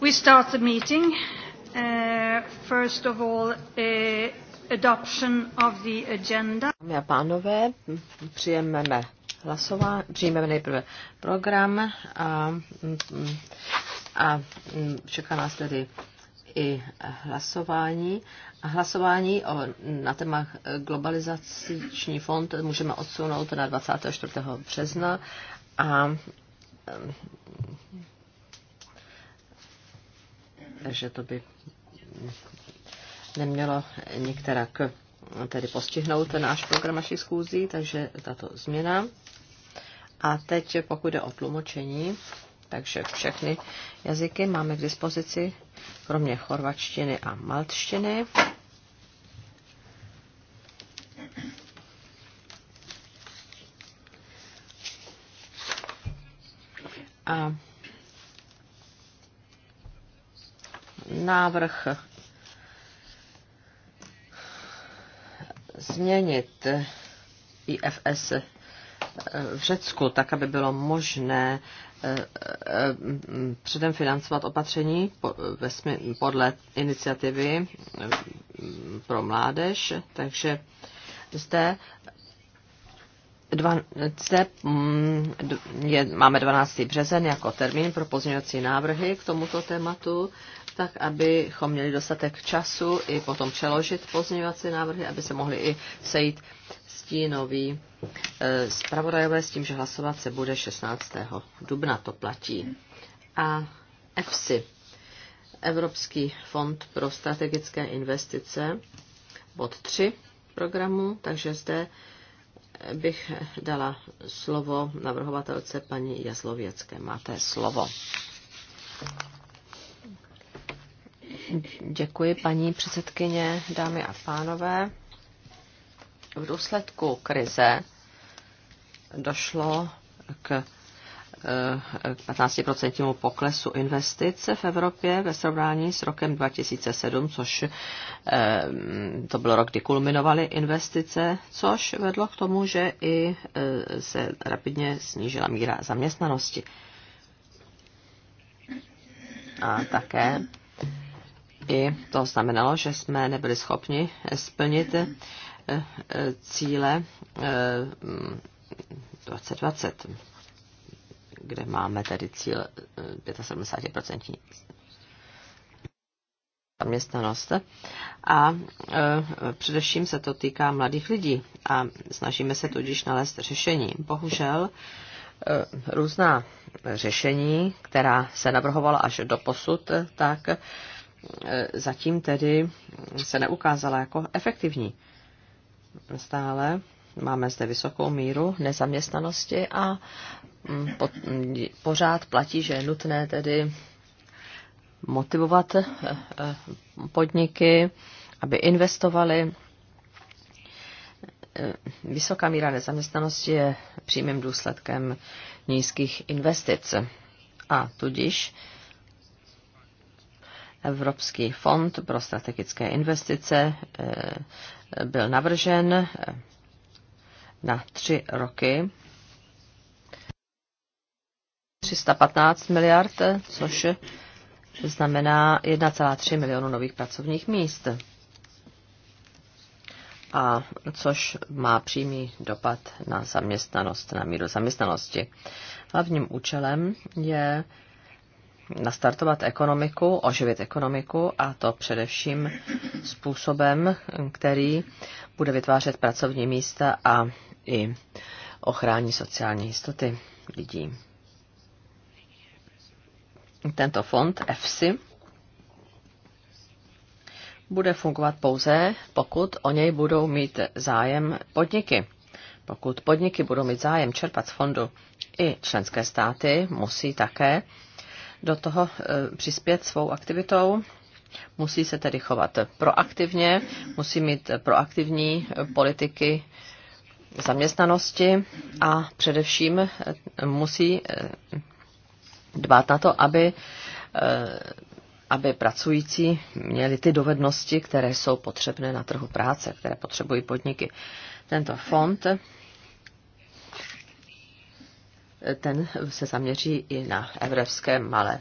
We start the meeting. Uh, first of all, uh, adoption of the agenda. Dámy a pánové, přijmeme hlasování, přijmeme nejprve program a, a čeká nás tedy i hlasování. A hlasování o, na téma globalizační fond můžeme odsunout na 24. března a že to by nemělo k tedy postihnout náš program naší schůzí, takže tato změna. A teď pokud jde o tlumočení, takže všechny jazyky máme k dispozici, kromě chorvačtiny a maltštiny. A návrh změnit IFS v Řecku, tak aby bylo možné eh, eh, předem financovat opatření podle iniciativy eh, pro mládež. Takže zde, dva, zde mm, je, máme 12. březen jako termín pro pozměňovací návrhy k tomuto tématu tak abychom měli dostatek času i potom přeložit pozměňovací návrhy, aby se mohli i sejít stínový eh, zpravodajové s tím, že hlasovat se bude 16. dubna, to platí. A EFSI, Evropský fond pro strategické investice, bod 3 programu, takže zde eh, bych dala slovo navrhovatelce paní Jazlověcké. Máte slovo. Děkuji, paní předsedkyně, dámy a pánové. V důsledku krize došlo k 15% eh, poklesu investic v Evropě ve srovnání s rokem 2007, což eh, to byl rok, kdy kulminovaly investice, což vedlo k tomu, že i eh, se rapidně snížila míra zaměstnanosti. A také i to znamenalo, že jsme nebyli schopni splnit eh, cíle 2020, eh, kde máme tedy cíl 75% eh, zaměstnanost. A e, především se to týká mladých lidí a snažíme se tudíž nalézt řešení. Bohužel e, různá řešení, která se navrhovala až do posud, tak e, E, zatím tedy se neukázala jako efektivní. Stále máme zde vysokou míru nezaměstnanosti a mm, mm, pořád platí, že je nutné tedy motivovat e, e, podniky, aby investovali. Vysoká míra nezaměstnanosti je přímým důsledkem nízkých investic. A tudíž Evropský fond pro strategické investice eh, byl navržen eh, na tři roky 315 miliard, což znamená 1,3 milionu nových pracovních míst. A což má přímý dopad na zaměstnanost, na míru zaměstnanosti. Hlavním účelem je nastartovat ekonomiku, oživit ekonomiku a to především způsobem, který bude vytvářet pracovní místa a i ochrání sociální jistoty lidí. Tento fond EFSI bude fungovat pouze, pokud o něj budou mít zájem podniky. Pokud podniky budou mít zájem čerpat z fondu, i členské státy musí také do toho eh, přispět svou aktivitou. Musí se tedy chovat proaktivně, musí mít proaktivní eh, politiky zaměstnanosti a především eh, musí dbát na to, aby, aby pracující měli ty dovednosti, které jsou potřebné na trhu práce, které potřebují podniky. Tento fond ten se zaměří i na evropské malé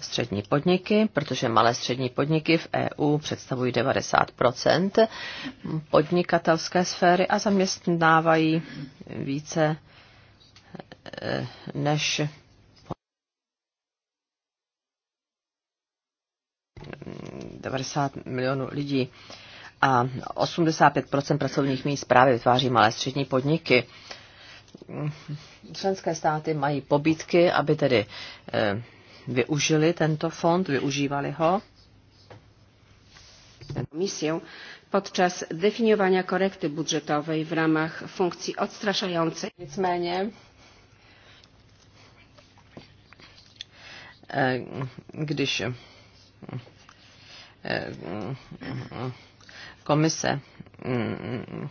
střední podniky, protože malé střední podniky v EU představují 90 podnikatelské sféry a zaměstnávají více eh, než 90 milionů lidí a 85 pracovních míst právě vytváří malé střední podniky členské státy mají pobytky, aby tedy eh, využili tento fond, využívali ho. Komisiu podczas definiowania korekty budżetowej w ramach funkcji odstraszającej. Nicméně, eh, když eh, komise mm, mm,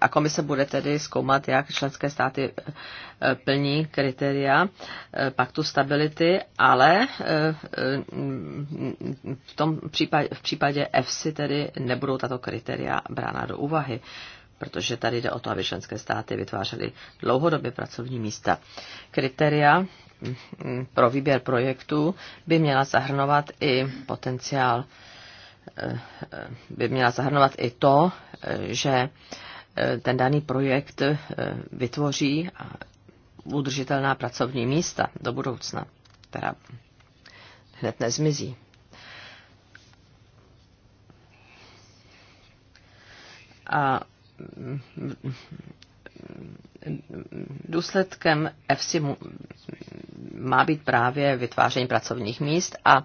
a komise bude tedy zkoumat, jak členské státy eh, plní kritéria eh, paktu stability, ale eh, v, tom případě, v případě EFSI tedy nebudou tato kritéria brána do úvahy, protože tady jde o to, aby členské státy vytvářely dlouhodobě pracovní místa. Kritéria mm, mm, pro výběr projektů by měla zahrnovat i potenciál by měla zahrnovat i to, že e, ten daný projekt e, vytvoří udržitelná pracovní místa do budoucna, která hned nezmizí. A mm, důsledkem EFSI má být právě vytváření pracovních míst a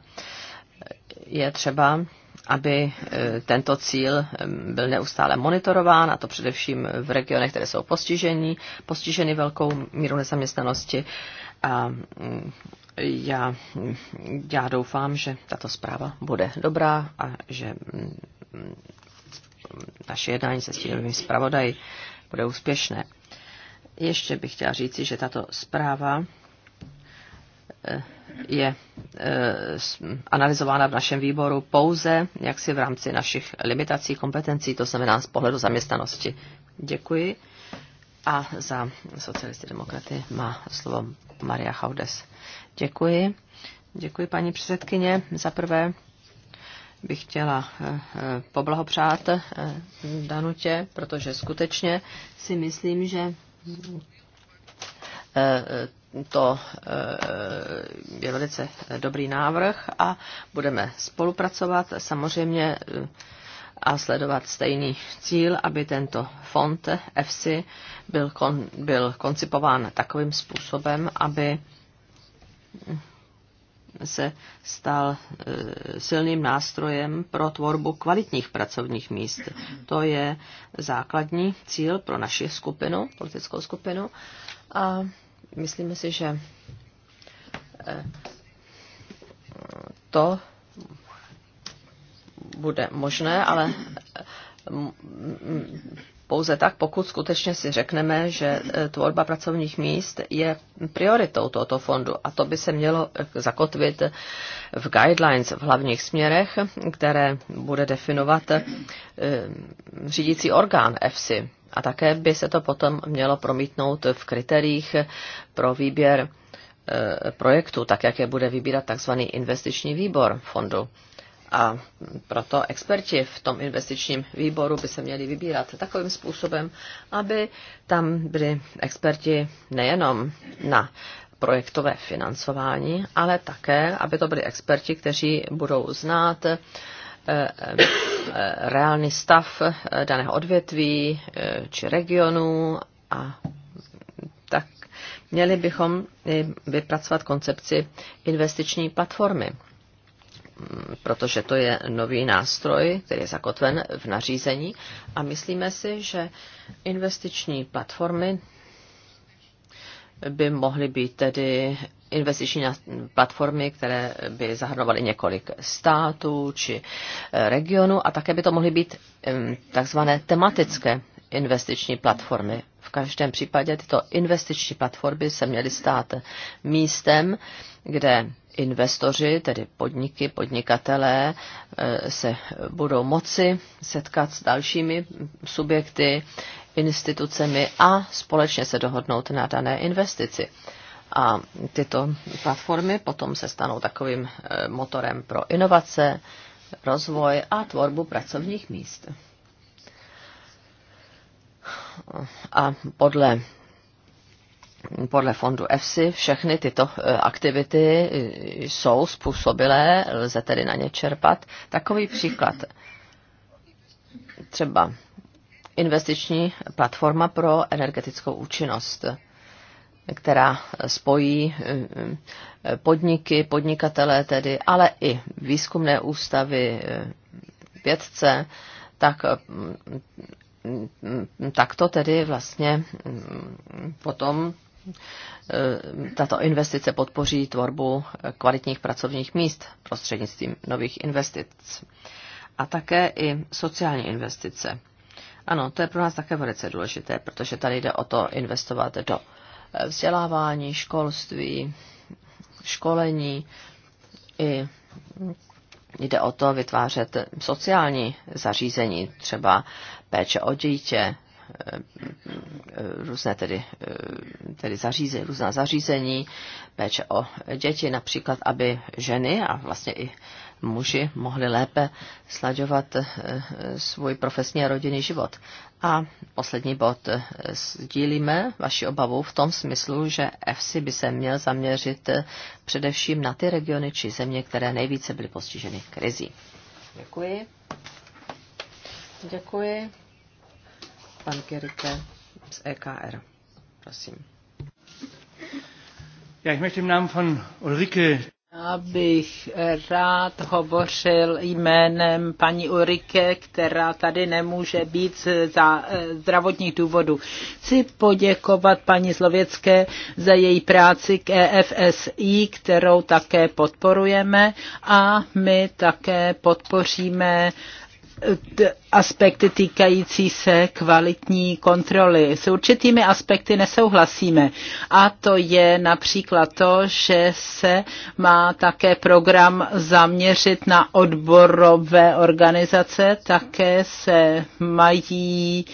je třeba aby eh, tento cíl eh, byl neustále monitorován, a to především v regionech, které jsou postižení, postiženy velkou míru nezaměstnanosti. A mm, já, mm, já doufám, že tato zpráva bude dobrá a že mm, naše jednání se stínovým zpravodaj bude úspěšné. Ještě bych chtěla říci, že tato zpráva eh, je eh, analyzována v našem výboru pouze jaksi v rámci našich limitací kompetencí, to znamená z pohledu zaměstnanosti. Děkuji. A za socialisty demokraty má slovo Maria Chaudes. Děkuji. Děkuji, paní předsedkyně. Za prvé bych chtěla eh, eh, poblahopřát Danutě, protože skutečně si myslím, že to eh, je velice dobrý návrh a budeme spolupracovat samozřejmě eh, a sledovat stejný cíl, aby tento fond EFSI byl, kon, byl koncipován takovým způsobem, aby se stal eh, silným nástrojem pro tvorbu kvalitních pracovních míst. To je základní cíl pro naši skupinu, politickou skupinu. A myslíme si, že eh, to bude možné, ale eh, pouze tak, pokud skutečně si řekneme, že eh, tvorba pracovních míst je prioritou tohoto fondu. A to by se mělo zakotvit v guidelines, v hlavních směrech, které bude definovat řídící orgán EFSI. A také by se to potom mělo promítnout v kritériích pro výběr e, projektu, tak jak je bude vybírat tzv. investiční výbor fondu. A proto experti v tom investičním výboru by se měli vybírat takovým způsobem, aby tam byli experti nejenom na projektové financování, ale také, aby to byli experti, kteří budou znát Eh, eh, reálný stav eh, daného odvětví či regionu a tak měli bychom vypracovat koncepci investiční platformy, mm, protože to je nový nástroj, který je zakotven v nařízení a myslíme si, že investiční platformy by mohly být tedy investiční platformy, které by zahrnovaly několik států či eh, regionů a také by to mohly být takzvané tematické investiční platformy. V každém případě tyto investiční platformy se měly stát místem, kde investoři, tedy podniky, podnikatelé, eh, se budou moci setkat s dalšími subjekty, institucemi a společně se dohodnout na dané investici. A tyto platformy potom se stanou takovým eh, motorem pro inovace, rozvoj a tvorbu pracovních míst. A podle podle fondu EFSI všechny tyto eh, aktivity eh, jsou způsobilé, lze tedy na ně čerpat. Takový příklad. Třeba investiční platforma pro energetickou účinnost která spojí eh, podniky, podnikatele tedy, ale i výzkumné ústavy, eh, vědce, tak, mm, mm, tak to tedy vlastně mm, potom eh, tato investice podpoří tvorbu kvalitních pracovních míst prostřednictvím nových investic. A také i sociální investice. Ano, to je pro nás také velice důležité, protože tady jde o to investovat do vzdělávání, školství, školení i jde o to vytvářet sociální zařízení, třeba péče o dítě, eh, různé tedy, eh, tedy zařízení, různá zařízení, péče o děti například, aby ženy a vlastně i muži mohli lépe slaďovat eh, svůj profesní a rodinný život. A poslední bod. Eh, sdílíme vaši obavu v tom smyslu, že EFSI by se měl zaměřit eh, především na ty regiony či země, které nejvíce byly postiženy krizí. Děkuji. Děkuji. Pan Gerike z EKR. Prosím. Ja, ich möchte im Namen von Ulrike já bych rád hovořil jménem paní Urike, která tady nemůže být z eh, zdravotních důvodů. Chci poděkovat paní Zlověcké za její práci k EFSI, kterou také podporujeme a my také podpoříme aspekty týkající se kvalitní kontroly. S určitými aspekty nesouhlasíme. A to je například to, že se má také program zaměřit na odborové organizace, také se mají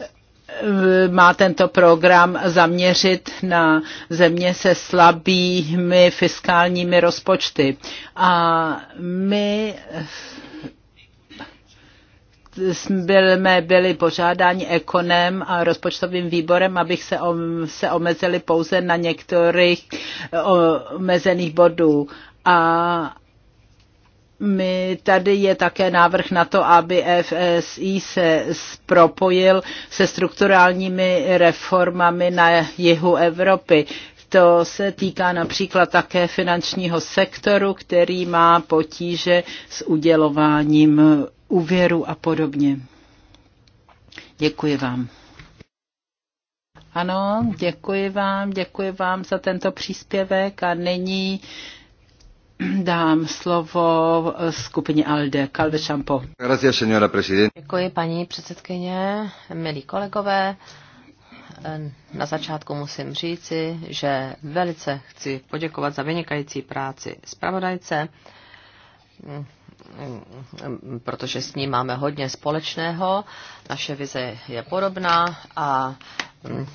e, má tento program zaměřit na země se slabými fiskálními rozpočty. A my jsme byli požádáni ekonem a rozpočtovým výborem, abych se, om, se omezili pouze na některých eh, omezených bodů. A my tady je také návrh na to, aby FSI se propojil se strukturálními reformami na jihu Evropy. To se týká například také finančního sektoru, který má potíže s udělováním úvěru a podobně. Děkuji vám. Ano, děkuji vám, děkuji vám za tento příspěvek a nyní dám slovo skupině ALDE. Calve Champo. Děkuji, paní předsedkyně, milí kolegové. Na začátku musím říci, že velice chci poděkovat za vynikající práci zpravodajce Mm, protože s ním máme hodně společného, naše vize je podobná a mm,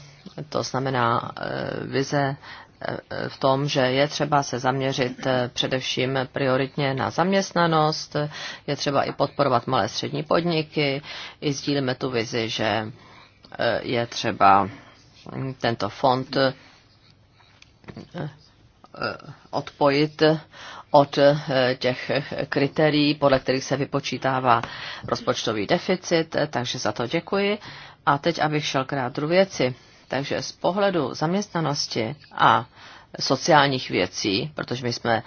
to znamená e, vize e, v tom, že je třeba se zaměřit e, především prioritně na zaměstnanost, je třeba i podporovat malé střední podniky, i sdílíme tu vizi, že je třeba mm, tento fond odpojit od eh, těch kritérií, podle kterých se vypočítává rozpočtový deficit, eh, takže za to děkuji. A teď, abych šel k jádru věci. Takže z pohledu zaměstnanosti a sociálních věcí, protože my jsme,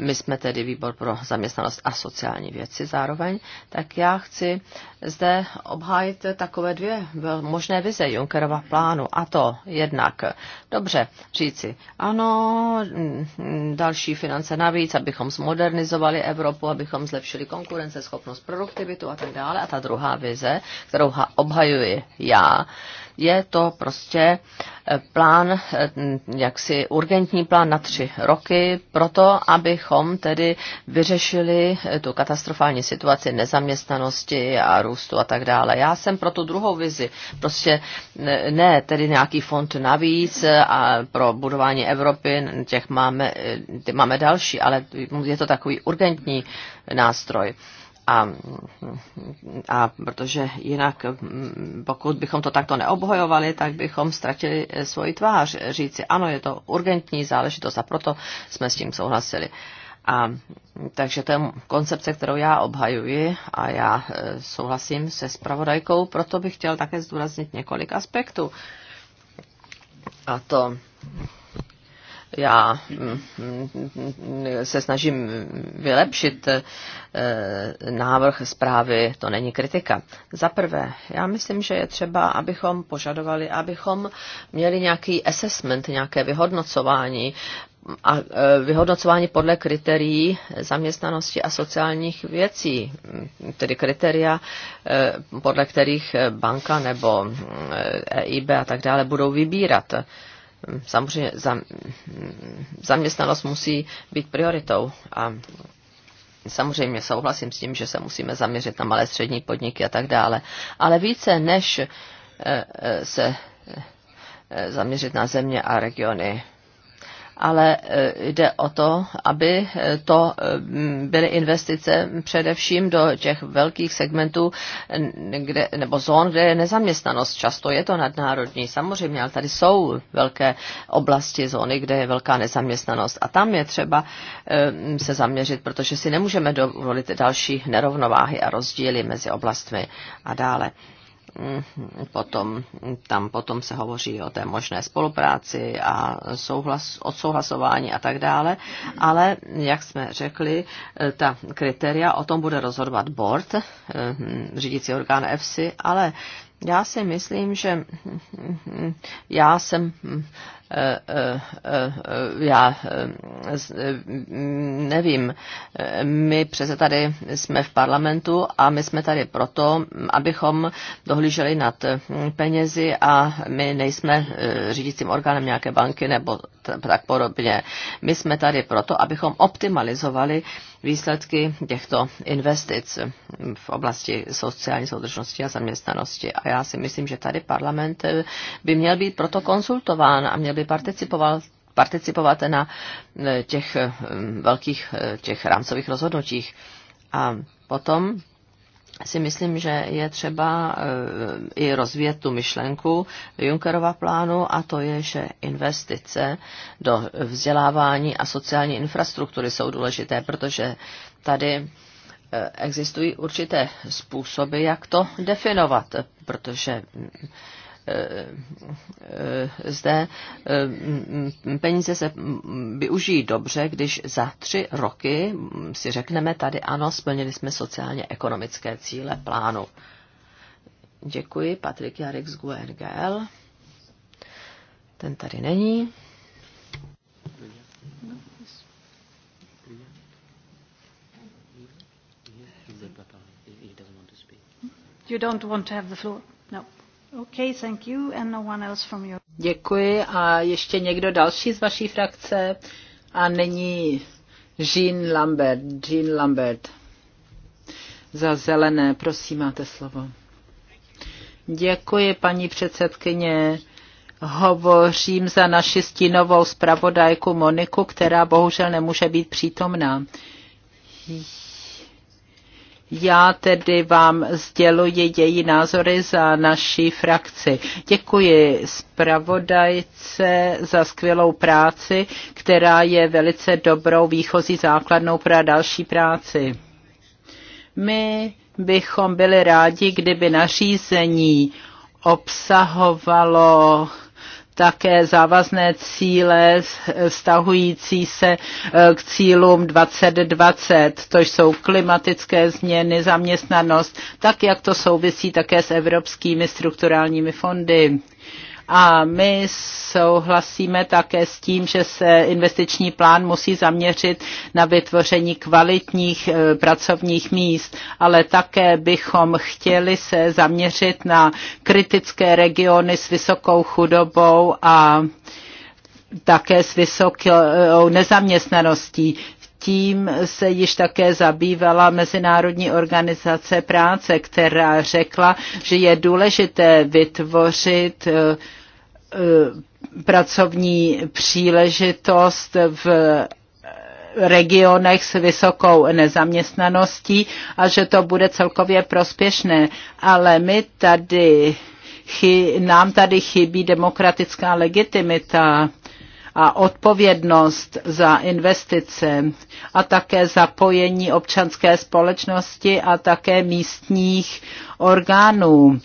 my jsme tedy výbor pro zaměstnanost a sociální věci zároveň, tak já chci zde obhájit takové dvě možné vize Junckerova plánu. A to jednak, dobře, říci, ano, mm, další finance navíc, abychom zmodernizovali Evropu, abychom zlepšili konkurenceschopnost, produktivitu a tak dále. A ta druhá vize, kterou obhajuji já, je to prostě eh, plán, eh, jaksi urgentní plán na tři roky, proto abychom tedy vyřešili eh, tu katastrofální situaci nezaměstnanosti a růstu a tak dále. Já jsem pro tu druhou vizi, prostě ne tedy nějaký fond navíc eh, a pro budování Evropy, těch máme, eh, ty máme další, ale je to takový urgentní nástroj. A, a protože jinak, pokud bychom to takto neobhojovali, tak bychom ztratili eh, svoji tvář. Říci, ano, je to urgentní záležitost a proto jsme s tím souhlasili. Uh, a takže to je koncepce, kterou já obhajuji a já e, souhlasím se spravodajkou, proto bych chtěl také zdůraznit několik aspektů. A to já mm, mm, se snažím vylepšit e, návrh zprávy, to není kritika. Za prvé, já myslím, že je třeba, abychom požadovali, abychom měli nějaký assessment, nějaké vyhodnocování a e, vyhodnocování podle kritérií zaměstnanosti a sociálních věcí, tedy kritéria, e, podle kterých e, banka nebo EIB a tak dále budou vybírat. Samozřejmě zaměstnanost musí být prioritou a Samozřejmě souhlasím s tím, že se musíme zaměřit na malé střední podniky a tak dále, ale více než se zaměřit na země a regiony ale e, jde o to, aby e, to e, byly investice především do těch velkých segmentů kde, nebo zón, kde je nezaměstnanost. Často je to nadnárodní, samozřejmě, ale tady jsou velké oblasti zóny, kde je velká nezaměstnanost a tam je třeba se zaměřit, protože si nemůžeme dovolit další nerovnováhy a rozdíly mezi oblastmi a dále. Mhm, potom, tam potom se hovoří o té možné spolupráci a souhlas, odsouhlasování a tak dále, ale jak jsme řekli, ta kritéria o tom bude rozhodovat board, mhm, řídící orgán EFSI, ale já si myslím, že mhm, já jsem já nevím, my přece tady jsme v parlamentu a my jsme tady proto, abychom dohlíželi nad penězi a my nejsme řídícím orgánem nějaké banky nebo tak podobně. My jsme tady proto, abychom optimalizovali výsledky těchto investic v oblasti sociální soudržnosti a zaměstnanosti. A já si myslím, že tady parlament by měl být proto konsultován a měl by participovat participovat na těch velkých těch rámcových rozhodnutích. A potom si myslím, že je třeba eh, i rozvíjet tu myšlenku Junckerova plánu a to je, že investice do vzdělávání a sociální infrastruktury jsou důležité, protože tady eh, existují určité způsoby, jak to definovat, protože Eh, zde eh, peníze se využijí dobře, když za tři roky si řekneme tady ano, splnili jsme sociálně-ekonomické cíle plánu. Děkuji, Patrik Jarek z GUNGL. Ten tady není. You don't want to have the floor? No. Okay, thank you. And no one else from your... Děkuji. A ještě někdo další z vaší frakce? A není Jean Lambert. Jean Lambert. Za zelené, prosím, máte slovo. Děkuji, paní předsedkyně. Hovořím za naši stínovou zpravodajku Moniku, která bohužel nemůže být přítomná. Já tedy vám sděluji její názory za naší frakci. Děkuji zpravodajce za skvělou práci, která je velice dobrou výchozí základnou pro další práci. My bychom byli rádi, kdyby nařízení obsahovalo také závazné cíle vztahující se e, k cílům 2020, to jsou klimatické změny, zaměstnanost, tak jak to souvisí také s evropskými strukturálními fondy. A my souhlasíme také s tím, že se investiční plán musí zaměřit na vytvoření kvalitních e, pracovních míst, ale také bychom chtěli se zaměřit na kritické regiony s vysokou chudobou a také s vysokou nezaměstnaností tím se již také zabývala Mezinárodní organizace práce, která řekla, že je důležité vytvořit eh, eh, pracovní příležitost v regionech s vysokou nezaměstnaností a že to bude celkově prospěšné. Ale my tady, nám tady chybí demokratická legitimita a odpovědnost za investice a také zapojení občanské společnosti a také místních orgánů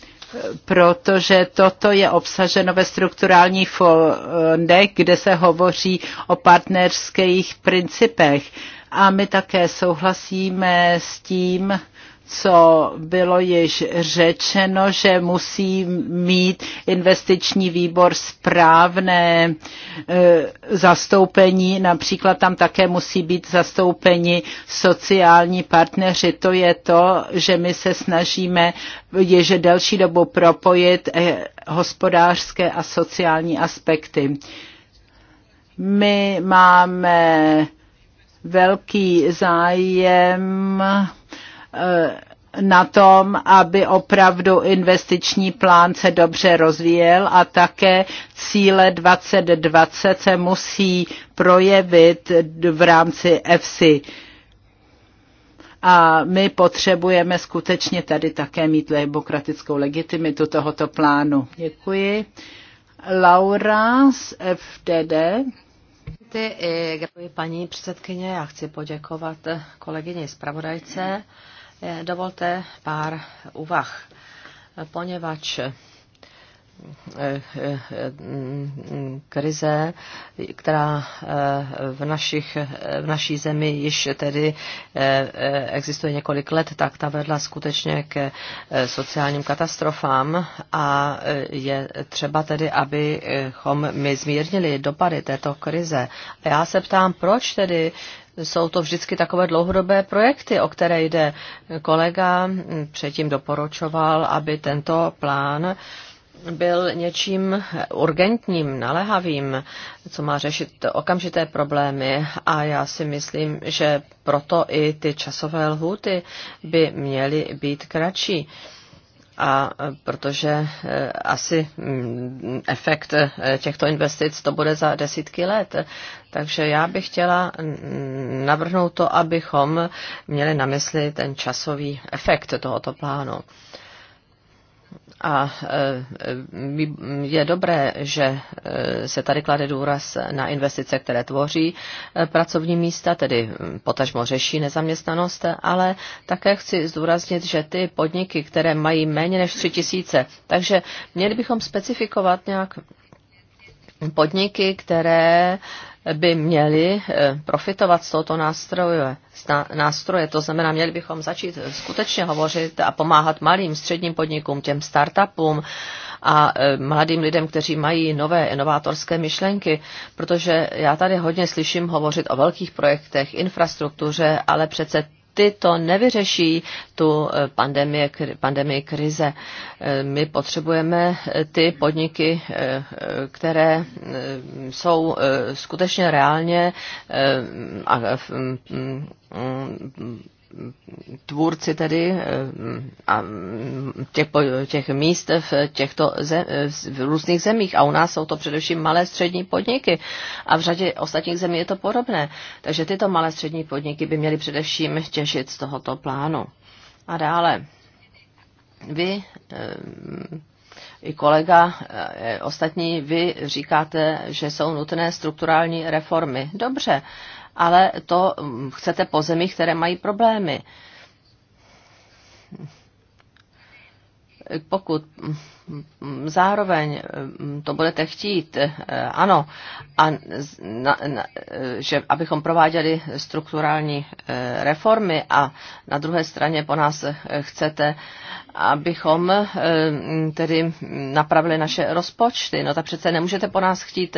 protože toto je obsaženo ve strukturální fondech, kde se hovoří o partnerských principech. A my také souhlasíme s tím, co bylo již řečeno, že musí mít investiční výbor správné e, zastoupení, například tam také musí být zastoupeni sociální partneři. To je to, že my se snažíme již delší dobu propojit e, hospodářské a sociální aspekty. My máme velký zájem Eh, na tom, aby opravdu investiční plán se dobře rozvíjel a také cíle 2020 se musí projevit v rámci EFSI. A my potřebujeme skutečně tady také mít demokratickou legitimitu tohoto plánu. Děkuji. Laura z FDD. Děkuji paní předsedkyně, já chci poděkovat kolegyni zpravodajce. Dovolte pár úvah, poněvadž eh, eh, krize, která eh, v, našich, v naší zemi již tedy existuje několik let, tak ta vedla skutečně ke sociálním katastrofám a je třeba tedy, abychom my zmírnili dopady této krize. A já se ptám, proč tedy jsou to vždycky takové dlouhodobé projekty, o které jde. Kolega předtím doporučoval, aby tento plán byl něčím urgentním, naléhavým, co má řešit okamžité problémy a já si myslím, že proto i ty časové lhuty by měly být kratší a protože eh, asi mm, efekt eh, těchto investic to bude za desítky let. Takže já bych chtěla mm, navrhnout to, abychom měli na mysli ten časový efekt tohoto plánu. A e, e, je dobré, že e, se tady klade důraz na investice, které tvoří pracovní místa, tedy potažmo řeší nezaměstnanost, ale také chci zdůraznit, že ty podniky, které mají méně než 3 tisíce, takže měli bychom specifikovat nějak podniky, které by měli eh, profitovat z tohoto nástroje, nástroje. To znamená, měli bychom začít skutečně hovořit a pomáhat malým, středním podnikům, těm startupům a eh, mladým lidem, kteří mají nové inovátorské myšlenky, protože já tady hodně slyším hovořit o velkých projektech, infrastruktuře, ale přece ty to nevyřeší, tu eh, pandemie, pandemii krize. Eh, my potřebujeme eh, ty podniky, které jsou skutečně reálně mm, mm, tvůrci tedy eh, a těch, těch míst v těchto zem, v různých zemích. A u nás jsou to především malé střední podniky. A v řadě ostatních zemí je to podobné. Takže tyto malé střední podniky by měly především těšit z tohoto plánu. A dále. Vy eh, i kolega eh, ostatní, vy říkáte, že jsou nutné strukturální reformy. Dobře, ale to mm, chcete po zemích, které mají problémy. pokud zároveň mm, to budete chtít, eh, ano, a na, na, eh, že abychom prováděli strukturální eh, reformy a na druhé straně po nás chcete, abychom tedy napravili naše rozpočty. No tak přece nemůžete po nás chtít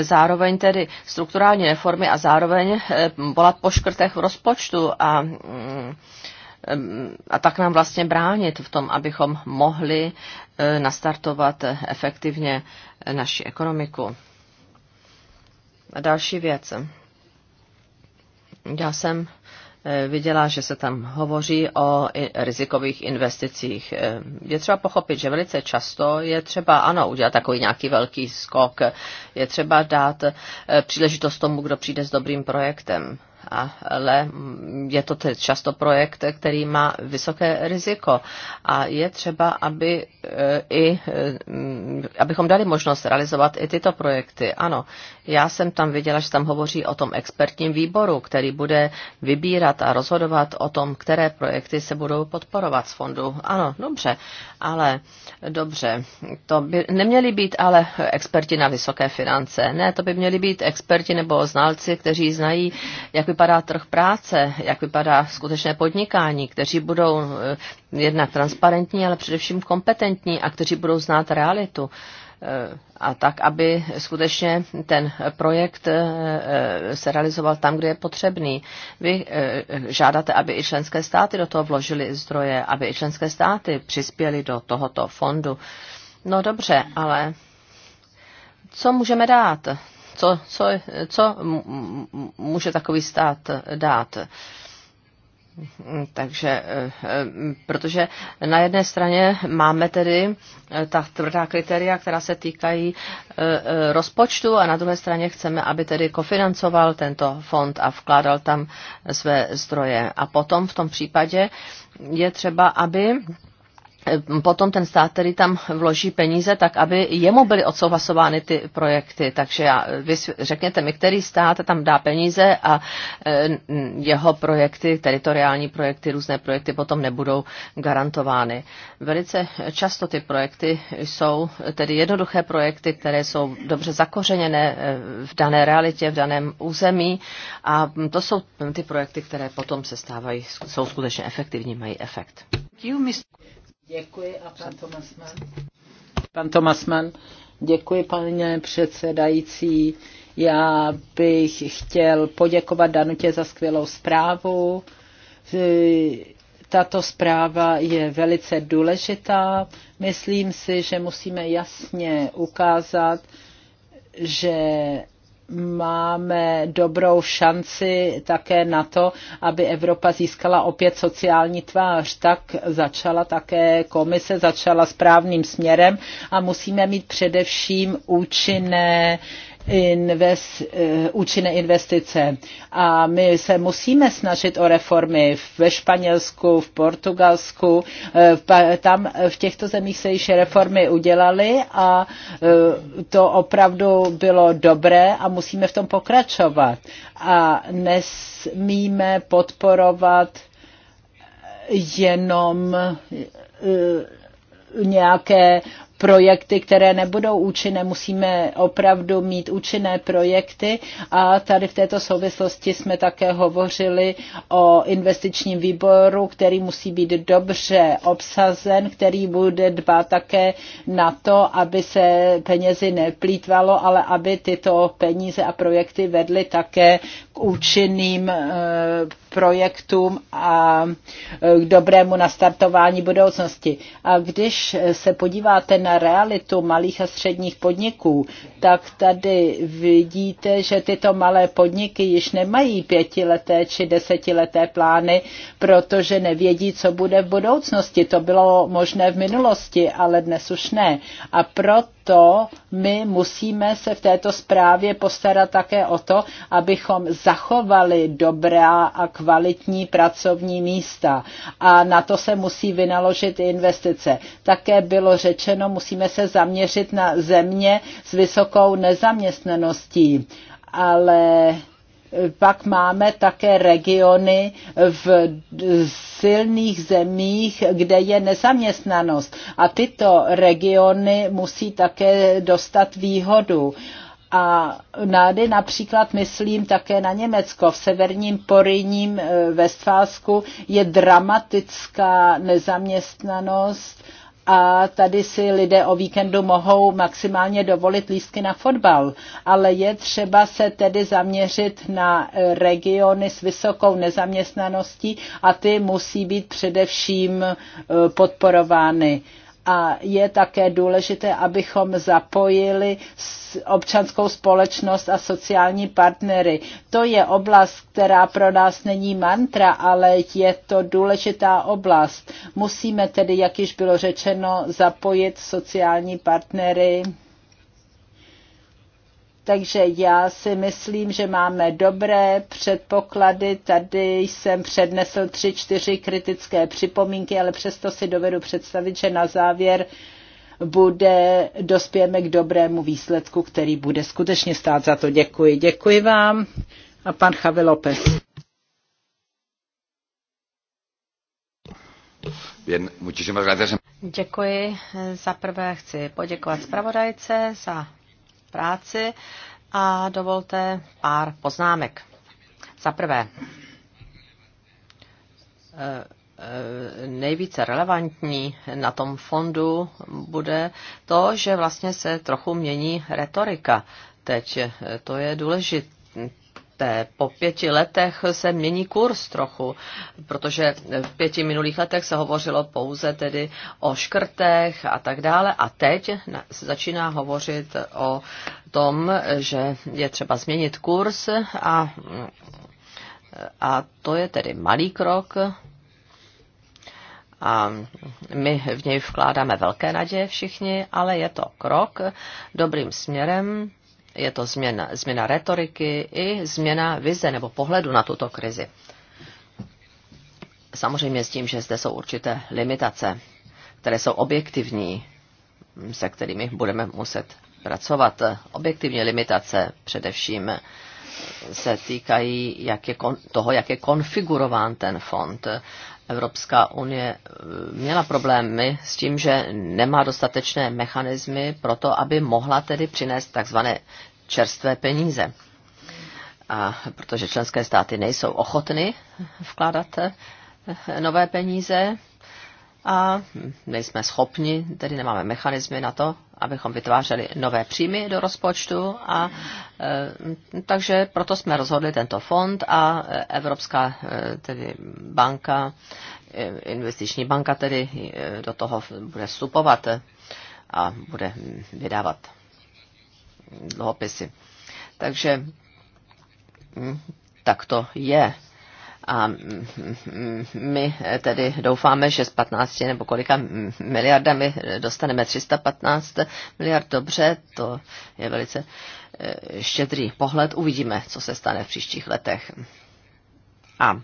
zároveň tedy strukturální reformy a zároveň volat po škrtech v rozpočtu a mm, a tak nám vlastně bránit v tom, abychom mohli e, nastartovat efektivně naši ekonomiku. A další věc. Já jsem e, viděla, že se tam hovoří o rizikových investicích. E, je třeba pochopit, že velice často je třeba, ano, udělat takový nějaký velký skok, je třeba dát příležitost tomu, kdo přijde s dobrým projektem ale je to tedy často projekt, který má vysoké riziko a je třeba, aby eh, i, eh, abychom dali možnost realizovat i tyto projekty. Ano, já jsem tam viděla, že tam hovoří o tom expertním výboru, který bude vybírat a rozhodovat o tom, které projekty se budou podporovat z fondu. Ano, dobře, ale dobře, to by neměli být ale experti na vysoké finance. Ne, to by měli být experti nebo znalci, kteří znají, jak by vypadá trh práce, jak vypadá skutečné podnikání, kteří budou eh, jednak transparentní, ale především kompetentní a kteří budou znát realitu eh, a tak, aby skutečně ten projekt eh, se realizoval tam, kde je potřebný. Vy žádáte, aby i členské státy do toho vložily zdroje, aby i členské státy přispěly do tohoto fondu. No dobře, ale co můžeme dát? co, co, co může takový stát dát. Takže, eh, protože na jedné straně máme tedy eh, ta tvrdá kritéria, která se týkají eh, rozpočtu a na druhé straně chceme, aby tedy kofinancoval tento fond a vkládal tam své zdroje. A potom v tom případě je třeba, aby potom ten stát, který tam vloží peníze, tak aby jemu byly odsouhlasovány ty projekty. Takže já, vy řekněte mi, který stát tam dá peníze a e, jeho projekty, teritoriální projekty, různé projekty potom nebudou garantovány. Velice často ty projekty jsou tedy jednoduché projekty, které jsou dobře zakořeněné e, v dané realitě, v daném území a to jsou ty projekty, které potom se stávají, jsou skutečně efektivní, mají efekt. Děkuji a pan Tomasman. Pan Tomasman, děkuji paní předsedající. Já bych chtěl poděkovat Danutě za skvělou zprávu. Tato zpráva je velice důležitá. Myslím si, že musíme jasně ukázat, že máme dobrou šanci také na to, aby Evropa získala opět sociální tvář. Tak začala také komise, začala správným směrem a musíme mít především účinné eh, invest, eh, účinné investice. A my se musíme snažit o reformy ve Španělsku, v Portugalsku. Eh, tam eh, v těchto zemích se již reformy udělaly a to opravdu bylo dobré a musíme v tom pokračovat. A nesmíme podporovat jenom nějaké projekty, které nebudou účinné. Musíme opravdu mít účinné projekty a tady v této souvislosti jsme také hovořili o investičním výboru, který musí být dobře obsazen, který bude dbát také na to, aby se penězi neplýtvalo, ale aby tyto peníze a projekty vedly také účinným eh, projektům a eh, k dobrému nastartování budoucnosti. A když se podíváte na realitu malých a středních podniků, tak tady vidíte, že tyto malé podniky již nemají pětileté či desetileté plány, protože nevědí, co bude v budoucnosti. To bylo možné v minulosti, ale dnes už ne. A proto proto my musíme se v této zprávě postarat také o to, abychom zachovali dobrá a kvalitní pracovní místa. A na to se musí vynaložit investice. Také bylo řečeno, musíme se zaměřit na země s vysokou nezaměstnaností. Ale pak máme také regiony v silných zemích, kde je nezaměstnanost. A tyto regiony musí také dostat výhodu. A nády například myslím také na Německo. V severním Poryním Westfálsku eh, je dramatická nezaměstnanost a tady si lidé o víkendu mohou maximálně dovolit lístky na fotbal. Ale je třeba se tedy zaměřit na regiony s vysokou nezaměstnaností a ty musí být především eh, podporovány a je také důležité, abychom zapojili občanskou společnost a sociální partnery. To je oblast, která pro nás není mantra, ale je to důležitá oblast. Musíme tedy, jak již bylo řečeno, zapojit sociální partnery takže já si myslím, že máme dobré předpoklady. Tady jsem přednesl tři, čtyři kritické připomínky, ale přesto si dovedu představit, že na závěr bude, dospějeme k dobrému výsledku, který bude skutečně stát za to. Děkuji. Děkuji vám. A pan Chavi López. Děkuji. Za prvé chci poděkovat zpravodajce za práci a dovolte pár poznámek. Za prvé, eh, eh, nejvíce relevantní na tom fondu bude to, že vlastně se trochu mění retorika. Teď eh, to je důležité té, Po pěti letech se mění kurz trochu, protože v pěti minulých letech se hovořilo pouze tedy o škrtech a tak dále a teď se začíná hovořit o tom, že je třeba změnit kurz a, a to je tedy malý krok, a my v něj vkládáme velké naděje všichni, ale je to krok dobrým směrem je to změna, změna retoriky i změna vize nebo pohledu na tuto krizi. Samozřejmě s tím, že zde jsou určité limitace, které jsou objektivní, se kterými budeme muset pracovat. Objektivní limitace především se týkají jak je kon, toho, jak je konfigurován ten fond. Evropská unie eh, měla problémy s tím, že nemá dostatečné mechanismy pro to, aby mohla tedy přinést takzvané čerstvé peníze. A protože členské státy nejsou ochotny vkládat eh, nové peníze a nejsme schopni, tedy nemáme mechanismy na to, abychom vytvářeli nové příjmy do rozpočtu a eh, takže proto jsme rozhodli tento fond a eh, Evropská tedy banka, investiční banka tedy do toho bude vstupovat a bude hm, vydávat dluhopisy. Takže mm, tak to je. A mm, my tedy doufáme, že z 15 nebo kolika miliardami dostaneme 315 miliard. Dobře, to je velice eh, štědrý pohled. Uvidíme, co se stane v příštích letech. A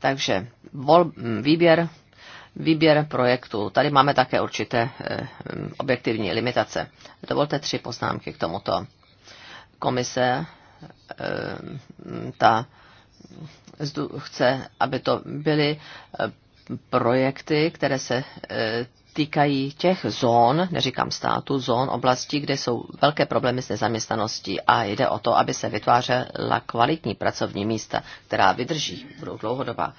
takže vol, mm, výběr výběr projektů. Tady máme také určité eh, objektivní limitace. Dovolte tři poznámky k tomuto. Komise eh, ta chce, aby to byly eh, projekty, které se týkají těch zón, neříkám státu, zón oblastí, kde jsou velké problémy s nezaměstnaností a jde o to, aby se vytvářela kvalitní pracovní místa, která vydrží, budou dlouhodobá.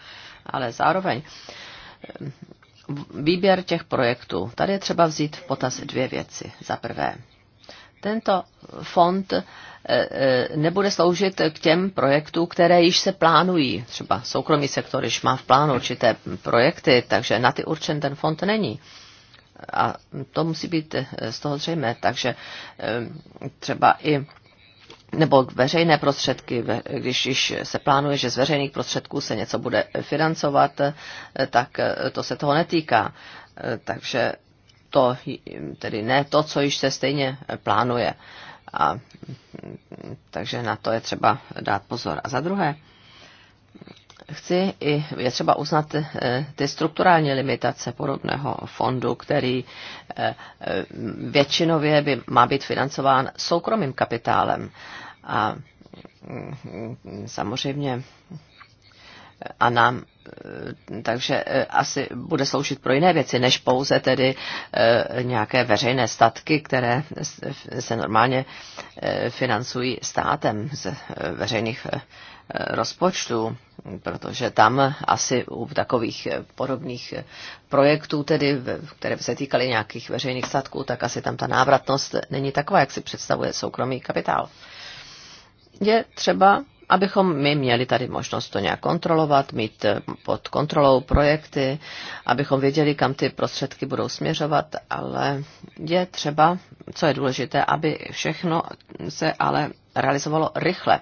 Ale zároveň výběr těch projektů. Tady je třeba vzít v potaz dvě věci. Za prvé, tento fond eh, eh, nebude sloužit k těm projektům, které již se plánují. Třeba soukromý sektor již má v plánu určité projekty, takže na ty určen ten fond není. A to musí být eh, z toho zřejmé. Takže třeba i nebo veřejné prostředky, když již se plánuje, že z veřejných prostředků se něco bude financovat, eh, tak eh, to se toho netýká. Eh, takže to, tedy ne to, co již se stejně plánuje. A, mm, takže na to je třeba dát pozor. A za druhé, chci i, je třeba uznat eh, ty strukturální limitace podobného fondu, který eh, eh, většinově by, má být financován soukromým kapitálem. A mm, samozřejmě a nám takže asi bude sloužit pro jiné věci, než pouze tedy nějaké veřejné statky, které se normálně financují státem z veřejných rozpočtů protože tam asi u takových podobných projektů, tedy, které by se týkaly nějakých veřejných statků, tak asi tam ta návratnost není taková, jak si představuje soukromý kapitál. Je třeba, abychom my měli tady možnost to nějak kontrolovat, mít pod kontrolou projekty, abychom věděli, kam ty prostředky budou směřovat, ale je třeba, co je důležité, aby všechno se ale realizovalo rychle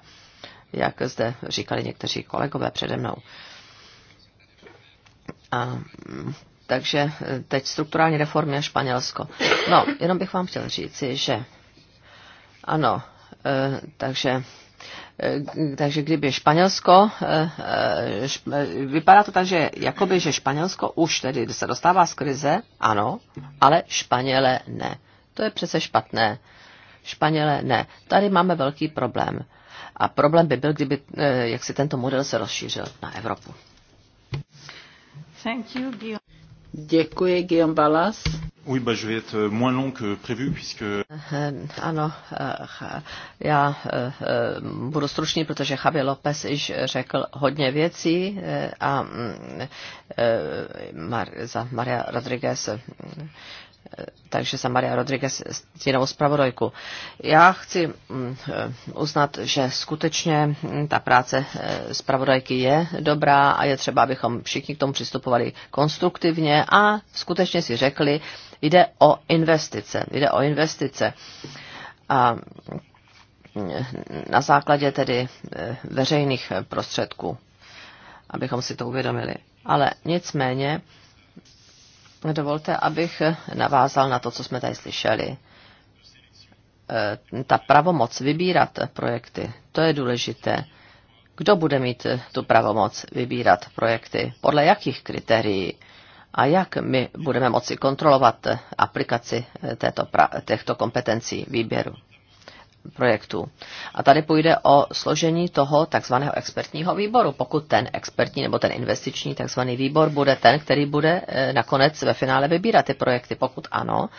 jak zde říkali někteří kolegové přede mnou. A, mm, takže eh, teď strukturální reformy a Španělsko. No, jenom bych vám chtěl říci, že ano, eh, takže eh, takže kdyby Španělsko, vypadá to tak, že jakoby, že Španělsko už tedy se dostává z krize, ano, ale Španěle ne. To je přece špatné. Španěle ne. Tady máme velký problém. A problém by byl, kdyby eh, jak si tento model se rozšířil na Evropu. Thank you, Děkuji, Guillaume Balas. Oui, bah, je vais être moins long que prévu, puisque... Eh, ano, eh, já budu stručný, protože Javier López již řekl hodně věcí a mm, za Maria Rodriguez takže jsem Maria Rodriguez stínovou zpravodajku. Já chci mm, eh, uznat, že skutečně mm, ta práce eh, zpravodajky je dobrá a je třeba, abychom všichni k tomu přistupovali konstruktivně a skutečně si řekli, jde o investice, jde o investice. A mm, na základě tedy eh, veřejných prostředků, abychom si to uvědomili. Ale nicméně Dovolte, abych navázal na to, co jsme tady slyšeli. Eh, ta pravomoc vybírat projekty, to je důležité. Kdo bude mít tu pravomoc vybírat projekty? Podle jakých kritérií? A jak my budeme moci kontrolovat aplikaci eh, této pra- těchto kompetencí výběru? projektů. A tady půjde o složení toho takzvaného expertního výboru, pokud ten expertní nebo ten investiční takzvaný výbor bude ten, který bude eh, nakonec ve finále vybírat ty projekty. Pokud ano,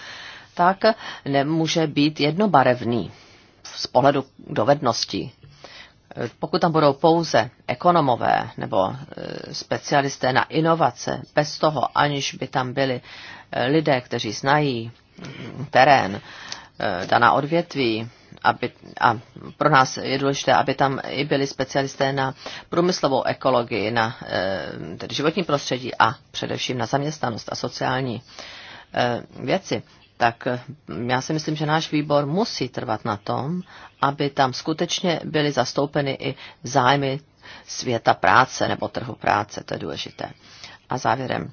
tak nemůže být jednobarevný z pohledu dovedností. Eh, pokud tam budou pouze ekonomové nebo eh, specialisté na inovace, bez toho, aniž by tam byli lidé, kteří znají mm, terén, daná odvětví, aby, a pro nás je důležité, aby tam i byli specialisté na průmyslovou ekologii, na eh, tedy životní prostředí a především na zaměstnanost a sociální eh, věci tak eh, já si myslím, že náš výbor musí trvat na tom, aby tam skutečně byly zastoupeny i zájmy světa práce nebo trhu práce, to je důležité. A závěrem,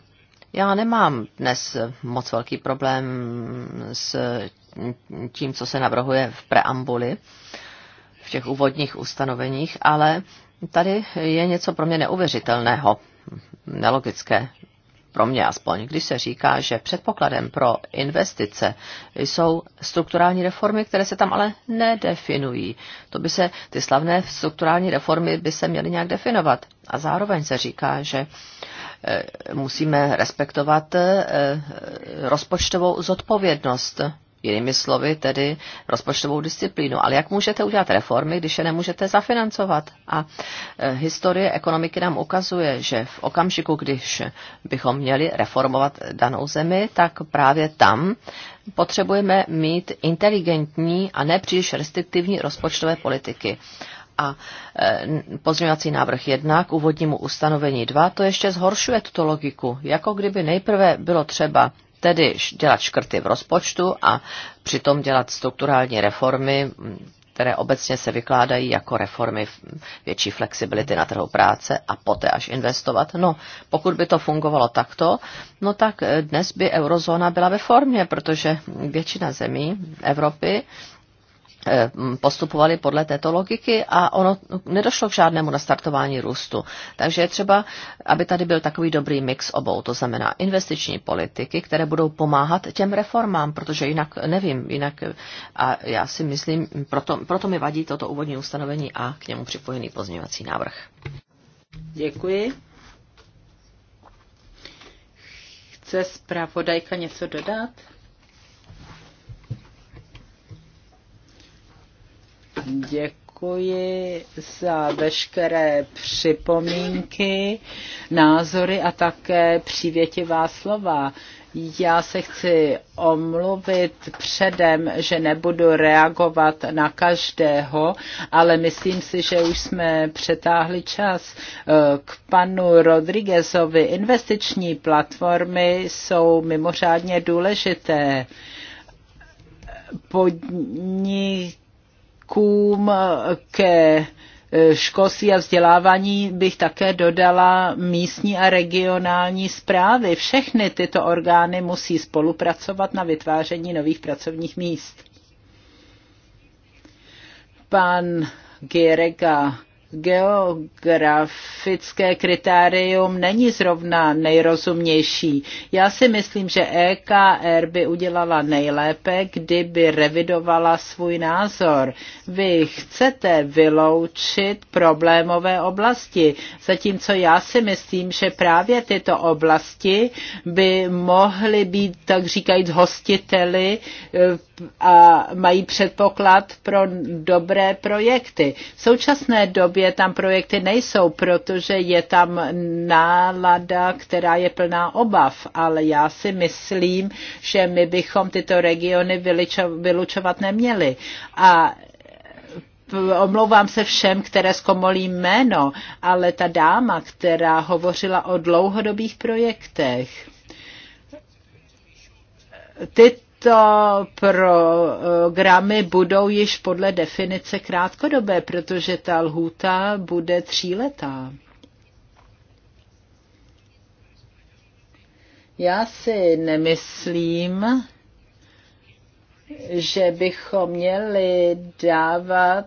já nemám dnes moc velký problém s tím, co se navrhuje v preambuli, v těch úvodních ustanoveních, ale tady je něco pro mě neuvěřitelného, nelogické, pro mě aspoň, když se říká, že předpokladem pro investice jsou strukturální reformy, které se tam ale nedefinují. To by se, ty slavné strukturální reformy by se měly nějak definovat. A zároveň se říká, že eh, musíme respektovat eh, eh, rozpočtovou zodpovědnost Jinými slovy, tedy rozpočtovou disciplínu. Ale jak můžete udělat reformy, když je nemůžete zafinancovat? A e, historie ekonomiky nám ukazuje, že v okamžiku, když bychom měli reformovat danou zemi, tak právě tam potřebujeme mít inteligentní a nepříliš restriktivní rozpočtové politiky a e, pozměňovací návrh 1 k úvodnímu ustanovení 2, to ještě zhoršuje tuto logiku, jako kdyby nejprve bylo třeba tedy dělat škrty v rozpočtu a přitom dělat strukturální reformy, které obecně se vykládají jako reformy větší flexibility na trhu práce a poté až investovat. No, pokud by to fungovalo takto, no tak e, dnes by eurozóna byla ve formě, protože většina zemí Evropy Eh, postupovali podle této logiky a ono nedošlo k žádnému nastartování růstu. Takže je třeba, aby tady byl takový dobrý mix obou, to znamená investiční politiky, které budou pomáhat těm reformám, protože jinak nevím, jinak a já si myslím, proto, proto mi vadí toto úvodní ustanovení a k němu připojený pozměňovací návrh. Děkuji. Chce zpravodajka něco dodat? Děkuji za veškeré připomínky, názory a také přívětivá slova. Já se chci omluvit předem, že nebudu reagovat na každého, ale myslím si, že už jsme přetáhli čas k panu Rodriguezovi. Investiční platformy jsou mimořádně důležité. Podnik krokům eh, ke eh, školství a vzdělávání bych také dodala místní a regionální zprávy. Všechny tyto orgány musí spolupracovat na vytváření nových pracovních míst. Pan Gerega geografické kritérium není zrovna nejrozumnější. Já si myslím, že EKR by udělala nejlépe, kdyby revidovala svůj názor. Vy chcete vyloučit problémové oblasti, zatímco já si myslím, že právě tyto oblasti by mohly být, tak říkajíc, hostiteli eh, a mají předpoklad pro dobré projekty. V současné době době tam projekty nejsou, protože je tam nálada, která je plná obav, ale já si myslím, že my bychom tyto regiony vylučovat neměli. A omlouvám se všem, které zkomolí jméno, ale ta dáma, která hovořila o dlouhodobých projektech, ty tyto programy budou již podle definice krátkodobé, protože ta lhůta bude tříletá. Já si nemyslím, že bychom měli dávat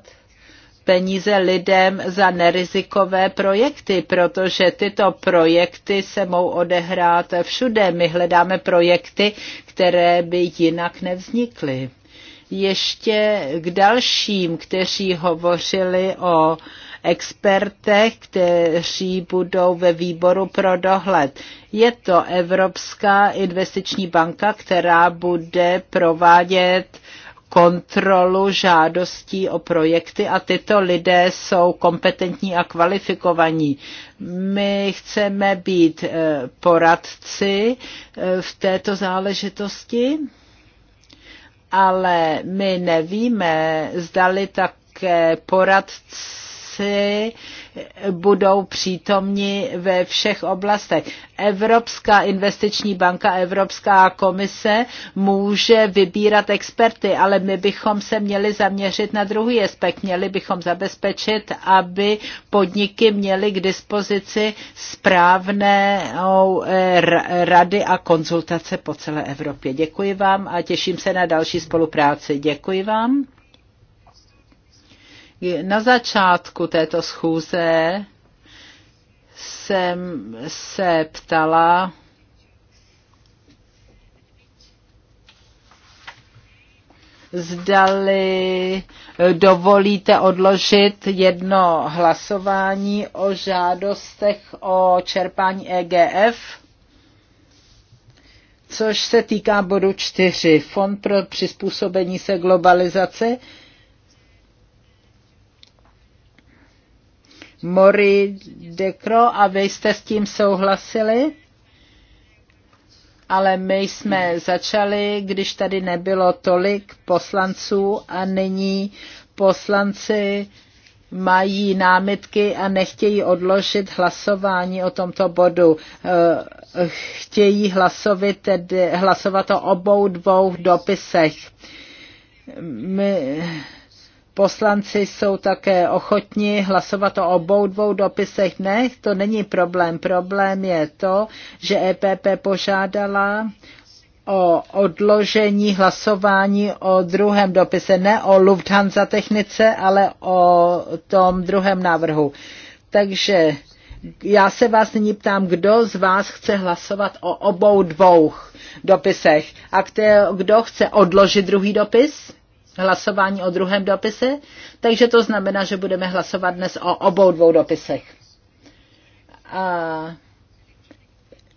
peníze lidem za nerizikové projekty, protože tyto projekty se mou odehrát všude. My hledáme projekty, které by jinak nevznikly. Ještě k dalším, kteří hovořili o expertech, kteří budou ve výboru pro dohled. Je to Evropská investiční banka, která bude provádět kontrolu žádostí o projekty a tyto lidé jsou kompetentní a kvalifikovaní. My chceme být eh, poradci eh, v této záležitosti, ale my nevíme, zdali také poradci budou přítomni ve všech oblastech. Evropská investiční banka, Evropská komise může vybírat experty, ale my bychom se měli zaměřit na druhý aspekt. Měli bychom zabezpečit, aby podniky měly k dispozici správné eh, rady a konzultace po celé Evropě. Děkuji vám a těším se na další spolupráci. Děkuji vám. Na začátku této schůze jsem se ptala, zdali dovolíte odložit jedno hlasování o žádostech o čerpání EGF, což se týká bodu 4, Fond pro přizpůsobení se globalizaci. Mori Dekro a vy jste s tím souhlasili? Ale my jsme začali, když tady nebylo tolik poslanců a nyní poslanci mají námitky a nechtějí odložit hlasování o tomto bodu. Eh, chtějí hlasovat, tedy, hlasovat o obou dvou dopisech. My, Poslanci jsou také ochotni hlasovat o obou dvou dopisech. Ne, to není problém. Problém je to, že EPP požádala o odložení hlasování o druhém dopise, ne o Lufthansa technice, ale o tom druhém návrhu. Takže já se vás nyní ptám, kdo z vás chce hlasovat o obou dvou dopisech a kdo chce odložit druhý dopis? hlasování o druhém dopise, takže to znamená, že budeme hlasovat dnes o obou dvou dopisech. A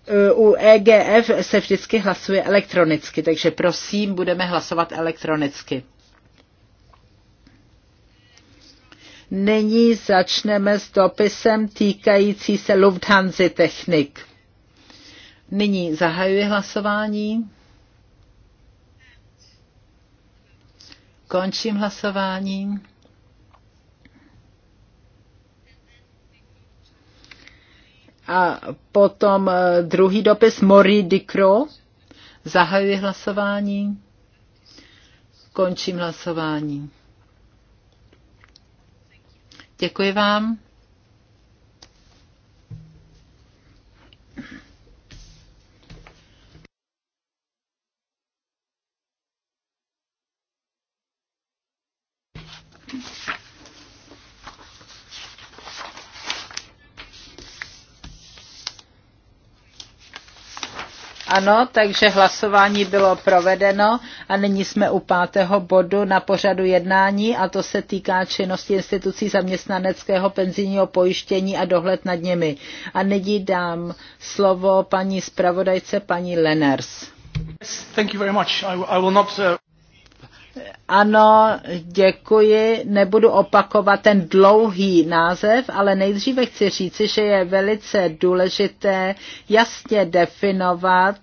e, u EGF se vždycky hlasuje elektronicky, takže prosím, budeme hlasovat elektronicky. Nyní začneme s dopisem týkající se Lufthansa Technik. Nyní zahajuji hlasování. Končím hlasování. A potom eh, druhý dopis Mori Dikro. Zahajuji hlasování. Končím hlasování. Děkuji vám. Ano, takže hlasování bylo provedeno a nyní jsme u pátého bodu na pořadu jednání a to se týká činnosti institucí zaměstnaneckého penzijního pojištění a dohled nad nimi. A nyní dám slovo paní zpravodajce paní Yes, Thank you very much. I, will not, uh, ano, děkuji. Nebudu opakovat ten dlouhý název, ale nejdříve chci říci, že je velice důležité jasně definovat,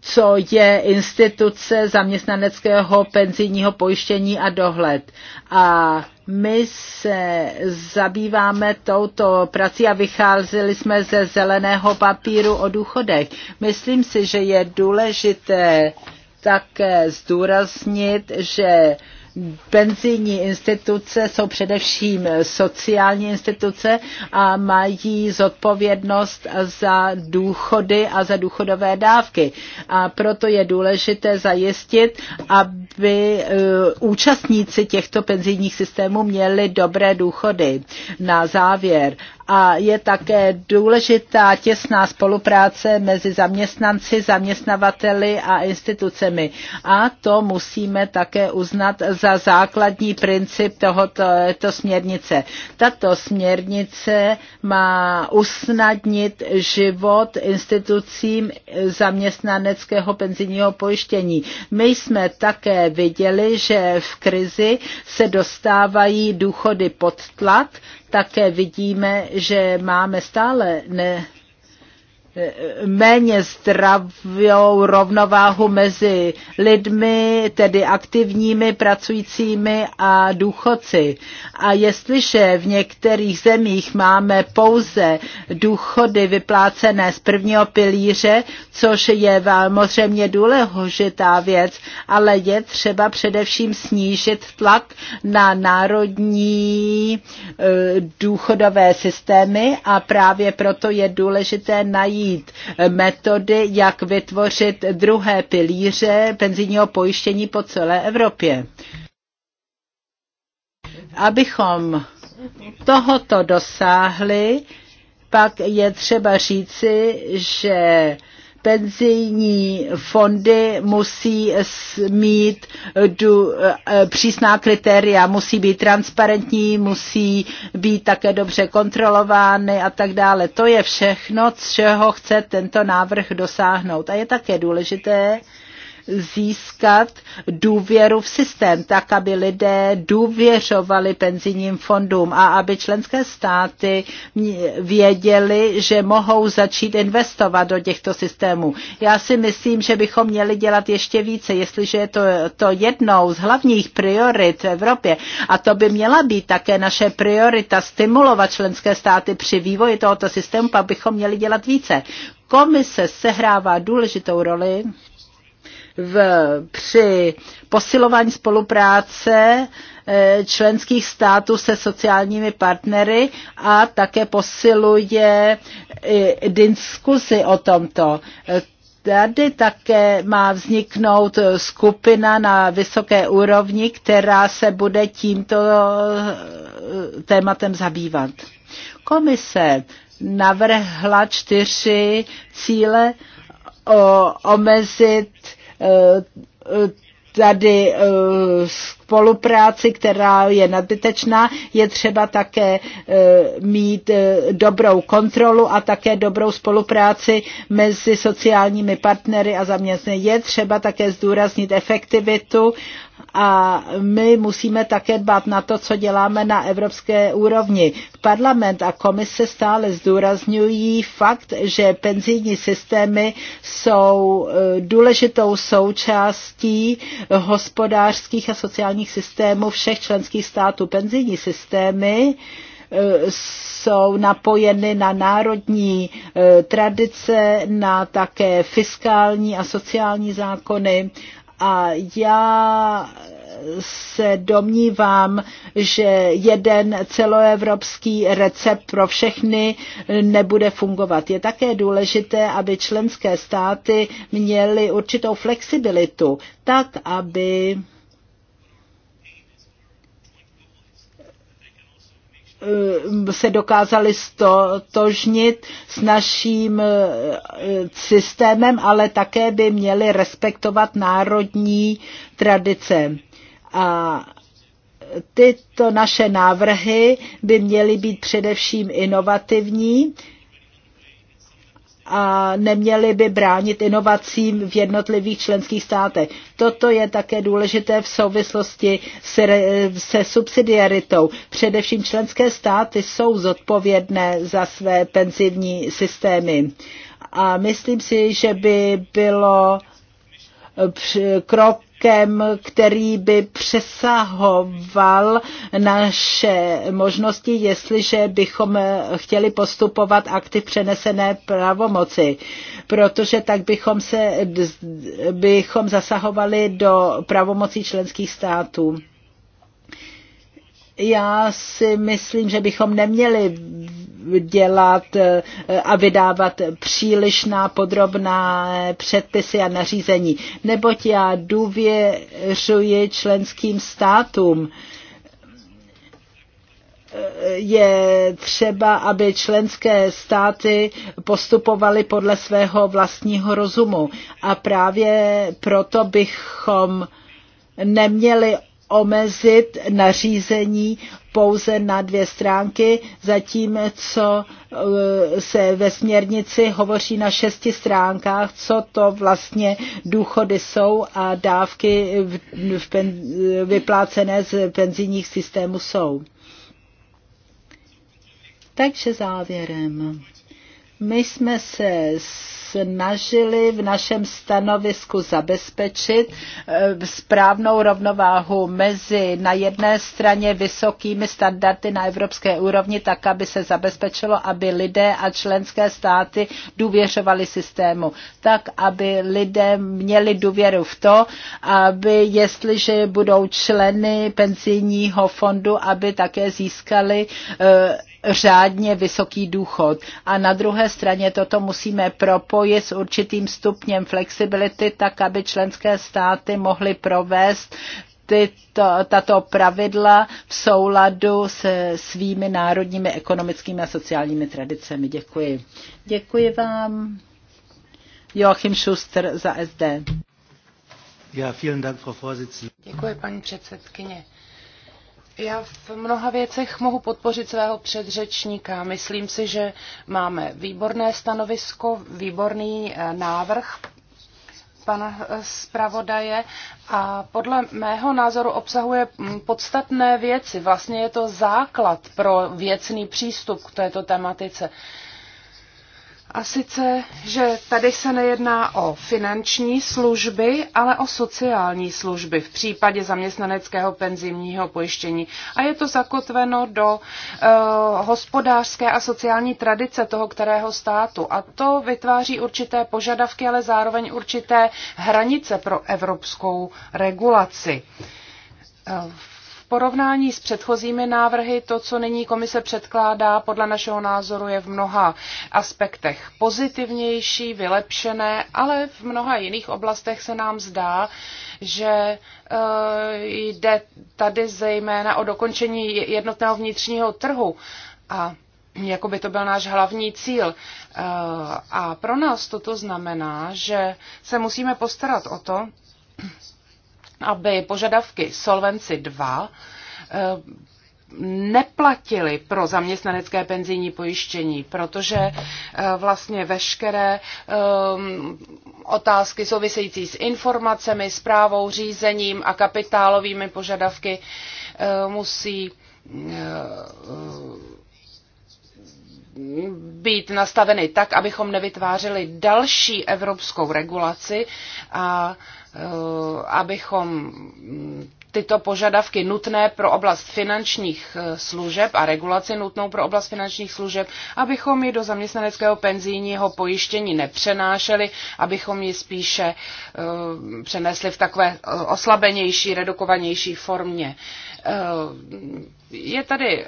co je instituce zaměstnaneckého penzijního pojištění a dohled. A my se zabýváme touto prací a vycházeli jsme ze zeleného papíru o důchodech. Myslím si, že je důležité také zdůraznit, že penzijní instituce jsou především sociální instituce a mají zodpovědnost za důchody a za důchodové dávky. A proto je důležité zajistit, aby eh, účastníci těchto penzijních systémů měli dobré důchody. Na závěr, a je také důležitá těsná spolupráce mezi zaměstnanci, zaměstnavateli a institucemi. A to musíme také uznat za základní princip tohoto to směrnice. Tato směrnice má usnadnit život institucím zaměstnaneckého penzijního pojištění. My jsme také viděli, že v krizi se dostávají důchody pod tlak, také vidíme, že máme stále ne méně zdravou rovnováhu mezi lidmi, tedy aktivními, pracujícími a důchodci. A jestliže v některých zemích máme pouze důchody vyplácené z prvního pilíře, což je samozřejmě důležitá věc, ale je třeba především snížit tlak na národní eh, důchodové systémy a právě proto je důležité najít najít metody, jak vytvořit druhé pilíře penzijního pojištění po celé Evropě. Abychom tohoto dosáhli, pak je třeba říci, že penzijní fondy musí mít eh, du, eh, eh, přísná kritéria, musí být transparentní, musí být také dobře kontrolovány a tak dále. To je všechno, z čeho chce tento návrh dosáhnout. A je také důležité, získat důvěru v systém, tak aby lidé důvěřovali penzijním fondům a aby členské státy věděli, že mohou začít investovat do těchto systémů. Já si myslím, že bychom měli dělat ještě více, jestliže je to, to jednou z hlavních priorit v Evropě a to by měla být také naše priorita stimulovat členské státy při vývoji tohoto systému, pak bychom měli dělat více. Komise sehrává důležitou roli v, při posilování spolupráce eh, členských států se sociálními partnery a také posiluje diskusy o tomto. Tady také má vzniknout skupina na vysoké úrovni, která se bude tímto eh, tématem zabývat. Komise navrhla čtyři cíle o, omezit tady eh, spolupráci, která je nadbytečná, je třeba také eh, mít eh, dobrou kontrolu a také dobrou spolupráci mezi sociálními partnery a zaměstnanci. Je třeba také zdůraznit efektivitu a my musíme také dbát na to, co děláme na evropské úrovni. Parlament a komise stále zdůrazňují fakt, že penzijní systémy jsou e, důležitou součástí hospodářských a sociálních systémů všech členských států. Penzijní systémy e, jsou napojeny na národní e, tradice, na také fiskální a sociální zákony a já se domnívám, že jeden celoevropský recept pro všechny nebude fungovat. Je také důležité, aby členské státy měly určitou flexibilitu, tak aby Eh, se dokázali stotožnit s naším eh, systémem, ale také by měli respektovat národní tradice. A tyto naše návrhy by měly být především inovativní, a neměli by bránit inovacím v jednotlivých členských státech. Toto je také důležité v souvislosti se, se subsidiaritou. Především členské státy jsou zodpovědné za své penzivní systémy. A myslím si, že by bylo krok rizikem, který by přesahoval naše možnosti, jestliže bychom chtěli postupovat akty přenesené pravomoci, protože tak bychom, se, bychom zasahovali do pravomocí členských států já si myslím, že bychom neměli dělat eh, a vydávat přílišná podrobná předpisy a nařízení. Neboť já důvěřuji členským státům je třeba, aby členské státy postupovaly podle svého vlastního rozumu. A právě proto bychom neměli omezit nařízení pouze na dvě stránky, zatímco eh, se ve směrnici hovoří na šesti stránkách, co to vlastně důchody jsou a dávky v pen, vyplácené z penzijních systémů jsou. Takže závěrem. My jsme se s snažili v našem stanovisku zabezpečit eh, správnou rovnováhu mezi na jedné straně vysokými standardy na evropské úrovni, tak aby se zabezpečilo, aby lidé a členské státy důvěřovali systému, tak aby lidé měli důvěru v to, aby jestliže budou členy penzijního fondu, aby také získali eh, řádně vysoký důchod. A na druhé straně toto musíme propojit s určitým stupněm flexibility, tak aby členské státy mohly provést tyto, tato pravidla v souladu se svými národními ekonomickými a sociálními tradicemi. Děkuji. Děkuji vám. Joachim Schuster za SD. Ja, vielen Dank, Frau Vorsitzende. Děkuji, paní předsedkyně. Já v mnoha věcech mohu podpořit svého předřečníka. Myslím si, že máme výborné stanovisko, výborný eh, návrh pana eh, zpravodaje a podle mého názoru obsahuje mm, podstatné věci. Vlastně je to základ pro věcný přístup k této tematice. A sice, že tady se nejedná o finanční služby, ale o sociální služby v případě zaměstnaneckého penzijního pojištění. A je to zakotveno do e, hospodářské a sociální tradice toho kterého státu. A to vytváří určité požadavky, ale zároveň určité hranice pro evropskou regulaci. E, porovnání s předchozími návrhy to, co nyní komise předkládá, podle našeho názoru je v mnoha aspektech pozitivnější, vylepšené, ale v mnoha jiných oblastech se nám zdá, že eh, jde tady zejména o dokončení jednotného vnitřního trhu. A jako by to byl náš hlavní cíl. Eh, a pro nás toto znamená, že se musíme postarat o to, aby požadavky solvenci 2 eh, neplatili pro zaměstnanecké penzijní pojištění, protože eh, vlastně veškeré eh, otázky související s informacemi, zprávou, řízením a kapitálovými požadavky musí být nastaveny tak, abychom nevytvářeli další evropskou regulaci a eh, abychom mm, tyto požadavky nutné pro oblast finančních eh, služeb a regulaci nutnou pro oblast finančních služeb, abychom ji do zaměstnaneckého penzijního pojištění nepřenášeli, abychom ji spíše eh, přenesli v takové oslabenější, redukovanější formě. Uh, Eh, je tady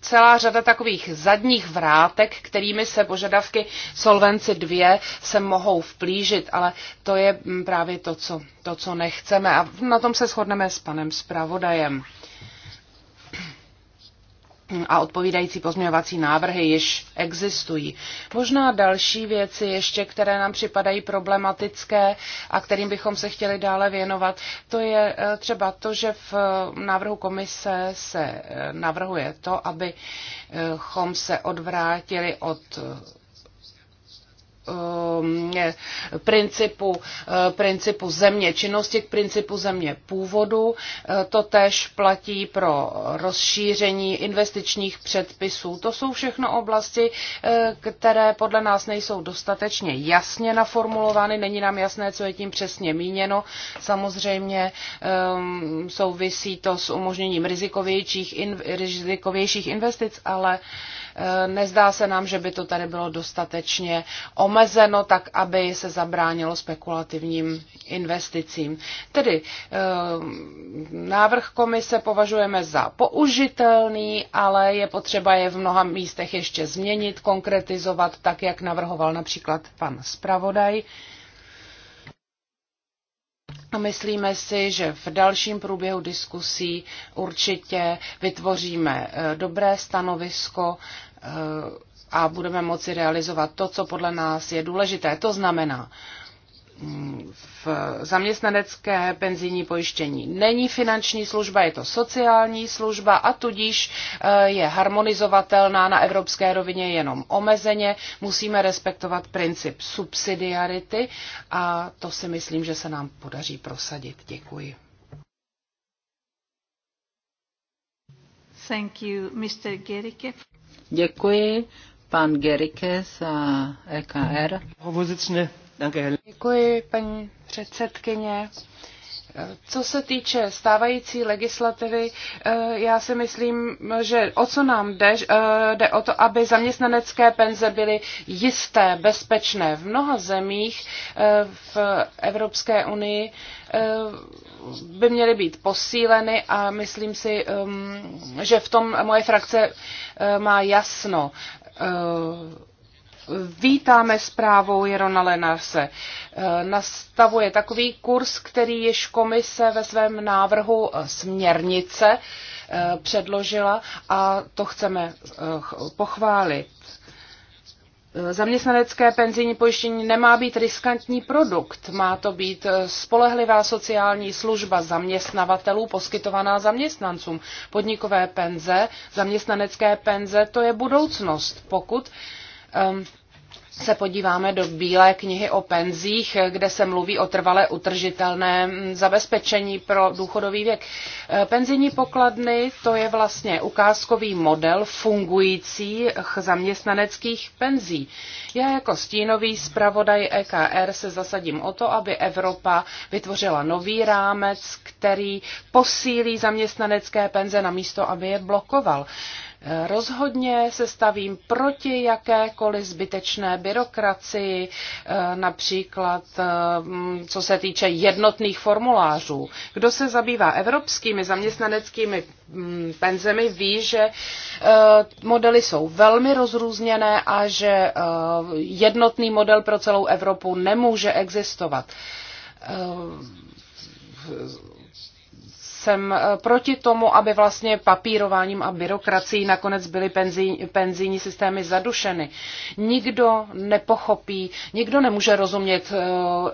celá řada takových zadních vrátek, kterými se požadavky Solvenci 2 se mohou vplížit, ale to je mm, právě to, co, to, co nechceme. A na tom se shodneme s panem zpravodajem a odpovídající pozměňovací návrhy již existují. Možná další věci ještě, které nám připadají problematické a kterým bychom se chtěli dále věnovat, to je eh, třeba to, že v eh, návrhu komise se eh, navrhuje to, abychom se odvrátili od Um, principu, eh, principu země činnosti k principu země původu. Eh, to tež platí pro rozšíření investičních předpisů. To jsou všechno oblasti, eh, které podle nás nejsou dostatečně jasně naformulovány. Není nám jasné, co je tím přesně míněno. Samozřejmě ehm, souvisí to s umožněním rizikovějších, rizikovějších investic, ale Eh, nezdá se nám, že by to tady bylo dostatečně omezeno, tak aby se zabránilo spekulativním investicím. Tedy eh, návrh komise považujeme za použitelný, ale je potřeba je v mnoha místech ještě změnit, konkretizovat tak, jak navrhoval například pan zpravodaj. A myslíme si, že v dalším průběhu diskusí určitě vytvoříme eh, dobré stanovisko a budeme moci realizovat to, co podle nás je důležité. To znamená, mm, v zaměstnanecké penzijní pojištění není finanční služba, je to sociální služba a tudíž eh, je harmonizovatelná na evropské rovině jenom omezeně. Musíme respektovat princip subsidiarity a to si myslím, že se nám podaří prosadit. Děkuji. Thank you, Mr. Děkuji. Pan Gerike za EKR. Děkuji, paní předsedkyně. Co se týče stávající legislativy, eh, já si myslím, že o co nám jde, eh, jde o to, aby zaměstnanecké penze byly jisté, bezpečné. V mnoha zemích eh, v Evropské unii by měly být posíleny a myslím si, ehm, že v tom moje frakce má jasno Vítáme zprávou Jerona Lenarse. E, nastavuje takový kurz, který již komise ve svém návrhu e, směrnice e, předložila a to chceme pochválit. Zaměstnanecké penzijní pojištění nemá být riskantní produkt, má to být spolehlivá sociální služba zaměstnavatelů poskytovaná zaměstnancům. Podnikové penze, zaměstnanecké penze, to je budoucnost, pokud Ehm, se podíváme do Bílé knihy o penzích, kde se mluví o trvalé utržitelném zabezpečení pro důchodový věk. Ehm, penzijní pokladny to je vlastně ukázkový model fungujících zaměstnaneckých penzí. Já jako stínový zpravodaj EKR se zasadím o to, aby Evropa vytvořila nový rámec, který posílí zaměstnanecké penze na místo, aby je blokoval. Rozhodně se stavím proti jakékoliv zbytečné byrokracii, eh, například eh, mm, co se týče jednotných formulářů. Kdo se zabývá evropskými zaměstnaneckými mm, penzemi, ví, že eh, modely jsou velmi rozrůzněné a že jednotný model pro celou Evropu nemůže existovat jsem eh, proti tomu, aby vlastně papírováním a byrokracií nakonec byly penzí, penzijní systémy zadušeny. Nikdo nepochopí, nikdo nemůže rozumět eh,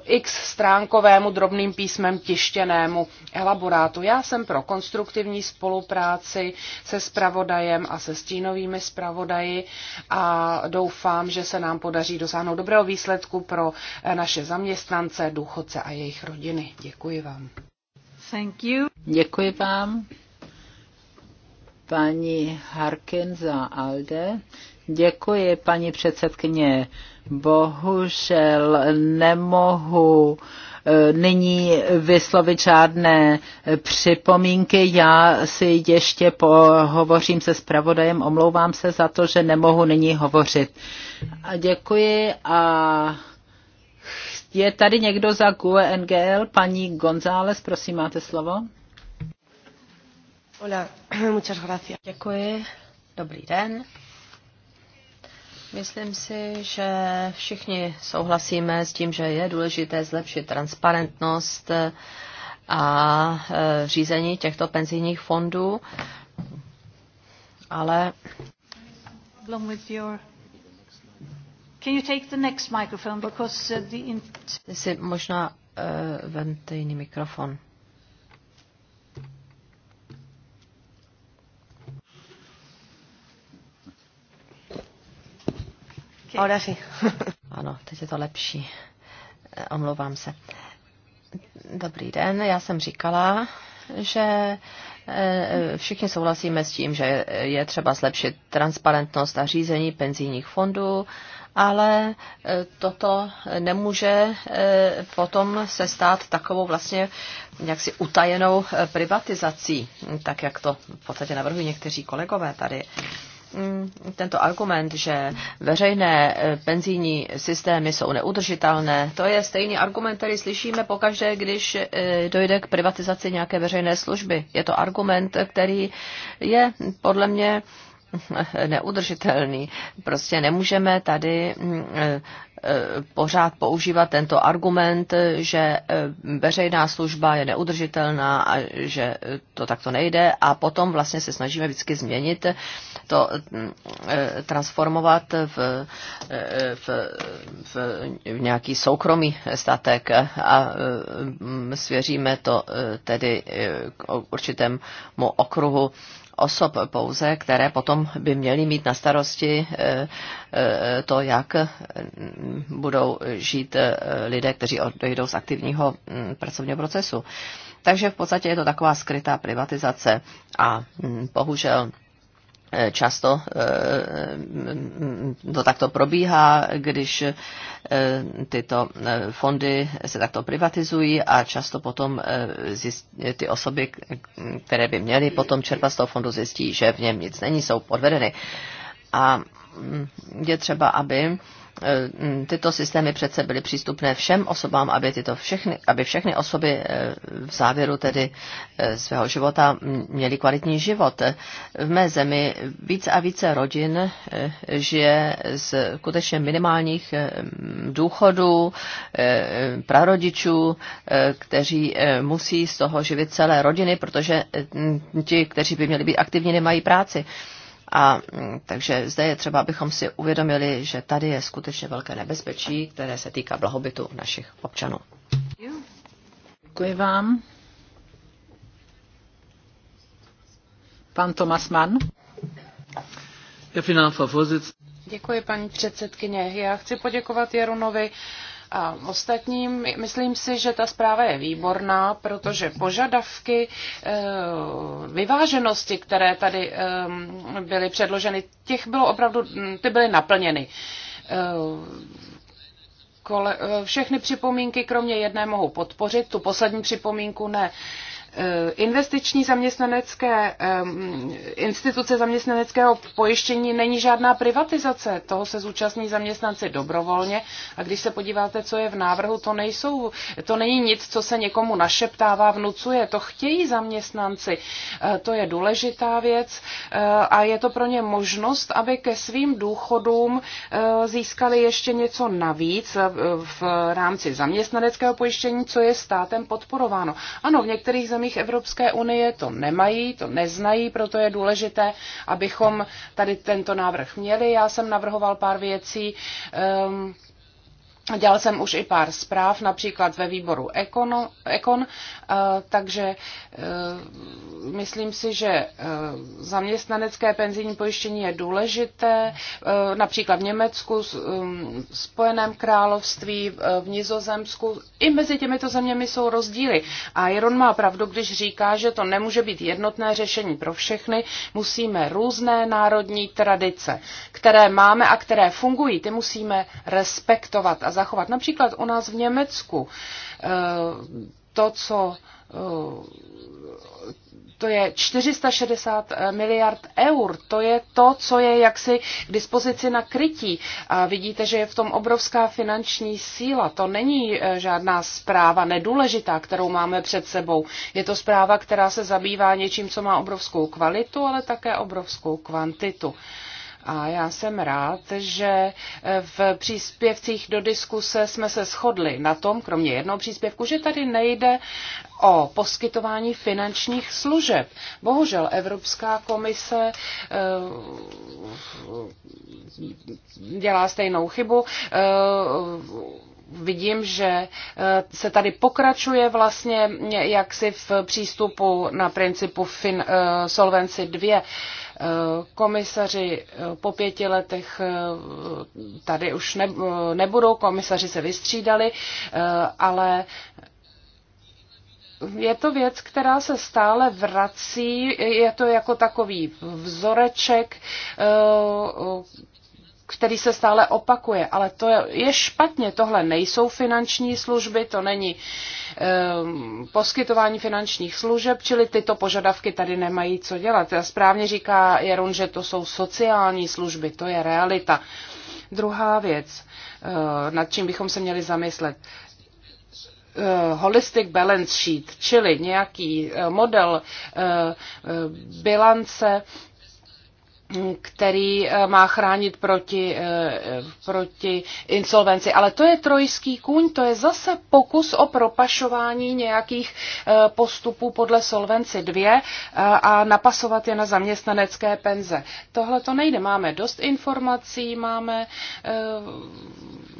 x stránkovému drobným písmem tištěnému elaborátu. Já jsem pro konstruktivní spolupráci se spravodajem a se stínovými spravodaji a doufám, že se nám podaří dosáhnout dobrého výsledku pro eh, naše zaměstnance, důchodce a jejich rodiny. Děkuji vám. Thank you. Děkuji vám. Paní Harkin za ALDE. Děkuji, paní předsedkyně. Bohužel nemohu eh, nyní vyslovit žádné připomínky. Já si ještě pohovořím se zpravodajem, omlouvám se za to, že nemohu nyní hovořit. Děkuji a je tady někdo za GUE NGL? Paní González, prosím, máte slovo. Hola, muchas gracias. Děkuji. Dobrý den. Myslím si, že všichni souhlasíme s tím, že je důležité zlepšit transparentnost eh, a eh, řízení těchto penzijních fondů, ale Can you take the next microphone because uh, the in... si možná uh, eh, vente jiný mikrofon. Okay. Ahora sí. ano, teď je to lepší. Eh, omlouvám se. Dobrý den, já jsem říkala, že Eh, všichni souhlasíme s tím, že je třeba zlepšit transparentnost a řízení penzijních fondů, ale eh, toto nemůže eh, potom se stát takovou vlastně jaksi utajenou privatizací, tak jak to v podstatě navrhují někteří kolegové tady. Mm, tento argument, že veřejné eh, penzijní systémy jsou neudržitelné, to je stejný argument, který slyšíme pokaždé, když eh, dojde k privatizaci nějaké veřejné služby. Je to argument, který je podle mě neudržitelný. Prostě nemůžeme tady mm, eh, pořád používat tento argument, že e, veřejná služba je neudržitelná a že e, to takto nejde a potom vlastně se snažíme vždycky změnit to, e, transformovat v, v, v nějaký soukromý statek a svěříme to tedy k určitému okruhu osob pouze, které potom by měly mít na starosti eh, eh, to, jak eh, budou žít lidé, kteří odejdou z aktivního mm, pracovního procesu. Takže v podstatě je to taková skrytá privatizace a mm, bohužel Eh, často eh, to takto probíhá, když eh, tyto fondy se takto privatizují a často potom ty osoby, které by měly potom čerpat z toho fondu, zjistí, že v něm nic není, jsou podvedeny. A mm, je třeba, aby Eh, mm, tyto systémy přece byly přístupné všem osobám, aby, tyto všechny, aby všechny osoby eh, v závěru tedy eh, svého života měly kvalitní život. V mé zemi více a více rodin žije z skutečně minimálních důchodů prarodičů, kteří musí z toho živit celé rodiny, protože ti, kteří by měli být aktivní, nemají práci. A mm, takže zde je třeba, abychom si uvědomili, že tady je skutečně velké nebezpečí, které se týká blahobytu našich občanů. Děkuji vám. Pan Tomas Mann. Děkuji, paní předsedkyně. Já chci poděkovat Jarunovi a ostatním. Myslím si, že ta zpráva je výborná, protože požadavky eh, vyváženosti, které tady eh, byly předloženy, těch bylo opravdu, hm, ty byly naplněny eh, kole, všechny připomínky, kromě jedné, mohu podpořit, tu poslední připomínku ne. Eh, investiční zaměstnanecké instituce zaměstnaneckého pojištění není žádná privatizace. Toho se zúčastní zaměstnanci dobrovolně a když se podíváte, co je v návrhu, to, nejsou, to není nic, co se někomu našeptává, vnucuje. To chtějí zaměstnanci. Eh, to je důležitá věc eh, a je to pro ně možnost, aby ke svým důchodům získali ještě něco navíc v rámci zaměstnaneckého pojištění, co je státem podporováno. Ano, v některých zemích zemích Evropské unie to nemají, to neznají, proto je důležité, abychom tady tento návrh měli. Já jsem navrhoval pár věcí. Um, Dělal jsem už i pár zpráv, například ve výboru Econo, Econ, eh, takže eh, myslím si, že eh, zaměstnanecké penzijní pojištění je důležité, například v Německu, v um, Spojeném království, v Nizozemsku. I mezi těmito zeměmi jsou rozdíly. A Iron má pravdu, když říká, že to nemůže být jednotné řešení pro všechny. Musíme různé národní tradice, které máme a které fungují, ty musíme respektovat a zachovat. Například u nás v Německu eh, to, co eh, to je 460 miliard eur. To je to, co je jaksi k dispozici na krytí. A vidíte, že je v tom obrovská finanční síla. To není eh, žádná zpráva nedůležitá, kterou máme před sebou. Je to zpráva, která se zabývá něčím, co má obrovskou kvalitu, ale také obrovskou kvantitu. A já jsem rád, že eh, v příspěvcích do diskuse jsme se shodli na tom, kromě jednoho příspěvku, že tady nejde o poskytování finančních služeb. Bohužel Evropská komise eh, dělá stejnou chybu eh, vidím, že se tady pokračuje vlastně jaksi v přístupu na principu fin, Solvency 2 komisaři eh, po pěti letech eh, tady už eh, nebudou, komisaři se vystřídali, ale je to věc, která se stále vrací, je to jako takový vzoreček, který se stále opakuje. Ale to je, je špatně, tohle nejsou finanční služby, to není ehm, poskytování finančních služeb, čili tyto požadavky tady nemají co dělat. A správně říká Jeron, že to jsou sociální služby, to je realita. Druhá věc, uh, nad čím bychom se měli zamyslet eh, holistic balance sheet, čili nějaký eh, model bilance který eh, má chránit proti, eh, proti insolvenci. Ale to je trojský kůň, to je zase pokus o propašování nějakých eh, postupů podle Solvenci 2 a napasovat je na zaměstnanecké penze. Tohle to nejde. Máme dost informací, máme.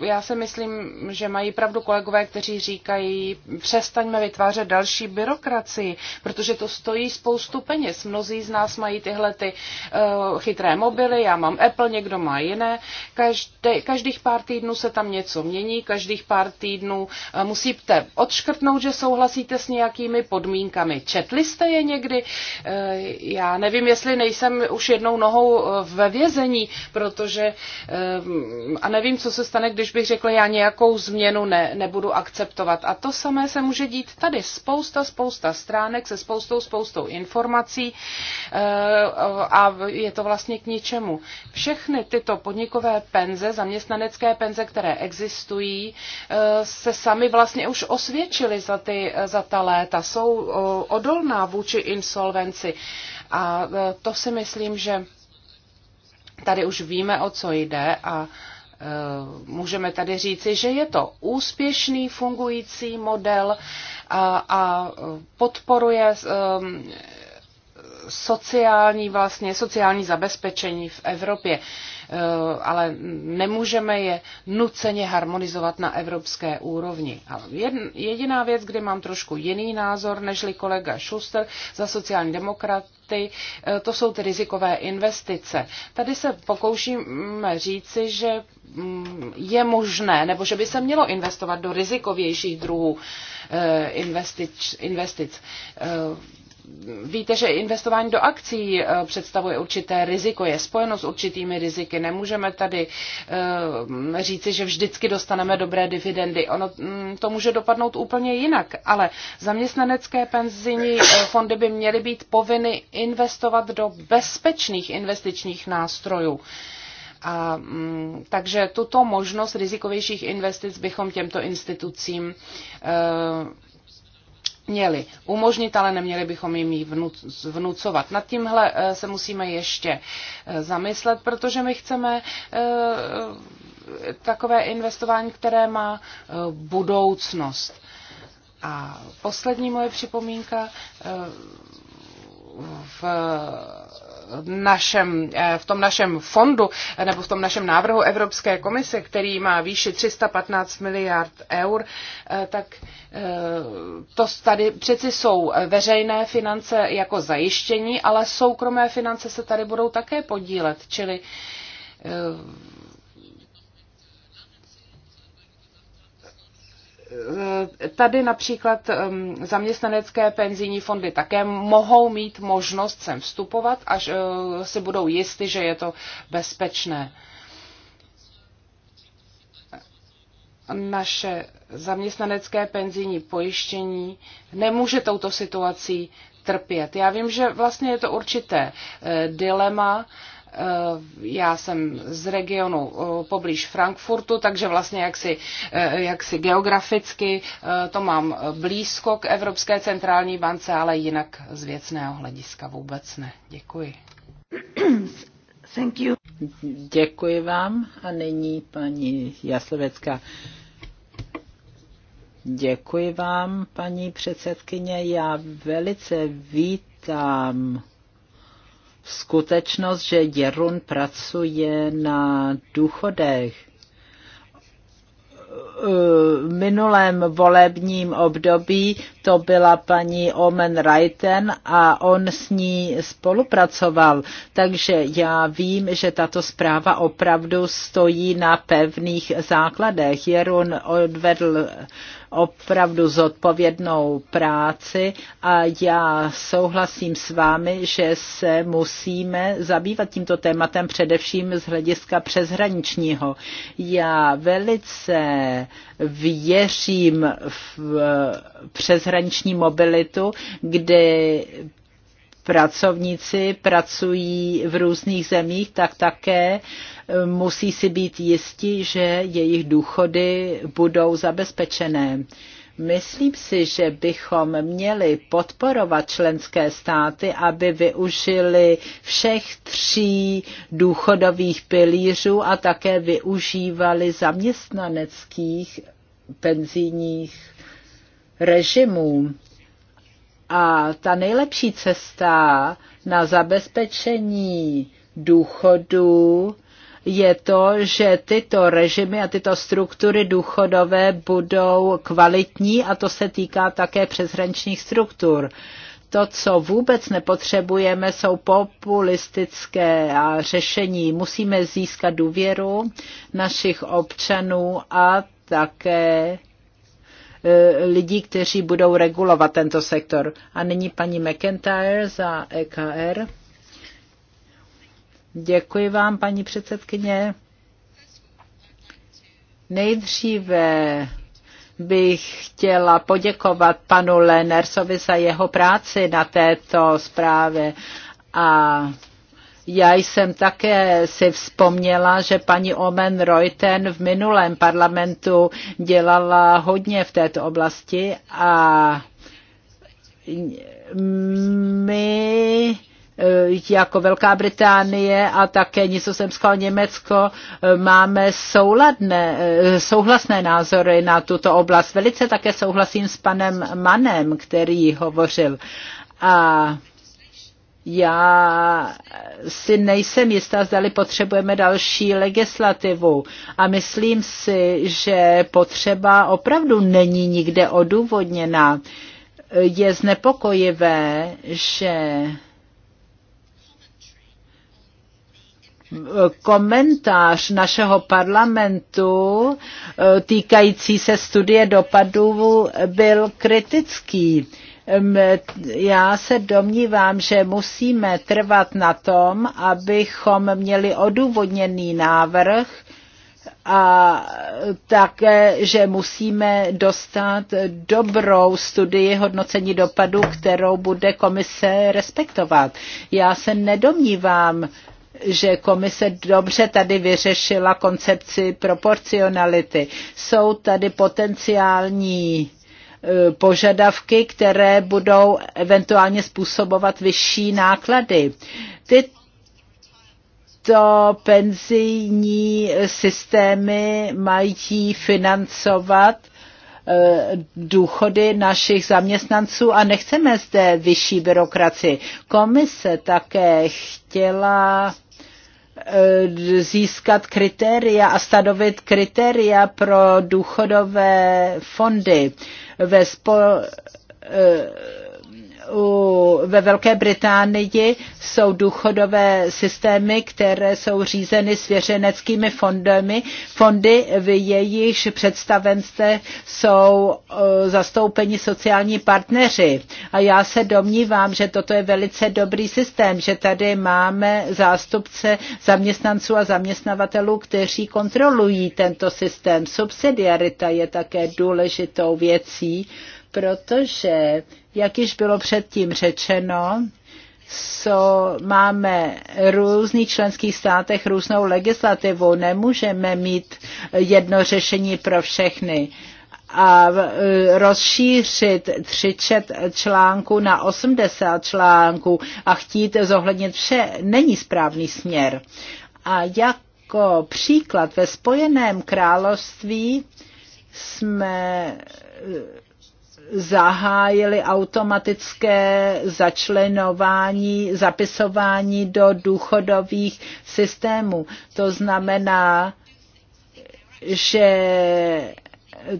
Já si myslím, že mají pravdu kolegové, kteří říkají, přestaňme vytvářet další byrokracii, protože to stojí spoustu peněz. Mnozí z nás mají tyhle ty chytré mobily, já mám Apple, někdo má jiné. Každý, každých pár týdnů se tam něco mění, každých pár týdnů eh, musíte odškrtnout, že souhlasíte s nějakými podmínkami. Četli jste je někdy? Eh, já nevím, jestli nejsem už jednou nohou eh, ve vězení, protože a nevím, co se stane, když bych řekla, já nějakou změnu ne, nebudu akceptovat. A to samé se může dít tady. Spousta, spousta stránek se spoustou, spoustou informací a je to vlastně vlastně k ničemu. Všechny tyto podnikové penze, zaměstnanecké penze, které existují, eh, se sami vlastně už osvědčily za, ty, eh, za ta léta. Jsou eh, odolná vůči insolvenci. A to si myslím, že tady už víme, o co jde a můžeme tady říci, že je to úspěšný fungující model a, a podporuje sociální vlastně, sociální zabezpečení v Evropě, e, ale nemůžeme je nuceně harmonizovat na evropské úrovni. Ale jediná věc, kde mám trošku jiný názor nežli kolega Schuster za sociální demokraty, e, to jsou ty rizikové investice. Tady se pokoušíme říci, že mm, je možné, nebo že by se mělo investovat do rizikovějších druhů e, investic Víte, že investování do akcí eh, představuje určité riziko, je spojeno s určitými riziky. Nemůžeme tady eh, říci, že vždycky dostaneme dobré dividendy. Ono mm, to může dopadnout úplně jinak, ale zaměstnanecké penzijní eh, fondy by měly být povinny investovat do bezpečných investičních nástrojů. A, mm, takže tuto možnost rizikovějších investic bychom těmto institucím měli umožnit, ale neměli bychom jim ji vnucovat. Nad tímhle eh, se musíme ještě eh, zamyslet, protože my chceme eh, takové investování, které má budoucnost. A poslední moje připomínka v, našem, eh, v tom našem fondu eh, nebo v tom našem návrhu Evropské komise, který má výši 315 miliard eur, eh, tak to tady přeci jsou veřejné finance jako zajištění, ale soukromé finance se tady budou také podílet, čili Eh, tady například ehm, zaměstnanecké penzijní fondy také mohou mít možnost sem vstupovat, až eh, si budou jisty, že je to bezpečné. Naše zaměstnanecké penzijní pojištění nemůže touto situací trpět. Já vím, že vlastně je to určité eh, dilema, Eh, já jsem z regionu eh, poblíž Frankfurtu, takže vlastně jaksi, eh, jaksi geograficky to mám blízko k Evropské centrální bance, ale jinak z věcného hlediska vůbec ne. Děkuji. Thank you. Děkuji vám a nyní paní Jaslovecká. Děkuji vám, paní předsedkyně. Já velice vítám skutečnost, že Jerun pracuje na důchodech. V minulém volebním období to byla paní Omen Reiten a on s ní spolupracoval. Takže já vím, že tato zpráva opravdu stojí na pevných základech. Jerun odvedl opravdu zodpovědnou práci a já souhlasím s vámi, že se musíme zabývat tímto tématem především z hlediska přeshraničního. Já velice věřím v eh, přeshraniční mobilitu, kde pracovníci pracují v různých zemích, tak také eh, musí si být jisti, že jejich důchody budou zabezpečené. Myslím si, že bychom měli podporovat členské státy, aby využili všech tří důchodových pilířů a také využívali zaměstnaneckých penzijních režimů. A ta nejlepší cesta na zabezpečení důchodu je to, že tyto režimy a tyto struktury důchodové budou kvalitní a to se týká také přeshraničních struktur. To, co vůbec nepotřebujeme, jsou populistické řešení. Musíme získat důvěru našich občanů a také e, lidí, kteří budou regulovat tento sektor. A nyní paní McIntyre za EKR. Děkuji vám, paní předsedkyně. Nejdříve bych chtěla poděkovat panu Lenersovi za jeho práci na této zprávě a já jsem také si vzpomněla, že paní Omen Reuten v minulém parlamentu dělala hodně v této oblasti a my eh, jako Velká Británie a také Nizozemsko a Německo eh, máme souladné, eh, souhlasné názory na tuto oblast. Velice také souhlasím s panem Manem, který hovořil. A já si nejsem jistá, zdali potřebujeme další legislativu. A myslím si, že potřeba opravdu není nikde odůvodněna. Je znepokojivé, že komentář našeho parlamentu eh, týkající se studie dopadů byl kritický já se domnívám, že musíme trvat na tom, abychom měli odůvodněný návrh a také, že musíme dostat dobrou studii hodnocení dopadu, kterou bude komise respektovat. Já se nedomnívám, že komise dobře tady vyřešila koncepci proporcionality. Jsou tady potenciální E, požadavky, které budou eventuálně způsobovat vyšší náklady. Ty tyto penzijní systémy mají financovat e, důchody našich zaměstnanců a nechceme zde vyšší byrokraci. Komise také chtěla Eh, získat kritéria a stanovit kritéria pro důchodové fondy ve spo, eh, ve Velké Británii jsou důchodové systémy, které jsou řízeny svěřeneckými fondy. Fondy v jejich představenstve jsou e, zastoupeni sociální partneři. A já se domnívám, že toto je velice dobrý systém, že tady máme zástupce zaměstnanců a zaměstnavatelů, kteří kontrolují tento systém. Subsidiarita je také důležitou věcí protože, jak již bylo předtím řečeno, co máme různých členských státech různou legislativu. Nemůžeme mít jedno řešení pro všechny. A e, rozšířit 30 článků na 80 článků a chtít zohlednit vše není správný směr. A jako příklad ve Spojeném království jsme e, zahájili automatické začlenování, zapisování do důchodových systémů. To znamená, že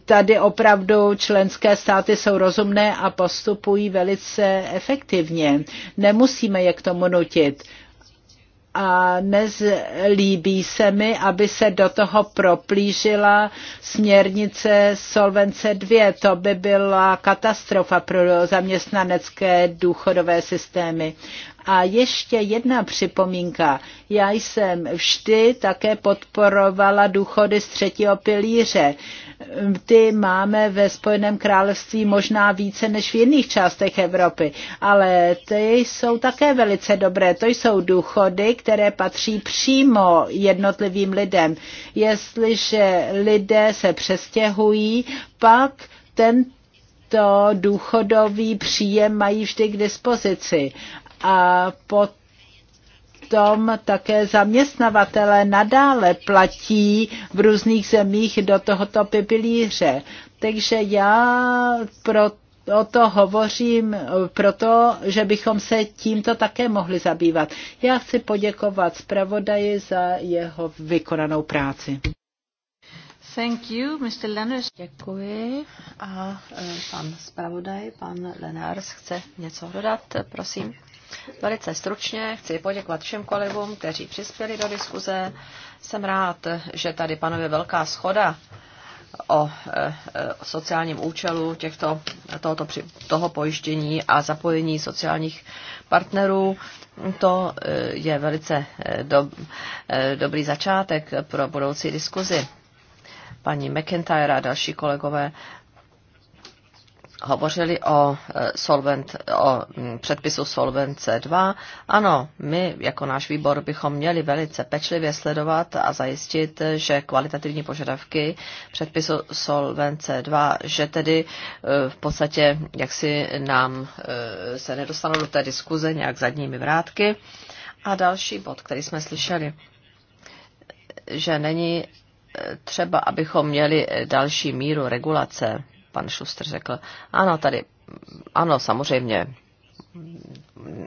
tady opravdu členské státy jsou rozumné a postupují velice efektivně. Nemusíme je k tomu nutit a nezlíbí se mi, aby se do toho proplížila směrnice Solvence 2. To by byla katastrofa pro zaměstnanecké důchodové systémy. A ještě jedna připomínka. Já jsem vždy také podporovala důchody z třetího pilíře. Ty máme ve Spojeném království možná více než v jiných částech Evropy, ale ty jsou také velice dobré. To jsou důchody, které patří přímo jednotlivým lidem. Jestliže lidé se přestěhují, pak ten to důchodový příjem mají vždy k dispozici a potom tom také zaměstnavatele nadále platí v různých zemích do tohoto pilíře. Takže já pro o to hovořím proto, že bychom se tímto také mohli zabývat. Já chci poděkovat zpravodaji za jeho vykonanou práci. Thank you, Mr. Lenners. Děkuji. A e, pan zpravodaj, pan Lenners, chce něco dodat, prosím. Velice stručně chci poděkovat všem kolegům, kteří přispěli do diskuze. Jsem rád, že tady panuje velká schoda o eh, sociálním účelu těchto, tohoto, toho pojištění a zapojení sociálních partnerů. To eh, je velice eh, do, dobrý začátek pro budoucí diskuzi. Paní McIntyre a další kolegové hovořili o, eh, solvent, o mm, předpisu Solvence 2. Ano, my jako náš výbor bychom měli velice pečlivě sledovat a zajistit, že kvalitativní požadavky předpisu Solvence 2, že tedy eh, v podstatě jaksi nám eh, se nedostanou do té diskuze nějak zadními vrátky. A další bod, který jsme slyšeli, že není třeba, abychom měli další míru regulace pan Šuster řekl. Ano, tady, ano, samozřejmě,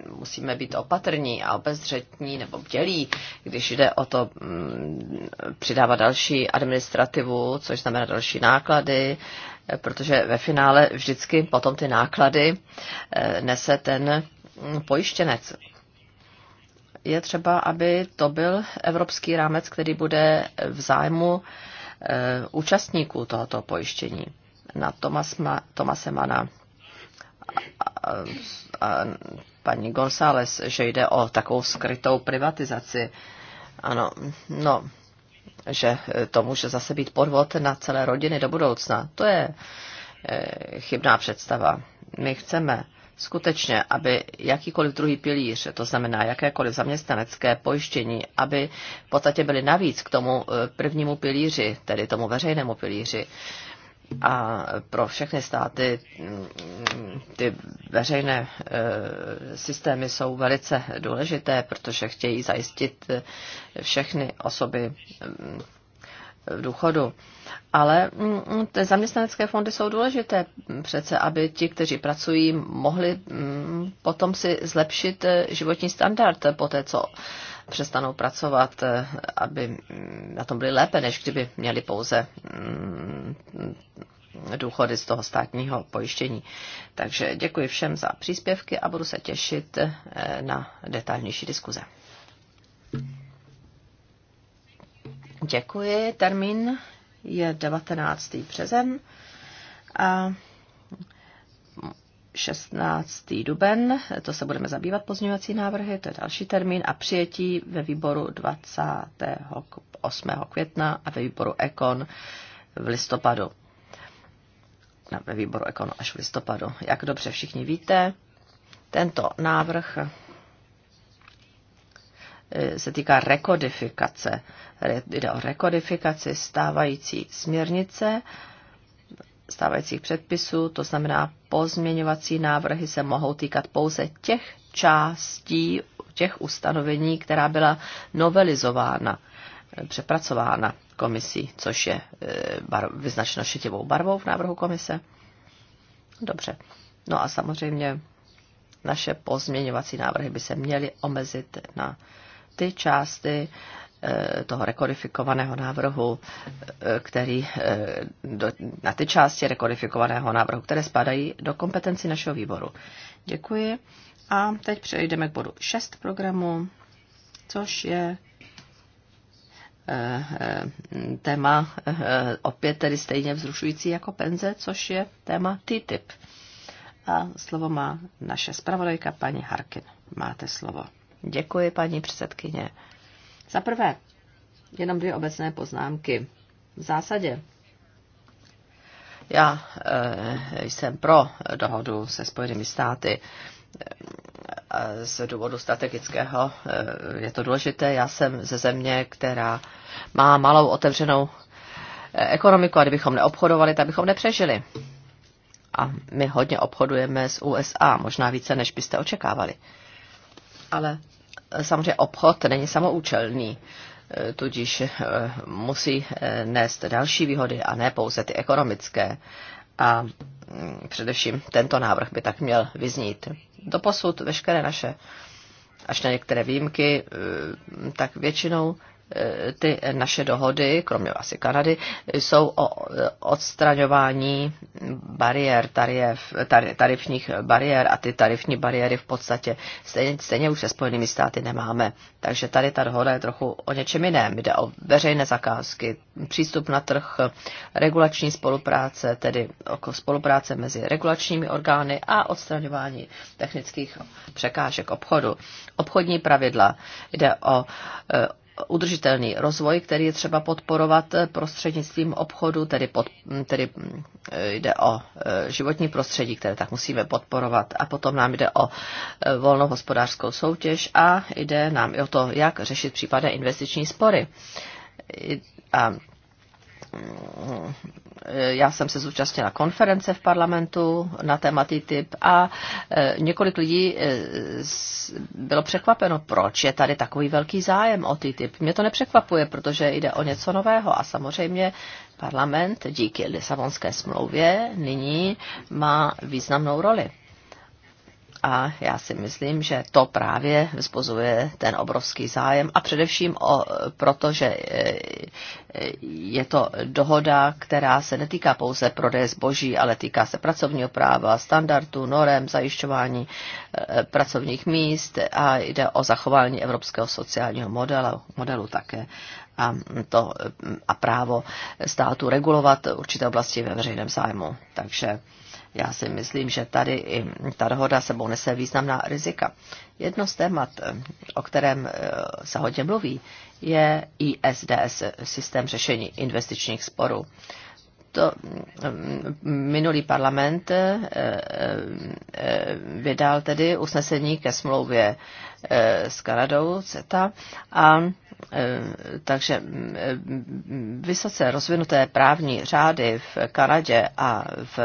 musíme být opatrní a obezřetní nebo bdělí, když jde o to mm, přidávat další administrativu, což znamená další náklady, protože ve finále vždycky potom ty náklady eh, nese ten mm, pojištěnec. Je třeba, aby to byl evropský rámec, který bude v zájmu eh, účastníků tohoto pojištění na Ma, Tomase Mana a, a paní González, že jde o takovou skrytou privatizaci. Ano, no, že to může zase být podvod na celé rodiny do budoucna. To je e, chybná představa. My chceme skutečně, aby jakýkoliv druhý pilíř, to znamená jakékoliv zaměstnanecké pojištění, aby v podstatě byly navíc k tomu e, prvnímu pilíři, tedy tomu veřejnému pilíři. E, a pro všechny státy mm, ty veřejné e, systémy jsou velice důležité, protože chtějí zajistit e, všechny osoby mm, v důchodu. Ale mm, ty zaměstnanecké fondy jsou důležité přece, aby ti, kteří pracují, mohli mm, potom si zlepšit eh, životní standard po té, co přestanou pracovat, eh, aby mm, na tom byli lépe, než kdyby měli pouze důchody z toho státního pojištění. Takže děkuji všem za příspěvky a budu se těšit eh, na detailnější diskuze. Děkuji. Termín je 19. březen a 16. duben, to se budeme zabývat pozměňovací návrhy, to je další termín, a přijetí ve výboru 28. května a ve výboru Ekon v listopadu. Ve výboru Ekon až v listopadu. Jak dobře všichni víte, tento návrh Eh, se týká rekodifikace. Jde o rekodifikaci stávající směrnice, stávajících předpisů, to znamená pozměňovací návrhy se mohou týkat pouze těch částí, těch ustanovení, která byla novelizována, eh, přepracována komisí, což je eh, barv, vyznačeno šitivou barvou v návrhu komise. Dobře. No a samozřejmě naše pozměňovací návrhy by se měly omezit na ty části eh, toho rekodifikovaného návrhu, eh, který, eh, do, na ty části rekodifikovaného návrhu, které spadají do kompetenci našeho výboru. Děkuji. A teď přejdeme k bodu 6 programu, což je téma opět tedy stejně vzrušující jako penze, což je téma TTIP. A slovo má naše zpravodajka paní Harkin. Máte slovo. Děkuji, paní předsedkyně. Za prvé, jenom dvě obecné poznámky. V zásadě já e, jsem pro dohodu se Spojenými státy eh, z důvodu strategického. Eh, je to důležité. Já jsem ze země, která má malou otevřenou ekonomiku a kdybychom neobchodovali, tak bychom nepřežili. A my hodně obchodujeme s USA, možná více, než byste očekávali. Ale samozřejmě obchod není samoučelný, e, tudíž e, musí e, nést další výhody a ne pouze ty ekonomické. A mm, především tento návrh by tak měl vyznít. Doposud veškeré naše, až na některé výjimky, tak většinou ty naše dohody, kromě asi Kanady, jsou o odstraňování bariér, tarif, tarifních bariér a ty tarifní bariéry v podstatě stejně, stejně už se Spojenými státy nemáme. Takže tady ta dohoda je trochu o něčem jiném. Jde o veřejné zakázky, přístup na trh, regulační spolupráce, tedy spolupráce mezi regulačními orgány a odstraňování technických překážek obchodu. Obchodní pravidla jde o e, udržitelný rozvoj, který je třeba podporovat eh, prostřednictvím obchodu, tedy, pod, mm, tedy mm, eh, jde o eh, životní prostředí, které tak musíme podporovat. A potom nám jde o volnou hospodářskou soutěž a jde nám i o to, jak řešit případné investiční spory. A já jsem se zúčastnila konference v parlamentu na téma TTIP a e, několik lidí e, bylo překvapeno, proč je tady takový velký zájem o TTIP. Mě to nepřekvapuje, protože jde o něco nového a samozřejmě parlament díky Lisabonské smlouvě nyní má významnou roli. A já si myslím, že to právě vzbuzuje ten obrovský zájem a především o, že e, je to dohoda, která se netýká pouze prodeje zboží, ale týká se pracovního práva, standardů, norem, zajišťování e, pracovních míst a jde o zachování evropského sociálního modelu, modelu také a, to, e, a právo státu regulovat určité oblasti ve veřejném zájmu. Takže já si myslím, že tady i ta dohoda sebou nese významná rizika. Jedno z témat, o kterém eh, se hodně mluví, je ISDS, systém řešení investičních sporů. To mm, minulý parlament eh, eh, vydal tedy usnesení ke smlouvě s Kanadou CETA a Eh, takže mm, eh, vysoce rozvinuté právní řády v Kanadě a v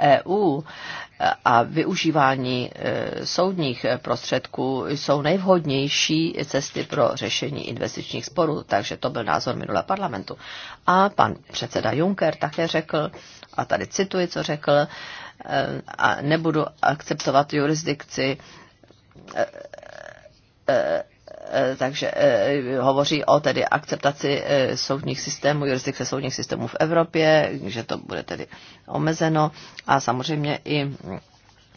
EU eh, a využívání soudních prostředků jsou nejvhodnější cesty pro řešení investičních sporů. Takže to byl názor minulého parlamentu. A pan předseda Juncker také řekl, a tady cituji, co řekl, a nebudu akceptovat jurisdikci E, takže e, hovoří o tedy akceptaci e, soudních systémů, jurisdikce soudních systémů v Evropě, že to bude tedy omezeno a samozřejmě i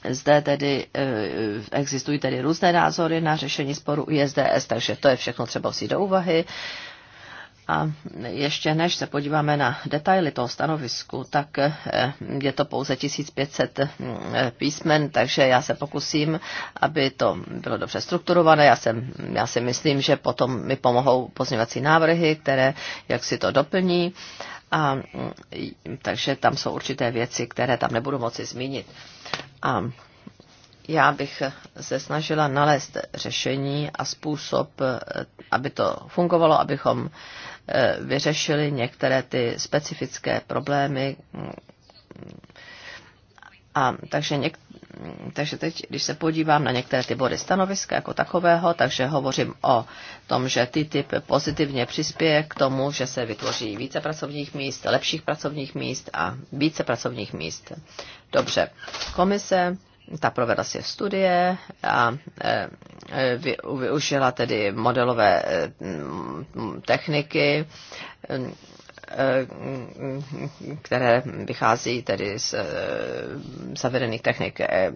zde tedy existují tedy různé názory na řešení sporu ISDS, takže to je všechno třeba vzít do úvahy. A ještě než se podíváme na detaily toho stanovisku, tak eh, je to pouze 1500 eh, písmen, takže já se pokusím, aby to bylo dobře strukturované. Já, jsem, já si myslím, že potom mi pomohou pozněvací návrhy, které jak si to doplní. A, mm, takže tam jsou určité věci, které tam nebudu moci zmínit. A já bych se snažila nalézt řešení a způsob, eh, aby to fungovalo, abychom Eh, vyřešili některé ty specifické problémy. A takže, něk, takže teď, když se podívám na některé ty body stanoviska jako takového, takže hovořím o tom, že ty typ pozitivně přispěje k tomu, že se vytvoří více pracovních míst, lepších pracovních míst a více pracovních míst. Dobře, komise ta provedla si studie a e, e, využila tedy modelové e, techniky Eh, které vychází tedy z eh, zavedených technik eh,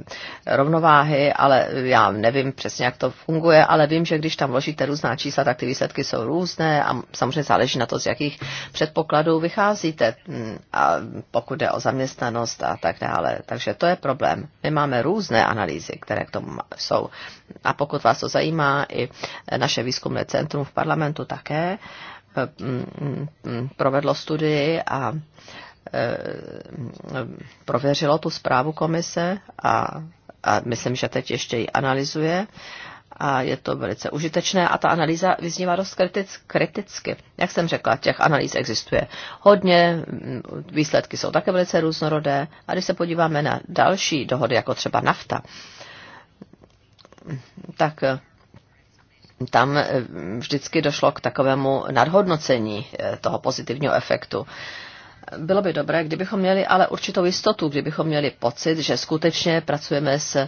rovnováhy, ale já nevím přesně, jak to funguje, ale vím, že když tam vložíte různá čísla, tak ty výsledky jsou různé a samozřejmě záleží na to, z jakých předpokladů vycházíte, hmm, a pokud jde o zaměstnanost a tak dále. Takže to je problém. My máme různé analýzy, které k tomu jsou. A pokud vás to zajímá, i naše výzkumné centrum v parlamentu také, provedlo studii a e, prověřilo tu zprávu komise a, a myslím, že teď ještě ji analyzuje a je to velice užitečné a ta analýza vyznívá dost kritic, kriticky. Jak jsem řekla, těch analýz existuje hodně, výsledky jsou také velice různorodé a když se podíváme na další dohody, jako třeba nafta, tak tam eh, vždycky došlo k takovému nadhodnocení eh, toho pozitivního efektu. Bylo by dobré, kdybychom měli ale určitou jistotu, kdybychom měli pocit, že skutečně pracujeme s, eh,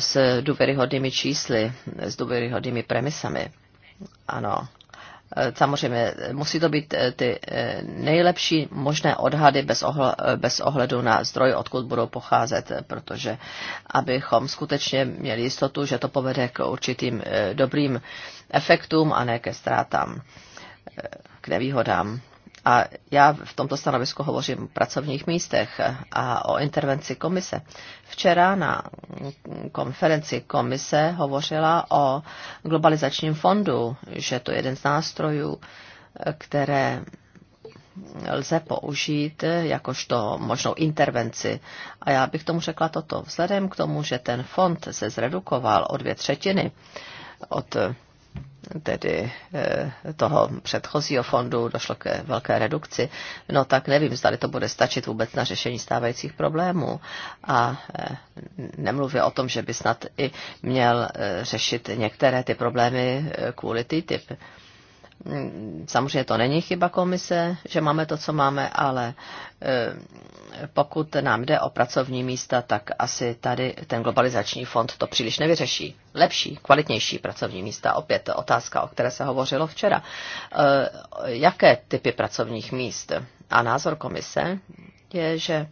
s důvěryhodnými čísly, s důvěryhodnými premisami. Ano. Eh, samozřejmě eh, musí to být eh, ty nejlepší možné odhady bez ohledu na zdroj, odkud budou pocházet, protože abychom skutečně měli jistotu, že to povede k určitým dobrým efektům a ne ke ztrátám, k nevýhodám. A já v tomto stanovisku hovořím o pracovních místech a o intervenci komise. Včera na konferenci komise hovořila o globalizačním fondu, že to je jeden z nástrojů, které lze použít jakožto možnou intervenci. A já bych tomu řekla toto. Vzhledem k tomu, že ten fond se zredukoval o dvě třetiny od tedy eh, toho předchozího fondu došlo ke velké redukci, no tak nevím, zda to bude stačit vůbec na řešení stávajících problémů. A eh, nemluvě o tom, že by snad i měl eh, řešit některé ty problémy kvůli TTIP. typ Mm, samozřejmě to není chyba komise, že máme to, co máme, ale eh, pokud nám jde o pracovní místa, tak asi tady ten globalizační fond to příliš nevyřeší. Lepší, kvalitnější pracovní místa, opět otázka, o které se hovořilo včera. Eh, jaké typy pracovních míst? A názor komise je, že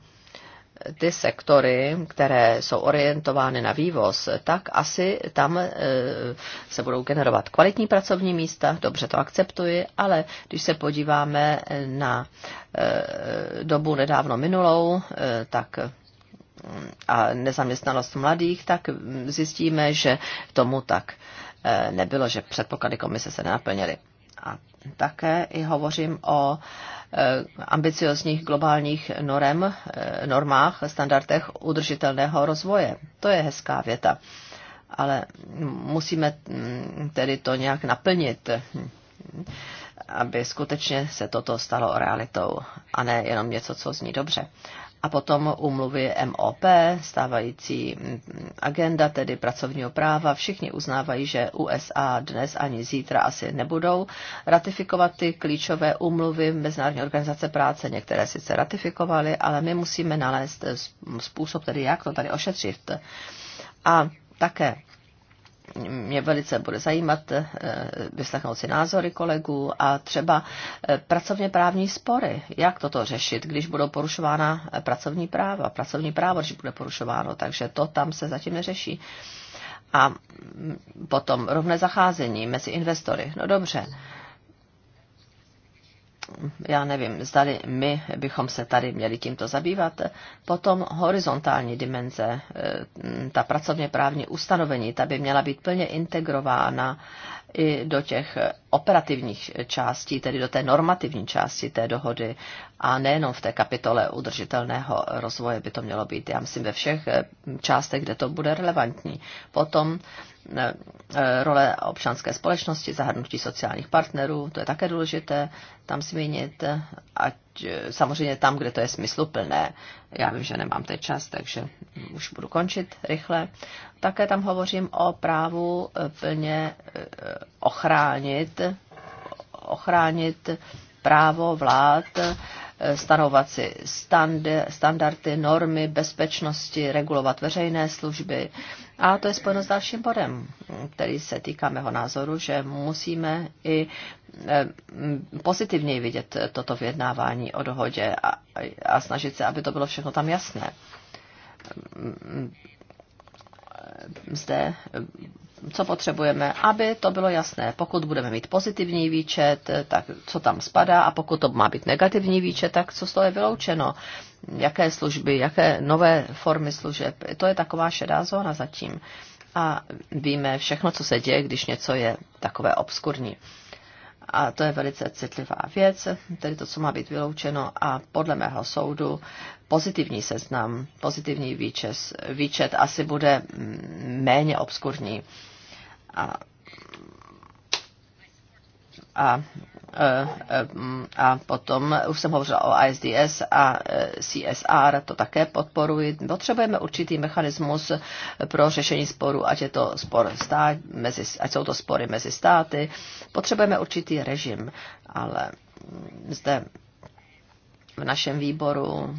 ty sektory, které jsou orientovány na vývoz, tak asi tam e, se budou generovat kvalitní pracovní místa, dobře to akceptuji, ale když se podíváme na e, dobu nedávno minulou, e, tak a nezaměstnanost mladých, tak zjistíme, že tomu tak nebylo, že předpoklady komise se nenaplnily a také i hovořím o eh, ambiciozních globálních norem, eh, normách, standardech udržitelného rozvoje. To je hezká věta, ale musíme mm, tedy to nějak naplnit, hm, aby skutečně se toto stalo realitou a ne jenom něco, co zní dobře a potom umluvy MOP, stávající agenda, tedy pracovního práva. Všichni uznávají, že USA dnes ani zítra asi nebudou ratifikovat ty klíčové umluvy Mezinárodní organizace práce. Některé sice ratifikovaly, ale my musíme nalézt způsob, tedy jak to tady ošetřit. A také mě velice bude zajímat eh, vyslechnout si názory kolegů a třeba eh, pracovně právní spory. Jak toto řešit, když budou porušována eh, pracovní práva, pracovní právo, když bude porušováno, takže to tam se zatím neřeší. A mm, potom rovné zacházení mezi investory. No dobře, já nevím, zdali my bychom se tady měli tímto zabývat. Potom horizontální dimenze, eh, ta pracovně právní ustanovení, ta by měla být plně integrována i do těch operativních částí, tedy do té normativní části té dohody a nejenom v té kapitole udržitelného rozvoje by to mělo být, já myslím, ve všech eh, částech, kde to bude relevantní. Potom E, e, role občanské společnosti, zahrnutí sociálních partnerů, to je také důležité tam zmínit, ať e, samozřejmě tam, kde to je smysluplné. Já vím, že nemám teď čas, takže už budu končit rychle. Také tam hovořím o právu plně ochránit, ochránit právo vlád stanovat si standardy, normy, bezpečnosti, regulovat veřejné služby. A to je spojeno s dalším bodem, který se týká mého názoru, že musíme i eh, pozitivněji vidět toto vyjednávání o dohodě a, a snažit se, aby to bylo všechno tam jasné zde co potřebujeme, aby to bylo jasné. Pokud budeme mít pozitivní výčet, tak co tam spadá a pokud to má být negativní výčet, tak co z toho je vyloučeno. Jaké služby, jaké nové formy služeb. To je taková šedá zóna zatím. A víme všechno, co se děje, když něco je takové obskurní. A to je velice citlivá věc, tedy to, co má být vyloučeno a podle mého soudu pozitivní seznam, pozitivní výčes, výčet asi bude méně obskurní a, a e, e, a potom už jsem hovořila o ISDS a e, CSR, to také podporuji. Potřebujeme určitý mechanismus pro řešení sporu, ať, je to spor stát, mezi, ať jsou to spory mezi státy. Potřebujeme určitý režim, ale zde v našem výboru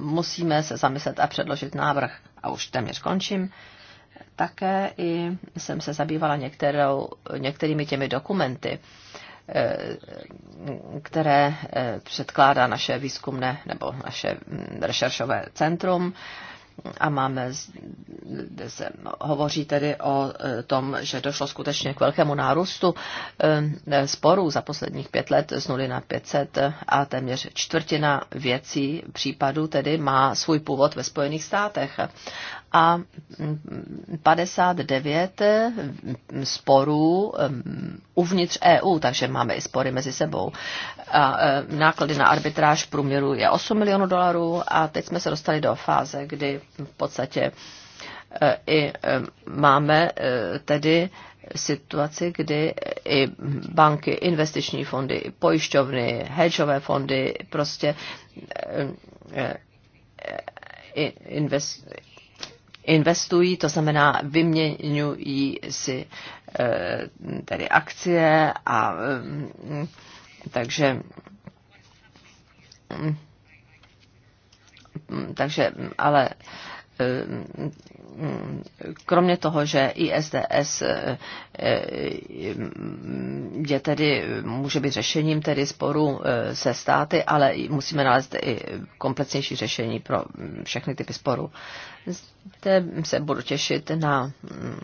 musíme se zamyslet a předložit návrh. A už téměř končím. Uh, také i jsem se zabývala některou, některými těmi dokumenty, eh, které eh, předkládá naše výzkumné nebo naše mm, rešeršové centrum a máme, se no, hovoří tedy o eh, tom, že došlo skutečně k velkému nárůstu sporů za posledních pět let z 0 na 500 a téměř čtvrtina věcí případů tedy má svůj původ ve Spojených státech a 59 sporů um, uvnitř EU, takže máme i spory mezi sebou. A e, náklady na arbitráž v průměru je 8 milionů dolarů a teď jsme se dostali do fáze, kdy v podstatě e, i e, máme tedy situaci, kdy i banky, investiční fondy, pojišťovny, hedžové fondy, prostě invest, investují, to znamená vyměňují si eh, tedy akcie a mm, takže mm, mm, takže ale kromě toho, že ISDS eh, eh, je tedy, může být řešením tedy sporu eh, se státy, ale musíme nalézt i komplexnější řešení pro všechny typy sporů. Zde se budu těšit na mm,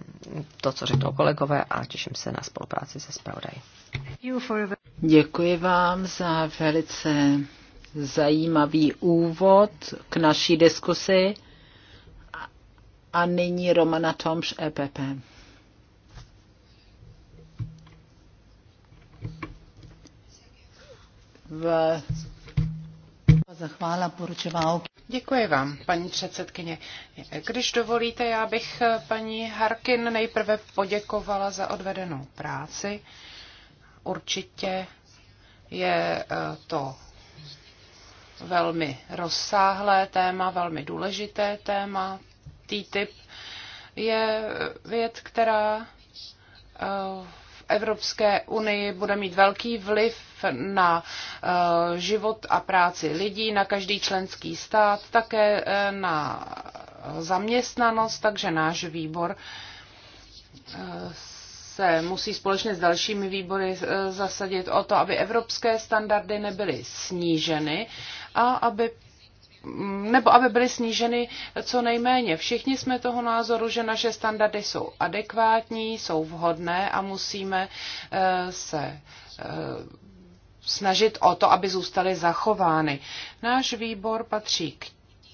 to, co řeknou kolegové a těším se na spolupráci se zpravodají. Děkuji vám za velice zajímavý úvod k naší diskusi a nyní Romana Tomš EPP. V... Zachvála Děkuji vám, paní předsedkyně. Když dovolíte, já bych eh, paní Harkin nejprve poděkovala za odvedenou práci. Určitě je eh, to velmi rozsáhlé téma, velmi důležité téma, TTIP je věc, která eh, v Evropské unii bude mít velký vliv na eh, život a práci lidí, na každý členský stát, také eh, na zaměstnanost, takže náš výbor se musí společně s dalšími výbory zasadit o to, aby evropské standardy nebyly sníženy a aby nebo aby byly sníženy co nejméně. Všichni jsme toho názoru, že naše standardy jsou adekvátní, jsou vhodné a musíme eh, se eh, snažit o to, aby zůstaly zachovány. Náš výbor patří k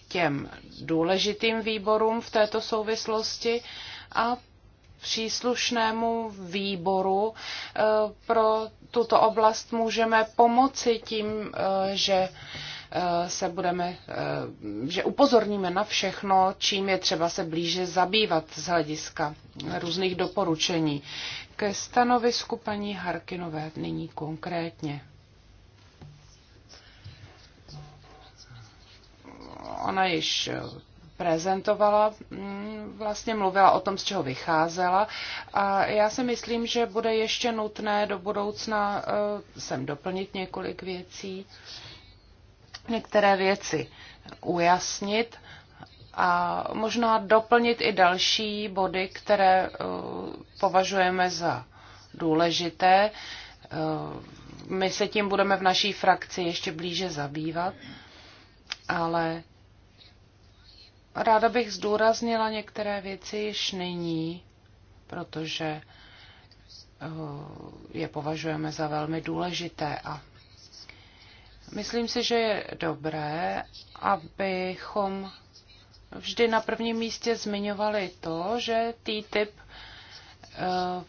těm důležitým výborům v této souvislosti a příslušnému výboru eh, pro tuto oblast můžeme pomoci tím, že Eh, se budeme, eh, že upozorníme na všechno, čím je třeba se blíže zabývat z hlediska různých doporučení. Ke stanovisku paní Harkinové nyní konkrétně. Ona již eh, prezentovala, mm, vlastně mluvila o tom, z čeho vycházela. A já si myslím, že bude ještě nutné do budoucna sem doplnit několik věcí. Uh, některé věci ujasnit a možná doplnit i další body, které eh, považujeme za důležité. Eh, my se tím budeme v naší frakci ještě blíže zabývat, ale ráda bych zdůraznila některé věci již nyní, protože eh, je považujeme za velmi důležité a Myslím si, že je dobré, abychom vždy na prvním místě zmiňovali to, že TTIP eh,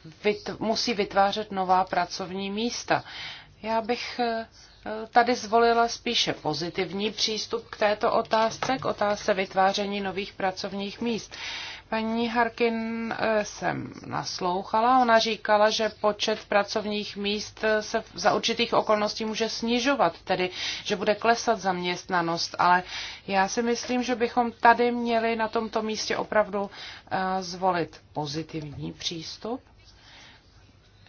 musí vytvářet nová pracovní místa. Já bych eh, tady zvolila spíše pozitivní přístup k této otázce, k otázce vytváření nových pracovních míst. Paní Harkin eh, jsem naslouchala. Ona říkala, že počet pracovních míst eh, se za určitých okolností může snižovat, tedy že bude klesat zaměstnanost, ale já si myslím, že bychom tady měli na tomto místě opravdu eh, zvolit pozitivní přístup.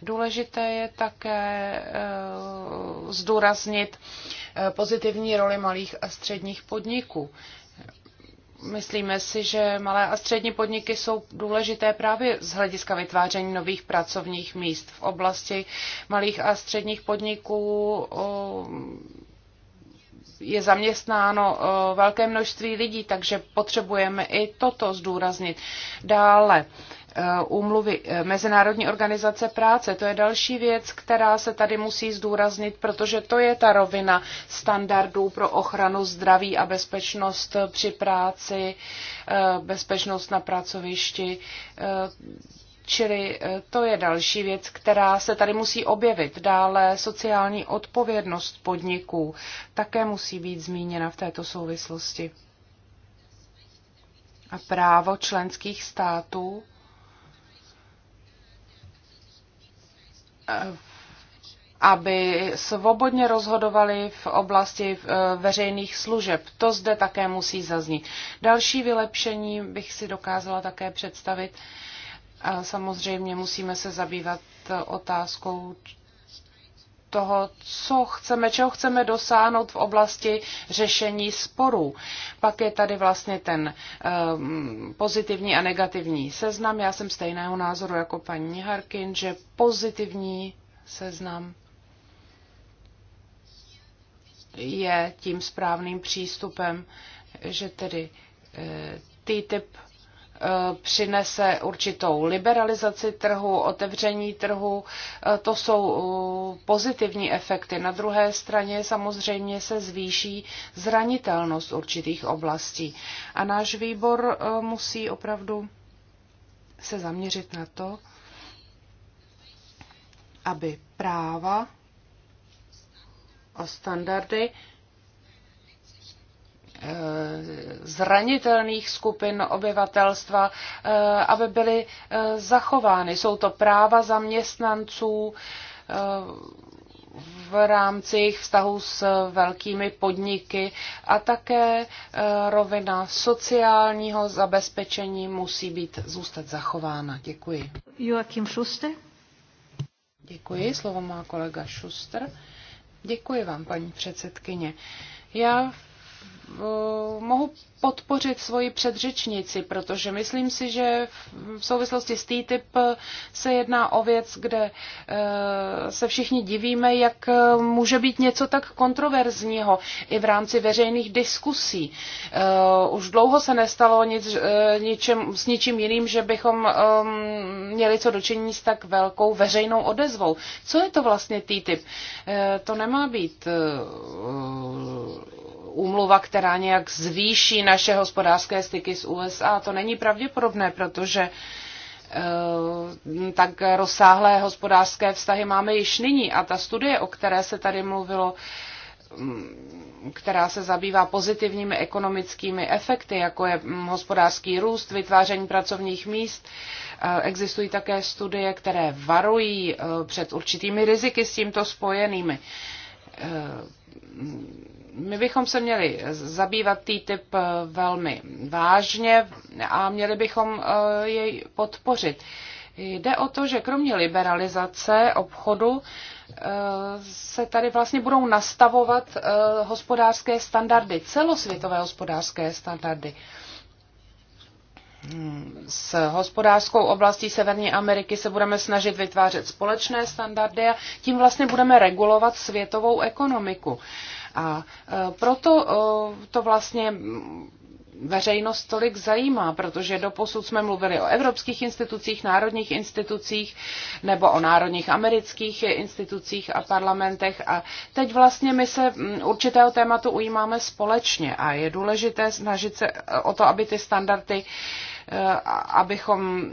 Důležité je také zdůraznit pozitivní roli malých a středních podniků. Myslíme si, že malé a střední podniky jsou důležité právě z hlediska vytváření nových pracovních míst v oblasti malých a středních podniků. Je zaměstnáno velké množství lidí, takže potřebujeme i toto zdůraznit. Dále Eh, úmluvy eh, Mezinárodní organizace práce. To je další věc, která se tady musí zdůraznit, protože to je ta rovina standardů pro ochranu zdraví a bezpečnost při práci, eh, bezpečnost na pracovišti. Čili to je další věc, která se tady musí objevit. Dále sociální odpovědnost podniků také musí být zmíněna v této souvislosti. A právo členských států Eh, aby svobodně rozhodovali v oblasti eh, veřejných služeb. To zde také musí zaznít. Další vylepšení bych si dokázala také představit. Samozřejmě musíme se zabývat otázkou toho, co chceme, čeho chceme dosáhnout v oblasti řešení sporů. Pak je tady vlastně ten um, pozitivní a negativní seznam. Já jsem stejného názoru jako paní Harkin, že pozitivní seznam je tím správným přístupem, že tedy e, eh, typ Eh, přinese určitou liberalizaci trhu, otevření trhu. Eh, to jsou eh, pozitivní efekty. Na druhé straně samozřejmě se zvýší zranitelnost určitých oblastí. A náš výbor musí opravdu se zaměřit na to, aby práva a standardy Eh, zranitelných skupin obyvatelstva, eh, aby byly eh, zachovány. Jsou to práva zaměstnanců v rámci jejich vztahu s velkými podniky a také rovina sociálního zabezpečení musí být zůstat zachována. Děkuji. Joachim Schuster. Děkuji, slovo má kolega Schuster. Děkuji vám, paní předsedkyně. Já Eh, mohu podpořit svoji předřečnici, protože myslím si, že v souvislosti s TTIP se jedná o věc, kde eh, se všichni divíme, jak eh, může být něco tak kontroverzního i v rámci veřejných diskusí. Už dlouho se nestalo nic, ničem, s ničím jiným, že bychom ehm, měli co dočinit s tak velkou veřejnou odezvou. Co je to vlastně TTIP? To nemá být úmluva, která která nějak zvýší naše hospodářské styky s USA. To není pravděpodobné, protože eh, tak rozsáhlé hospodářské vztahy máme již nyní. A ta studie, o které se tady mluvilo, mm, která se zabývá pozitivními ekonomickými efekty, jako je mm, hospodářský růst, vytváření pracovních míst. Eh, existují také studie, které varují eh, před určitými riziky s tímto spojenými my bychom se měli zabývat typ eh, velmi vážně a měli bychom eh, jej podpořit. Jde o to, že kromě liberalizace obchodu eh, se tady vlastně budou nastavovat hospodářské standardy, celosvětové hospodářské standardy. S hospodářskou oblastí Severní Ameriky se budeme snažit vytvářet společné standardy a tím vlastně budeme regulovat světovou ekonomiku. A e, proto e, to vlastně veřejnost tolik zajímá, protože doposud jsme mluvili o evropských institucích, národních institucích nebo o národních amerických institucích a parlamentech a teď vlastně my se určitého tématu ujímáme společně a je důležité snažit se e, o to, aby ty standardy, abychom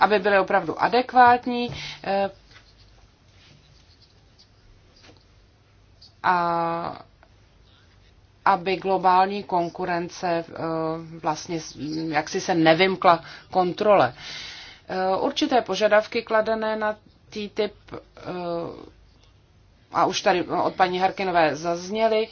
aby byly opravdu adekvátní, a aby globální konkurence eh, vlastně jaksi se nevymkla kontrole. Eh, určité požadavky kladené na TTIP eh, a už tady od paní Harkinové zazněly.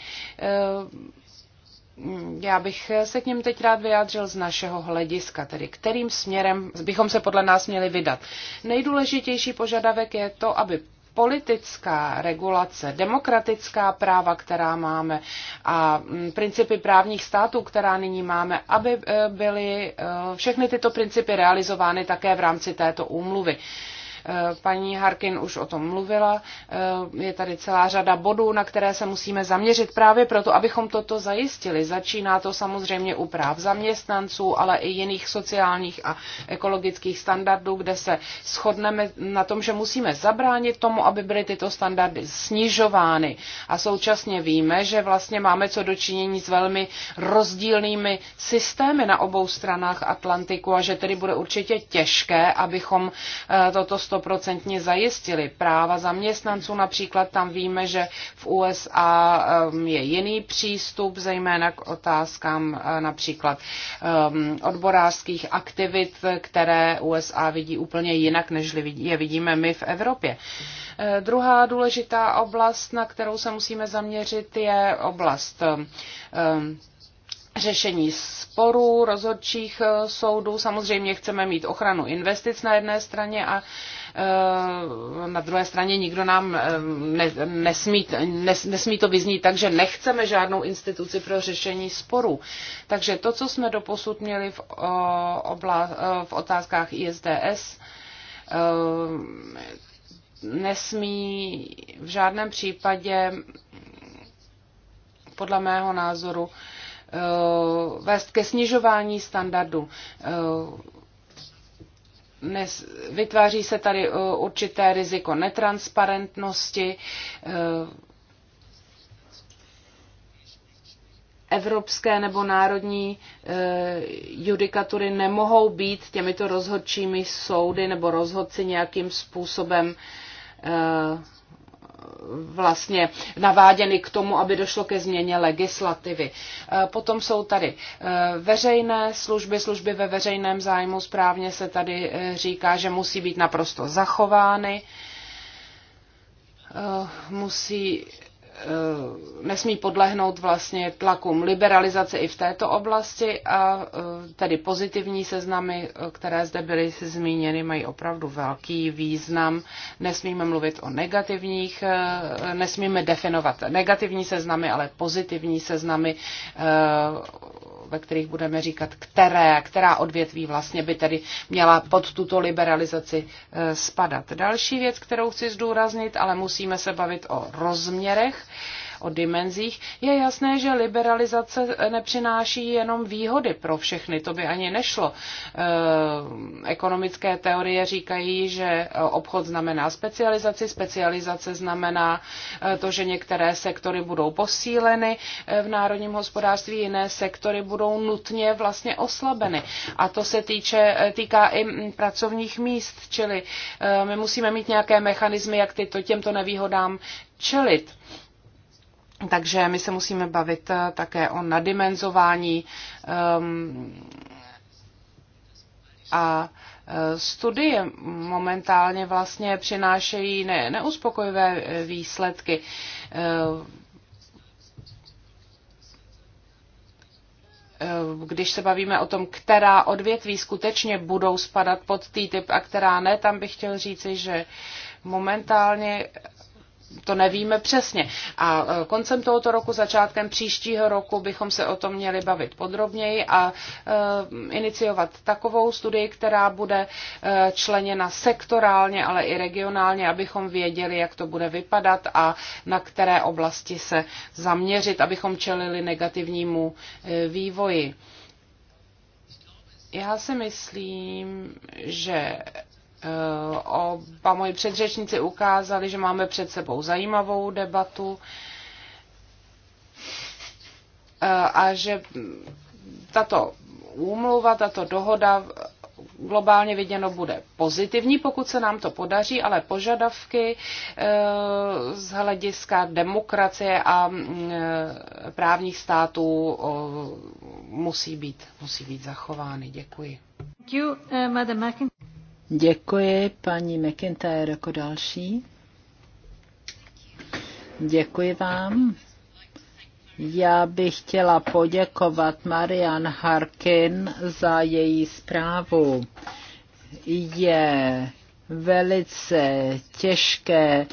Já bych se k něm teď rád vyjádřil z našeho hlediska, tedy kterým směrem bychom se podle nás měli vydat. Nejdůležitější požadavek je to, aby politická regulace, demokratická práva, která máme a mm, principy právních států, která nyní máme, aby e, byly e, všechny tyto principy realizovány také v rámci této úmluvy. Eh, paní Harkin už o tom mluvila. Eh, je tady celá řada bodů, na které se musíme zaměřit právě proto, abychom toto zajistili. Začíná to samozřejmě u práv zaměstnanců, ale i jiných sociálních a ekologických standardů, kde se shodneme na tom, že musíme zabránit tomu, aby byly tyto standardy snižovány. A současně víme, že vlastně máme co dočinění s velmi rozdílnými systémy na obou stranách Atlantiku a že tedy bude určitě těžké, abychom eh, toto stoprocentně zajistili. Práva zaměstnanců například tam víme, že v USA um, je jiný přístup, zejména k otázkám uh, například um, odborářských aktivit, které USA vidí úplně jinak, než je vidíme my v Evropě. Uh, druhá důležitá oblast, na kterou se musíme zaměřit, je oblast um, řešení sporů rozhodčích uh, soudů. Samozřejmě chceme mít ochranu investic na jedné straně a Eh, na druhé straně nikdo nám eh, ne, nesmí, nes, nesmí to vyznít takže nechceme žádnou instituci pro řešení sporů. Takže to, co jsme doposud měli v, obla, eh, v otázkách ISDS, nesmí v žádném případě, podle mého názoru, vést ke snižování standardu nes, vytváří se tady eh, určité riziko netransparentnosti. Eh, evropské nebo národní eh, judikatury nemohou být těmito rozhodčími soudy nebo rozhodci nějakým způsobem vlastně naváděny k tomu, aby došlo ke změně legislativy. Eh, potom jsou tady eh, veřejné služby, služby ve veřejném zájmu, správně se tady eh, říká, že musí být naprosto zachovány, musí Eh, nesmí podlehnout vlastně tlakům liberalizace i v této oblasti a eh, tedy pozitivní seznamy, eh, které zde byly zmíněny, mají opravdu velký význam. Nesmíme mluvit o negativních, nesmíme definovat negativní seznamy, ale pozitivní seznamy ve kterých budeme říkat, které, která odvětví vlastně by tedy měla pod tuto liberalizaci eh, spadat. Další věc, kterou chci zdůraznit, ale musíme se bavit o rozměrech o dimenzích, je jasné, že liberalizace nepřináší jenom výhody pro všechny, to by ani nešlo. E, ekonomické teorie říkají, že obchod znamená specializaci, specializace znamená e, to, že některé sektory budou posíleny e, v národním hospodářství, jiné sektory budou nutně vlastně oslabeny. A to se týče, týká i pracovních míst, čili my musíme mít nějaké mechanizmy, jak tyto, těmto nevýhodám čelit. Takže my se musíme bavit eh, také o nadimenzování um, a eh, studie momentálně vlastně přinášejí ne, neuspokojivé eh, výsledky. Když se bavíme o tom, která odvětví skutečně budou spadat pod TTIP a která ne, tam bych chtěl říci, že momentálně to nevíme přesně. A e, koncem tohoto roku, začátkem příštího roku bychom se o tom měli bavit podrobněji a e, iniciovat takovou studii, která bude e, členěna sektorálně, ale i regionálně, abychom věděli, jak to bude vypadat a na které oblasti se zaměřit, abychom čelili negativnímu vývoji. Já si myslím, že Eh, oba moji předřečníci ukázali, že máme před sebou zajímavou debatu eh, a že tato úmluva, tato dohoda globálně viděno bude pozitivní, pokud se nám to podaří, ale požadavky eh, z hlediska demokracie a právních států musí být, musí být zachovány. Děkuji. Děkuji, Děkuji paní McIntyre jako další. Děkuji vám. Já bych chtěla poděkovat Marian Harkin za její zprávu. Je velice těžké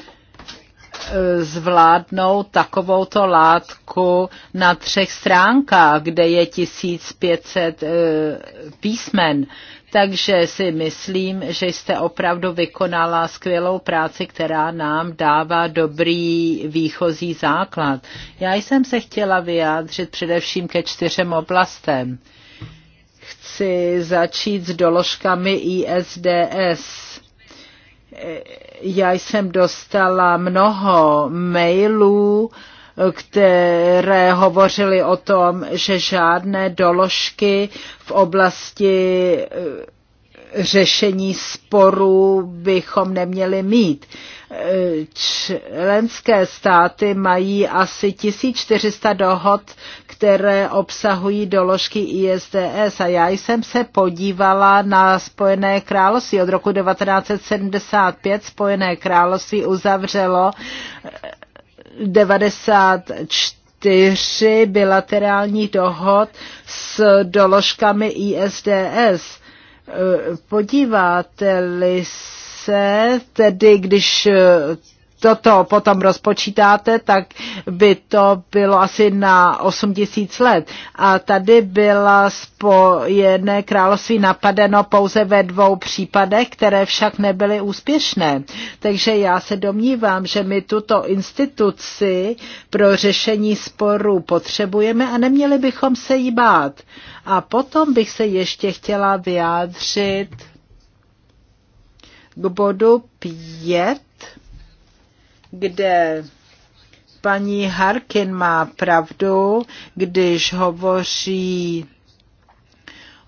zvládnou takovouto látku na třech stránkách, kde je 1500 eh, písmen. Takže si myslím, že jste opravdu vykonala skvělou práci, která nám dává dobrý výchozí základ. Já jsem se chtěla vyjádřit především ke čtyřem oblastem. Chci začít s doložkami ISDS já jsem dostala mnoho mailů, které hovořily o tom, že žádné doložky v oblasti řešení sporů bychom neměli mít. Členské státy mají asi 1400 dohod, které obsahují doložky ISDS a já jsem se podívala na Spojené království. Od roku 1975 Spojené království uzavřelo 94 čtyři bilaterální dohod s doložkami ISDS. Eh, podíváte-li se, tedy když eh, toto potom rozpočítáte, tak by to bylo asi na 8 tisíc let. A tady byla spojené království napadeno pouze ve dvou případech, které však nebyly úspěšné. Takže já se domnívám, že my tuto instituci pro řešení sporů potřebujeme a neměli bychom se jí bát. A potom bych se ještě chtěla vyjádřit k bodu 5 kde paní Harkin má pravdu, když hovoří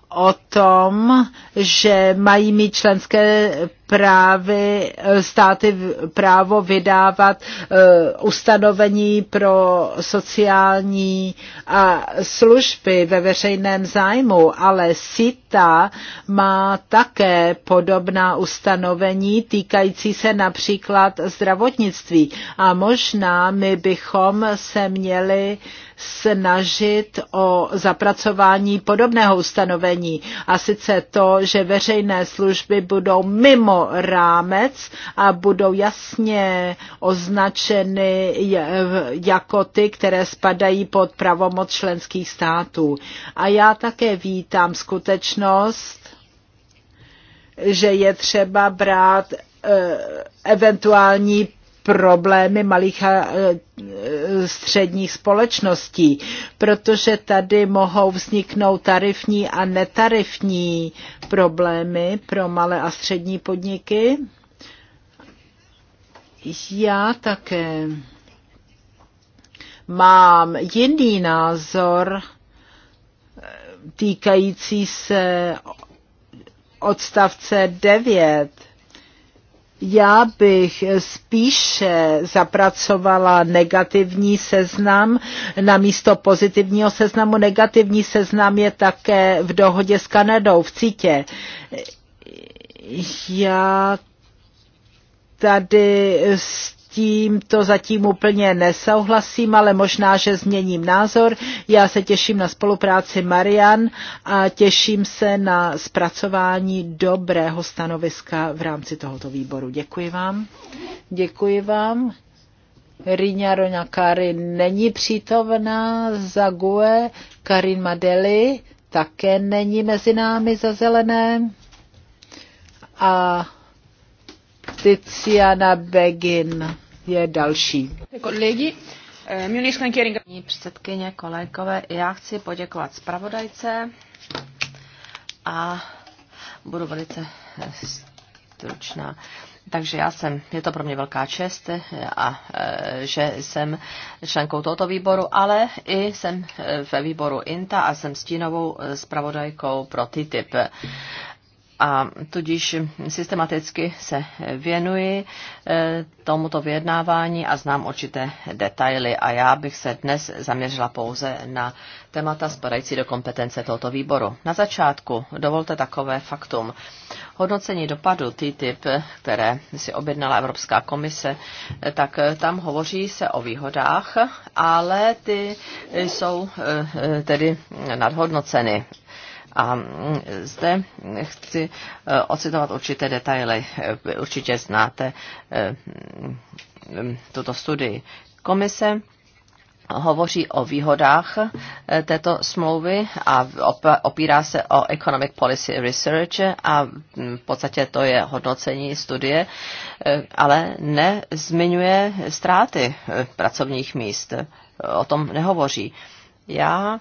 o tom, že mají mít členské právy, eh, státy právo vydávat eh, ustanovení pro sociální a služby ve veřejném zájmu, ale SITA má také podobná ustanovení týkající se například zdravotnictví. A možná my bychom se měli snažit o zapracování podobného ustanovení. A sice to, že veřejné služby budou mimo rámec a budou jasně označeny jako ty, které spadají pod pravomoc členských států. A já také vítám skutečnost, že je třeba brát eh, eventuální problémy malých a e, středních společností, protože tady mohou vzniknout tarifní a netarifní problémy pro malé a střední podniky. Já také mám jiný názor e, týkající se odstavce 9 já bych spíše zapracovala negativní seznam na místo pozitivního seznamu. Negativní seznam je také v dohodě s Kanadou, v CITě. Já tady s tím to zatím úplně nesouhlasím, ale možná, že změním názor. Já se těším na spolupráci Marian a těším se na zpracování dobrého stanoviska v rámci tohoto výboru. Děkuji vám. Děkuji vám. Rina Roňakary není přítomná, Zague, Karin Madeli také není mezi námi za zelené a Tiziana Begin je další. Kolegy, eh, předsedkyně, kolegové, já chci poděkovat zpravodajce a budu velice eh, stručná. Takže já jsem, je to pro mě velká čest, eh, a, že jsem členkou tohoto výboru, ale i jsem ve výboru INTA a jsem stínovou zpravodajkou pro TTIP a tudíž systematicky se věnuji eh, tomuto vyjednávání a znám určité detaily a já bych se dnes zaměřila pouze na témata spadající do kompetence tohoto výboru. Na začátku dovolte takové faktum. Hodnocení dopadu TTIP, které si objednala Evropská komise, eh, tak eh, tam hovoří se o výhodách, ale ty jsou tedy nadhodnoceny a mm, zde chci eh, ocitovat určité detaily. Eh, určitě znáte eh, mm, tuto studii. Komise hovoří o výhodách této smlouvy a opírá se o Economic Policy Research a mm, v podstatě to je hodnocení studie, ale nezmiňuje ztráty pracovních míst. O tom nehovoří. Já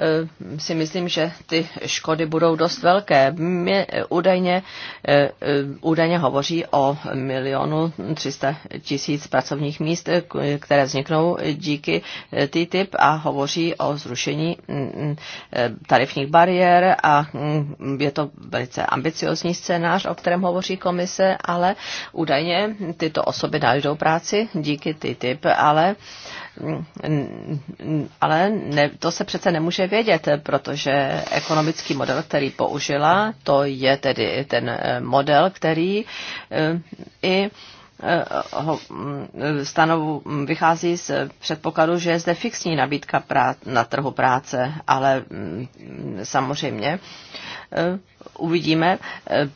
Eh, si myslím, že ty škody budou dost velké. Mě eh, údajně, eh, údajně hovoří o milionu 300 tisíc pracovních míst, které vzniknou díky TTIP a hovoří o zrušení mm, mm, tarifních bariér a mm, je to velice ambiciozní scénář, o kterém hovoří komise, ale údajně tyto osoby najdou práci díky TTIP, ale uh, ale ne, to se přece nemůže vědět, protože ekonomický model, který použila, to je tedy ten eh, model, který eh, i eh, hm, stanovu hm, vychází z předpokladu, že je zde fixní nabídka prá- na trhu práce, ale hm, samozřejmě uvidíme, eh,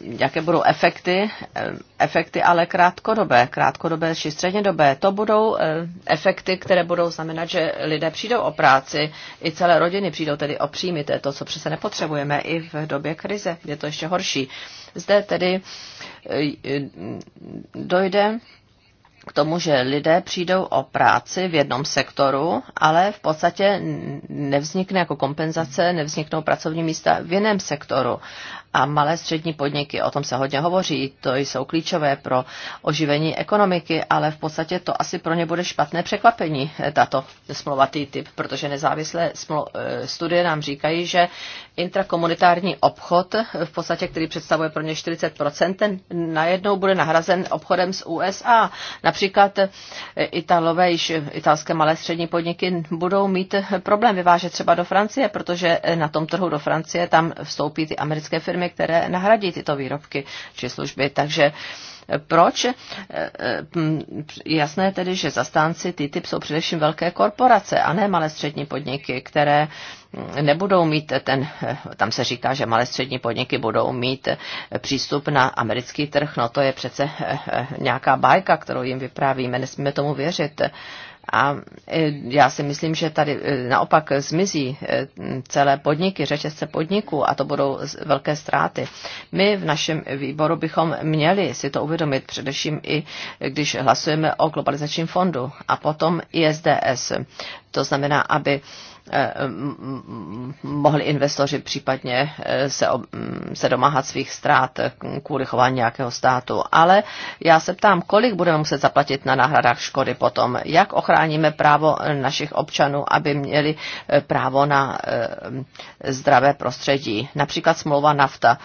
jaké budou efekty, eh, efekty ale krátkodobé, krátkodobé či dobé. To budou eh, efekty, které budou znamenat, že lidé přijdou o práci, i celé rodiny přijdou tedy o příjmy, to je to, co přece nepotřebujeme i v době krize, je to ještě horší. Zde tedy dojde k tomu, že lidé přijdou o práci v jednom sektoru, ale v podstatě nevznikne jako kompenzace, nevzniknou pracovní místa v jiném sektoru a malé střední podniky. O tom se hodně hovoří, to jsou klíčové pro oživení ekonomiky, ale v podstatě to asi pro ně bude špatné překvapení, eh, tato smlouva TTIP, protože nezávislé eh, studie nám říkají, že intrakomunitární obchod, eh, v podstatě, který představuje pro ně 40%, ten najednou bude nahrazen obchodem s USA. Například Italové, již italské malé střední podniky budou mít problém vyvážet třeba do Francie, protože na tom trhu do Francie tam vstoupí ty americké firmy firmy, které nahradí tyto výrobky či služby. Takže eh, proč? Eh, eh, jasné tedy, že zastánci TTIP jsou především velké korporace a ne malé střední podniky, které mm, nebudou mít ten, tam se říká, že malé střední podniky budou mít přístup na americký trh, no to je přece nějaká bajka, kterou jim vyprávíme, nesmíme tomu věřit. A e, já si myslím, že tady e, naopak zmizí e, celé podniky, řetězce podniků a to budou velké ztráty. My v našem výboru bychom měli si to uvědomit, především i když hlasujeme o globalizačním fondu a potom ISDS. To znamená, aby Eh, mohli investoři případně eh, se, se domáhat svých ztrát eh, kvůli chování nějakého státu. Ale já se ptám, kolik budeme muset zaplatit na náhradách škody potom? Jak ochráníme právo našich občanů, aby měli právo na zdravé prostředí? Například smlouva NAFTA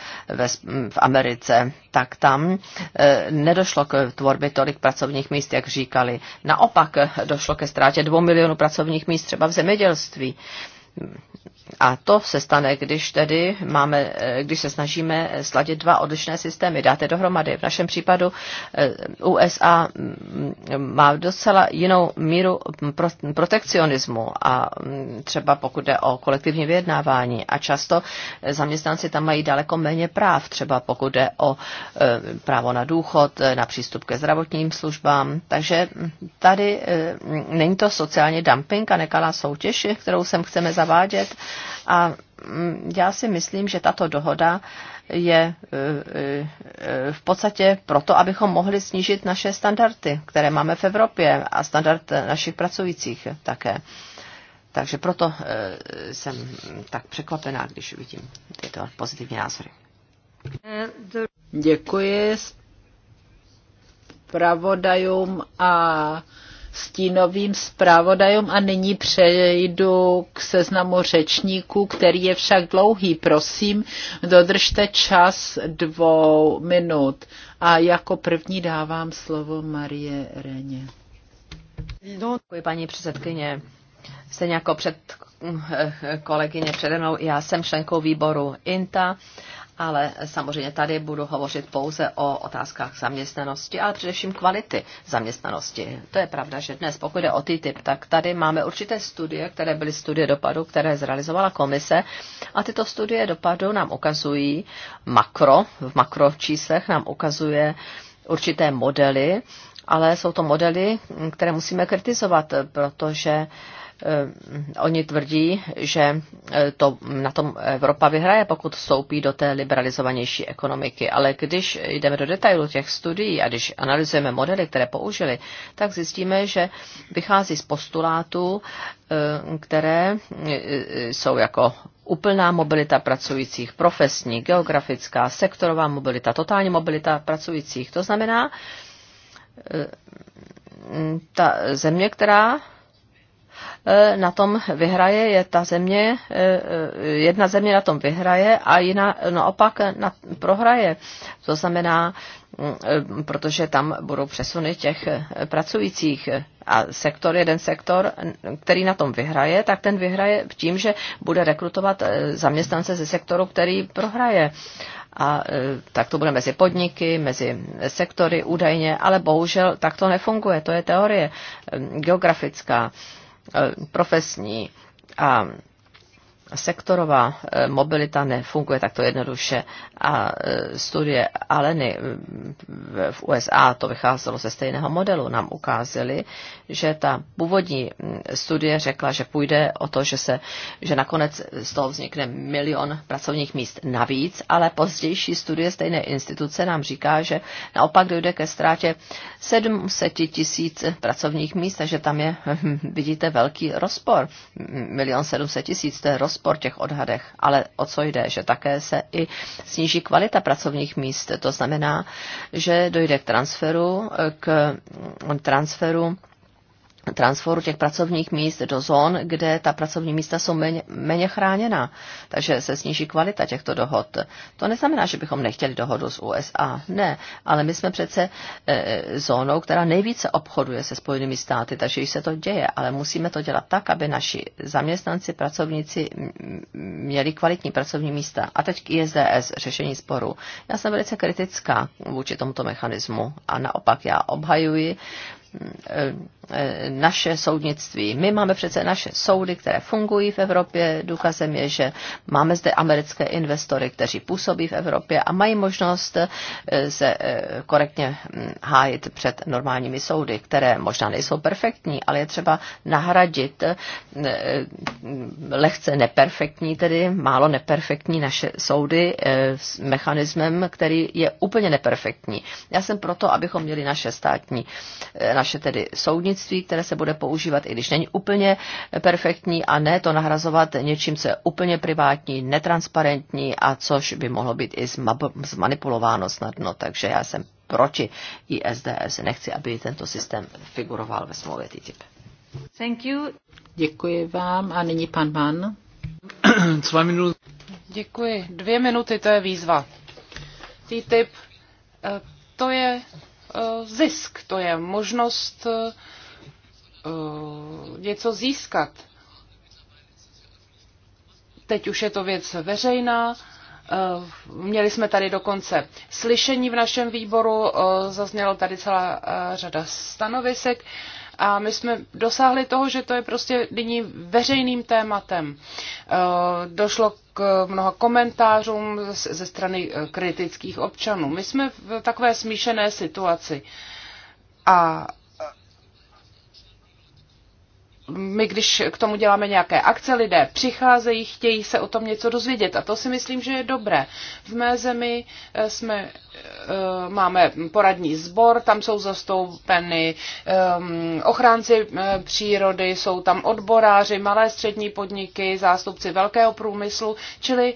v Americe tak tam eh, nedošlo k tvorbě tolik pracovních míst, jak říkali. Naopak eh, došlo ke ztrátě dvou milionů pracovních míst třeba v zemědělství. A to se stane, když tedy máme, když se snažíme sladit dva odlišné systémy, dáte dohromady. V našem případu eh, USA mm, má docela jinou míru protekcionismu a mm, třeba pokud jde o kolektivní vyjednávání a často eh, zaměstnanci tam mají daleko méně práv, třeba pokud jde o eh, právo na důchod, na přístup ke zdravotním službám. Takže mm, tady není to sociální dumping a nekalá soutěž, kterou sem chceme zavádět zavádět. A mm, já si myslím, že tato dohoda je e, e, e, v podstatě proto, abychom mohli snížit naše standardy, které máme v Evropě a standard našich pracujících také. Takže proto jsem tak překvapená, když vidím tyto pozitivní názory. Děkuji pravodajům a stínovým zpravodajům a nyní přejdu k seznamu řečníků, který je však dlouhý. Prosím, dodržte čas dvou minut. A jako první dávám slovo Marie Reně. Děkuji, paní předsedkyně. Stejně jako před eh, kolegyně přede mnou, já jsem členkou výboru INTA ale samozřejmě tady budu hovořit pouze o otázkách zaměstnanosti, ale především kvality zaměstnanosti. To je pravda, že dnes, pokud jde o typ, tak tady máme určité studie, které byly studie dopadu, které zrealizovala komise a tyto studie dopadu nám ukazují makro, v makročíslech nám ukazuje určité modely, ale jsou to modely, které musíme kritizovat, protože Eh, oni tvrdí, že eh, to na tom Evropa vyhraje, pokud vstoupí do té liberalizovanější ekonomiky. Ale když jdeme do detailu těch studií a když analyzujeme modely, které použili, tak zjistíme, že vychází z postulátů, eh, které jsou jako úplná mobilita pracujících, profesní, geografická, sektorová mobilita, totální mobilita pracujících. To znamená, ta země, která E, na tom vyhraje, je ta země, e, e, jedna země na tom vyhraje a jiná naopak na, prohraje. To znamená, protože tam budou přesuny těch pracujících a sektor, jeden sektor, který na tom vyhraje, tak ten vyhraje tím, že bude rekrutovat zaměstnance ze sektoru, který prohraje. A tak to bude mezi podniky, mezi sektory údajně, ale bohužel tak to nefunguje. To je teorie geografická. Eh, profesní a sektorová eh, mobilita nefunguje takto jednoduše a eh, studie Aleny eh, v USA, to vycházelo ze stejného modelu, nám ukázali, že ta původní hm, studie řekla, že půjde o to, že, se, že nakonec z toho vznikne milion pracovních míst navíc, ale pozdější studie stejné instituce nám říká, že naopak dojde ke ztrátě 700 tisíc pracovních míst, takže tam je, hm, vidíte, velký rozpor. Milion 700 tisíc, to je rozpor rozpor těch odhadech, ale o co jde, že také se i sníží kvalita pracovních míst. To znamená, že dojde k transferu, k transferu transferu těch pracovních míst do zón, kde ta pracovní místa jsou méně, méně chráněná. Takže se sníží kvalita těchto dohod. To neznamená, že bychom nechtěli dohodu s USA. Ne, ale my jsme přece e, e, zónou, která nejvíce obchoduje se Spojenými státy, takže již se to děje. Ale musíme to dělat tak, aby naši zaměstnanci, pracovníci měli kvalitní pracovní místa. A teď k ISDS, řešení sporu. Já jsem velice kritická vůči tomuto mechanismu a naopak já obhajuji Eh, naše soudnictví. My máme přece naše soudy, které fungují v Evropě. Důkazem je, že máme zde americké investory, kteří působí v Evropě a mají možnost eh, se eh, korektně hm, hájit před normálními soudy, které možná nejsou perfektní, ale je třeba nahradit hm, lehce neperfektní, tedy málo neperfektní naše soudy s mechanismem, který je úplně neperfektní. Já jsem proto, abychom měli naše státní, naše naše tedy soudnictví, které se bude používat, i když není úplně perfektní a ne to nahrazovat něčím, co je úplně privátní, netransparentní a což by mohlo být i zmanipulováno snadno. Takže já jsem proti ISDS. Nechci, aby tento systém figuroval ve smlouvě TTIP. Thank you. Děkuji vám a nyní pan Mann. Děkuji. Dvě minuty, to je výzva. TTIP, eh, to je Eh, zisk, to je možnost eh, něco získat. Teď už je to věc veřejná. Eh, měli jsme tady dokonce slyšení v našem výboru, zazněla tady celá řada stanovisek. A my jsme dosáhli toho, že to je prostě nyní veřejným tématem. Eh, došlo k mnoha komentářům ze strany eh, kritických občanů. My jsme v takové smíšené situaci. A my, když k tomu děláme nějaké akce, lidé přicházejí, chtějí se o tom něco dozvědět a to si myslím, že je dobré. V mé zemi eh, jsme, eh, máme poradní sbor, tam jsou zastoupeny ehm, ochránci eh, přírody, jsou tam odboráři, malé střední podniky, zástupci velkého průmyslu, čili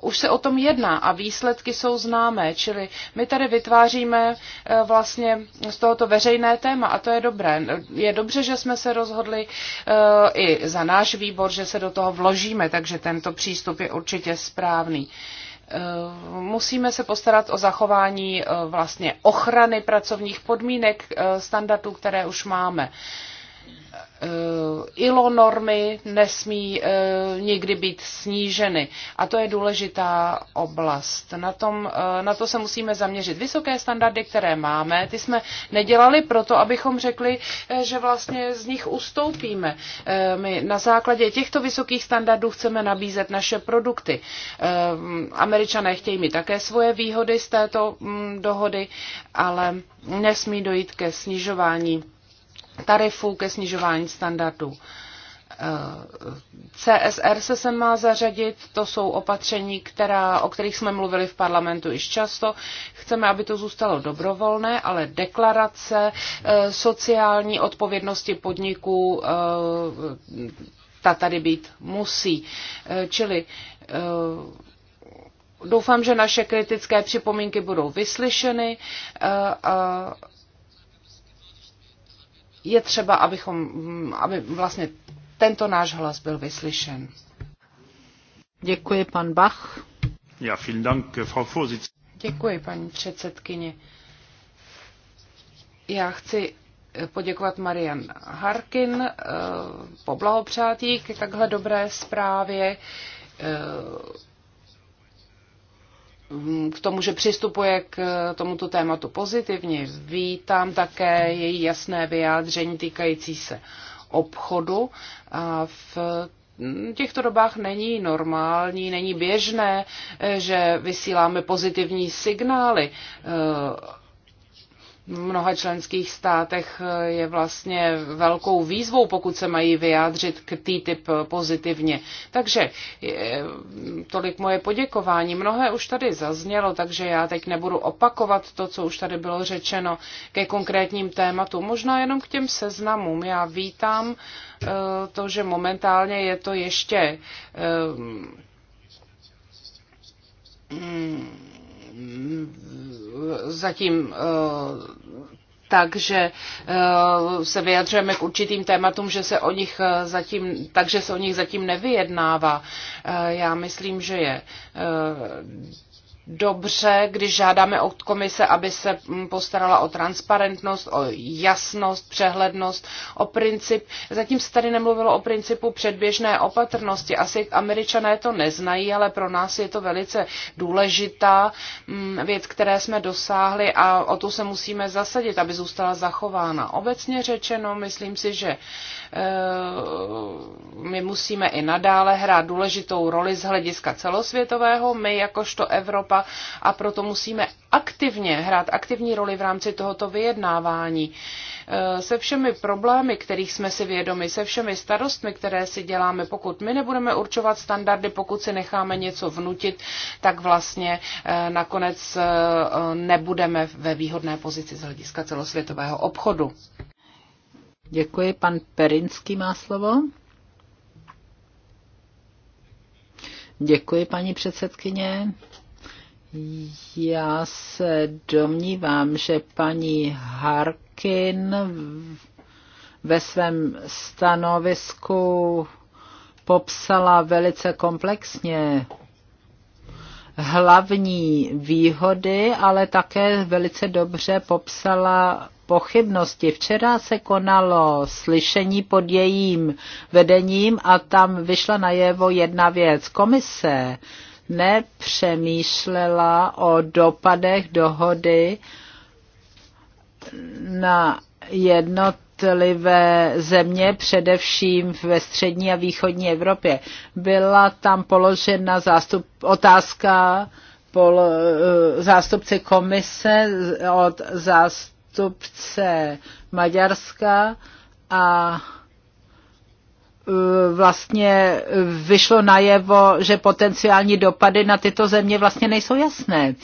už se o tom jedná a výsledky jsou známé, čili my tady vytváříme vlastně z tohoto veřejné téma a to je dobré. Je dobře, že jsme se rozhodli i za náš výbor, že se do toho vložíme, takže tento přístup je určitě správný eh, musíme se postarat o zachování eh, vlastně ochrany pracovních podmínek eh, standardů, které už máme. Eh, ILO normy nesmí eh, nikdy být sníženy. A to je důležitá oblast. Na, tom, eh, na to se musíme zaměřit. Vysoké standardy, které máme, ty jsme nedělali proto, abychom řekli, že vlastně z nich ustoupíme. My na základě těchto vysokých standardů chceme nabízet naše produkty. Američané chtějí mít také svoje výhody z této mm, dohody, ale nesmí dojít ke snižování tarifů ke snižování standardů. Eh, CSR se sem má zařadit, to jsou opatření, která, o kterých jsme mluvili v parlamentu již často. Chceme, aby to zůstalo dobrovolné, ale deklarace eh, sociální odpovědnosti podniků eh, ta tady být musí. Čili doufám, že naše kritické připomínky budou vyslyšeny. A je třeba, abychom, aby vlastně tento náš hlas byl vyslyšen. Děkuji, pan Bach. Ja, vielen Dank, Frau Děkuji, paní předsedkyně. Já chci poděkovat Marian Harkin, eh, poblahopřát jí k takhle dobré zprávě eh, Mm, k tomu, že přistupuje k eh, tomuto tématu pozitivně. Vítám také její jasné vyjádření týkající se obchodu. A v mm, těchto dobách není normální, není běžné, eh, že vysíláme pozitivní signály eh, mnoha členských státech eh, je vlastně velkou výzvou, pokud se mají vyjádřit k TTIP pozitivně. Takže eh, tolik moje poděkování. Mnohé už tady zaznělo, takže já teď nebudu opakovat to, co už tady bylo řečeno ke konkrétním tématům. Možná jenom k těm seznamům. Já vítám eh, to, že momentálně je to ještě. Hmm, zatím eh, takže eh, se vyjadřujeme k určitým tématům, že se o nich eh, zatím, takže se o nich zatím nevyjednává. Já myslím, že je dobře, když žádáme od komise, aby se mm, postarala o transparentnost, o jasnost, přehlednost, o princip. Zatím se tady nemluvilo o principu předběžné opatrnosti. Asi američané to neznají, ale pro nás je to velice důležitá mm, věc, které jsme dosáhli a o tu se musíme zasadit, aby zůstala zachována. Obecně řečeno, myslím si, že eh, my musíme i nadále hrát důležitou roli z hlediska celosvětového. My jakožto Evropa a proto musíme aktivně hrát aktivní roli v rámci tohoto vyjednávání. E, se všemi problémy, kterých jsme si vědomi, se všemi starostmi, které si děláme, pokud my nebudeme určovat standardy, pokud si necháme něco vnutit, tak vlastně e, nakonec e, nebudeme ve výhodné pozici z hlediska celosvětového obchodu. Děkuji. Pan Perinský má slovo. Děkuji, paní předsedkyně. Já se domnívám, že paní Harkin ve svém stanovisku popsala velice komplexně hlavní výhody, ale také velice dobře popsala pochybnosti. Včera se konalo slyšení pod jejím vedením a tam vyšla najevo jedna věc. Komise nepřemýšlela o dopadech dohody na jednotlivé země, především ve střední a východní Evropě. Byla tam položena zástup, otázka pol, eh, zástupce komise od zástupce Maďarska a Eh, vlastně vyšlo najevo, že potenciální dopady na tyto země vlastně nejsou jasné.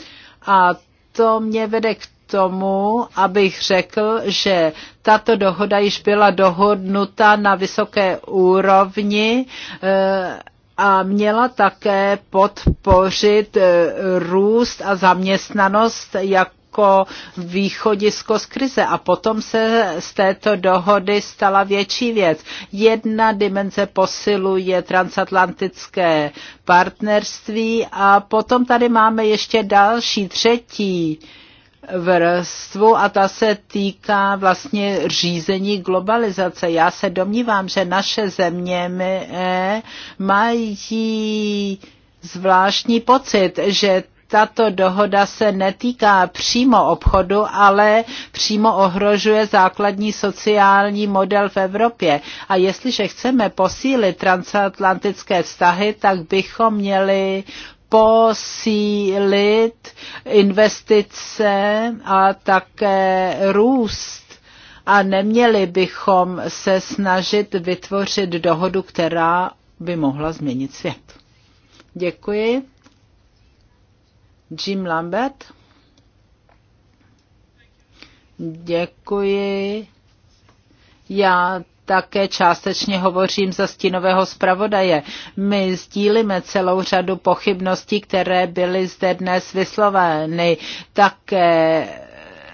A to mě vede k tomu, abych řekl, že tato dohoda již byla dohodnuta na vysoké úrovni eh, a měla také podpořit eh, růst a zaměstnanost, jak jako východisko z krize a potom se z této dohody stala větší věc. Jedna dimenze posiluje transatlantické partnerství a potom tady máme ještě další, třetí vrstvu a ta se týká vlastně řízení globalizace. Já se domnívám, že naše země eh, mají zvláštní pocit, že tato dohoda se netýká přímo obchodu, ale přímo ohrožuje základní sociální model v Evropě. A jestliže chceme posílit transatlantické vztahy, tak bychom měli posílit investice a také růst. A neměli bychom se snažit vytvořit dohodu, která by mohla změnit svět. Děkuji. Jim Lambert. Děkuji. Já také částečně hovořím za stínového zpravodaje. My sdílíme celou řadu pochybností, které byly zde dnes vysloveny. Také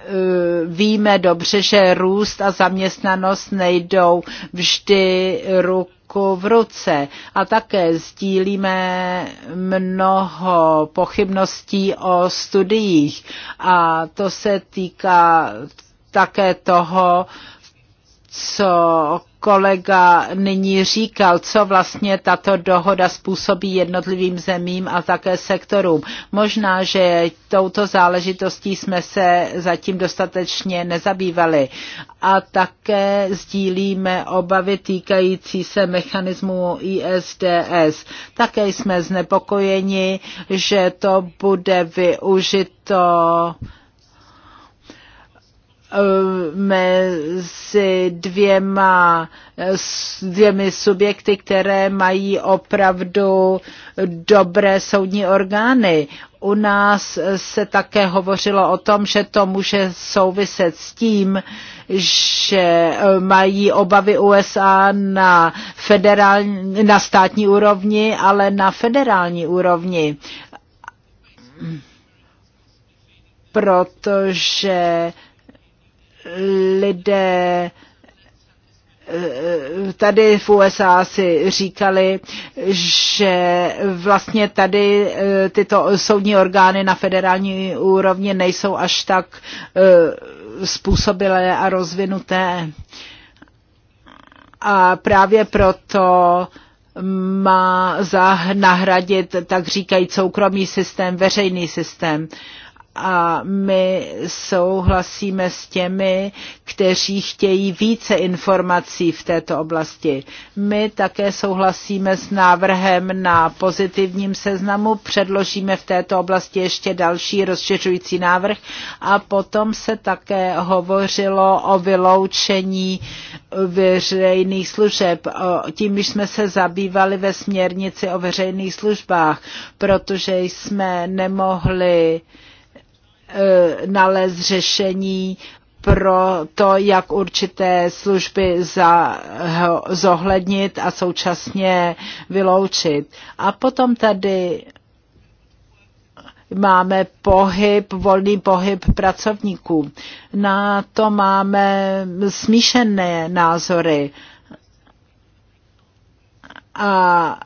Eh, víme dobře, že růst a zaměstnanost nejdou vždy ruku v ruce. A také sdílíme mnoho pochybností o studiích. A to se týká také toho, co kolega nyní říkal, co vlastně tato dohoda způsobí jednotlivým zemím a také sektorům. Možná, že touto záležitostí jsme se zatím dostatečně nezabývali. A také sdílíme obavy týkající se mechanismu ISDS. Také jsme znepokojeni, že to bude využito mezi dvěma, dvěmi subjekty, které mají opravdu dobré soudní orgány. U nás se také hovořilo o tom, že to může souviset s tím, že mají obavy USA na, federální, na státní úrovni, ale na federální úrovni. Protože lidé tady v USA si říkali, že vlastně tady eh, tyto soudní orgány na federální úrovni nejsou až tak eh, způsobilé a rozvinuté. A právě proto má nahradit, tak říkají, soukromý systém, veřejný systém. Uh, a my souhlasíme s těmi, kteří chtějí více informací v této oblasti. My také souhlasíme s návrhem na pozitivním seznamu, předložíme v této oblasti ještě další rozšiřující návrh a potom se také hovořilo o vyloučení veřejných služeb. Tím když jsme se zabývali ve směrnici o veřejných službách, protože jsme nemohli Eh, nalézt řešení pro to, jak určité služby za, zohlednit a současně vyloučit. A potom tady máme pohyb, volný pohyb pracovníků. Na to máme smíšené názory. A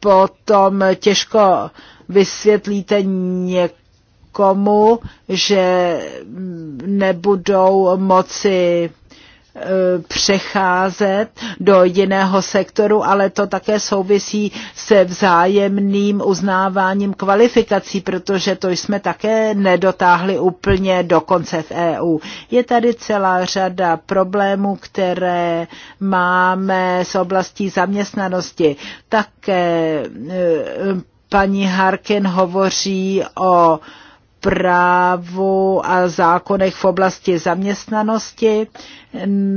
potom těžko vysvětlíte někdo nikomu, že nebudou moci e, přecházet do jiného sektoru, ale to také souvisí se vzájemným uznáváním kvalifikací, protože to jsme také nedotáhli úplně do konce v EU. Je tady celá řada problémů, které máme s oblastí zaměstnanosti. Také e, paní Harkin hovoří o právu a zákonech v oblasti zaměstnanosti.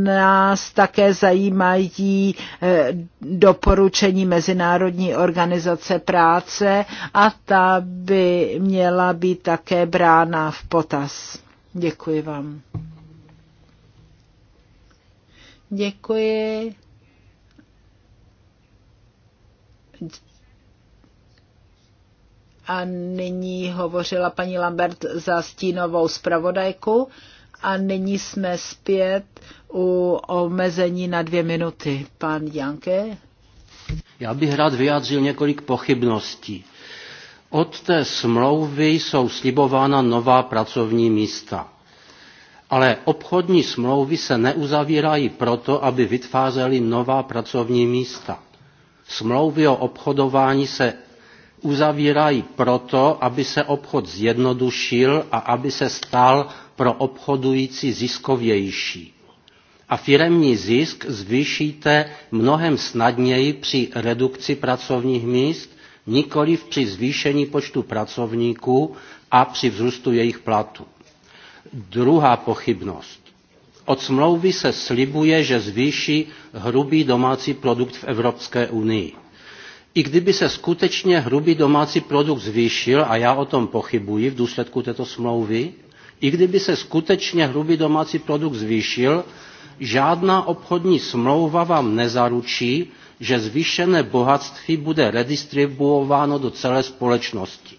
Nás také zajímají eh, doporučení Mezinárodní organizace práce a ta by měla být také brána v potaz. Děkuji vám. Děkuji. a nyní hovořila paní Lambert za stínovou zpravodajku a nyní jsme zpět u omezení na dvě minuty. Pan Janke? Já bych rád vyjádřil několik pochybností. Od té smlouvy jsou slibována nová pracovní místa. Ale obchodní smlouvy se neuzavírají proto, aby vytvářely nová pracovní místa. Smlouvy o obchodování se uzavírají proto, aby se obchod zjednodušil a aby se stal pro obchodující ziskovější. A firemní zisk zvýšíte mnohem snadněji při redukci pracovních míst, nikoli při zvýšení počtu pracovníků a při vzrůstu jejich platu. Druhá pochybnost. Od smlouvy se slibuje, že zvýší hrubý domácí produkt v Evropské unii. I kdyby se skutečně hrubý domácí produkt zvýšil, a já o tom pochybuji v důsledku této smlouvy, i kdyby se skutečně hrubý domácí produkt zvýšil, žádná obchodní smlouva vám nezaručí, že zvýšené bohatství bude redistribuováno do celé společnosti.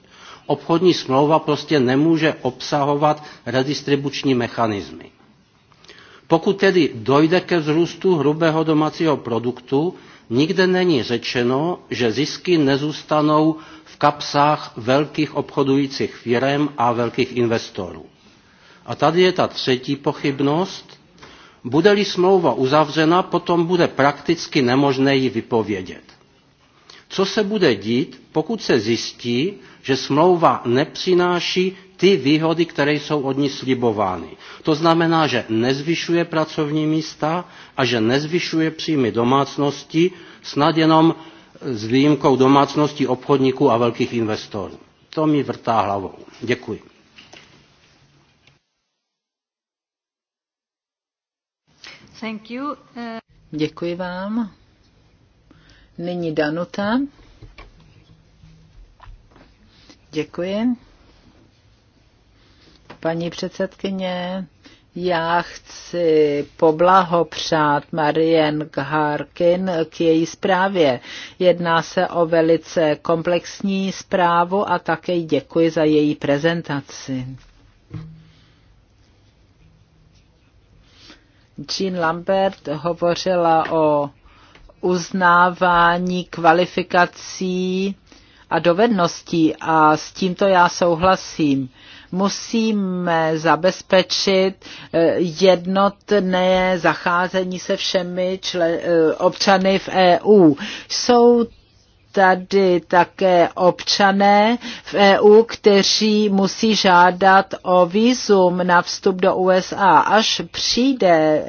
Obchodní smlouva prostě nemůže obsahovat redistribuční mechanismy. Pokud tedy dojde ke vzrůstu hrubého domácího produktu, Nikde není řečeno, že zisky nezůstanou v kapsách velkých obchodujících firm a velkých investorů. A tady je ta třetí pochybnost. Bude-li smlouva uzavřena, potom bude prakticky nemožné ji vypovědět. Co se bude dít, pokud se zjistí, že smlouva nepřináší ty výhody, které jsou od ní slibovány. To znamená, že nezvyšuje pracovní místa a že nezvyšuje příjmy domácnosti, snad jenom s výjimkou domácností obchodníků a velkých investorů. To mi vrtá hlavou. Děkuji. Thank you. Uh... Děkuji vám. Nyní Danuta. Děkuji paní předsedkyně. Já chci poblahopřát Marien Harkin k její zprávě. Jedná se o velice komplexní zprávu a také děkuji za její prezentaci. Jean Lambert hovořila o uznávání kvalifikací a dovedností a s tímto já souhlasím Musíme zabezpečit eh, jednotné zacházení se všemi čle, eh, občany v EU. Jsou tady také občané v EU, kteří musí žádat o výzum na vstup do USA. Až přijde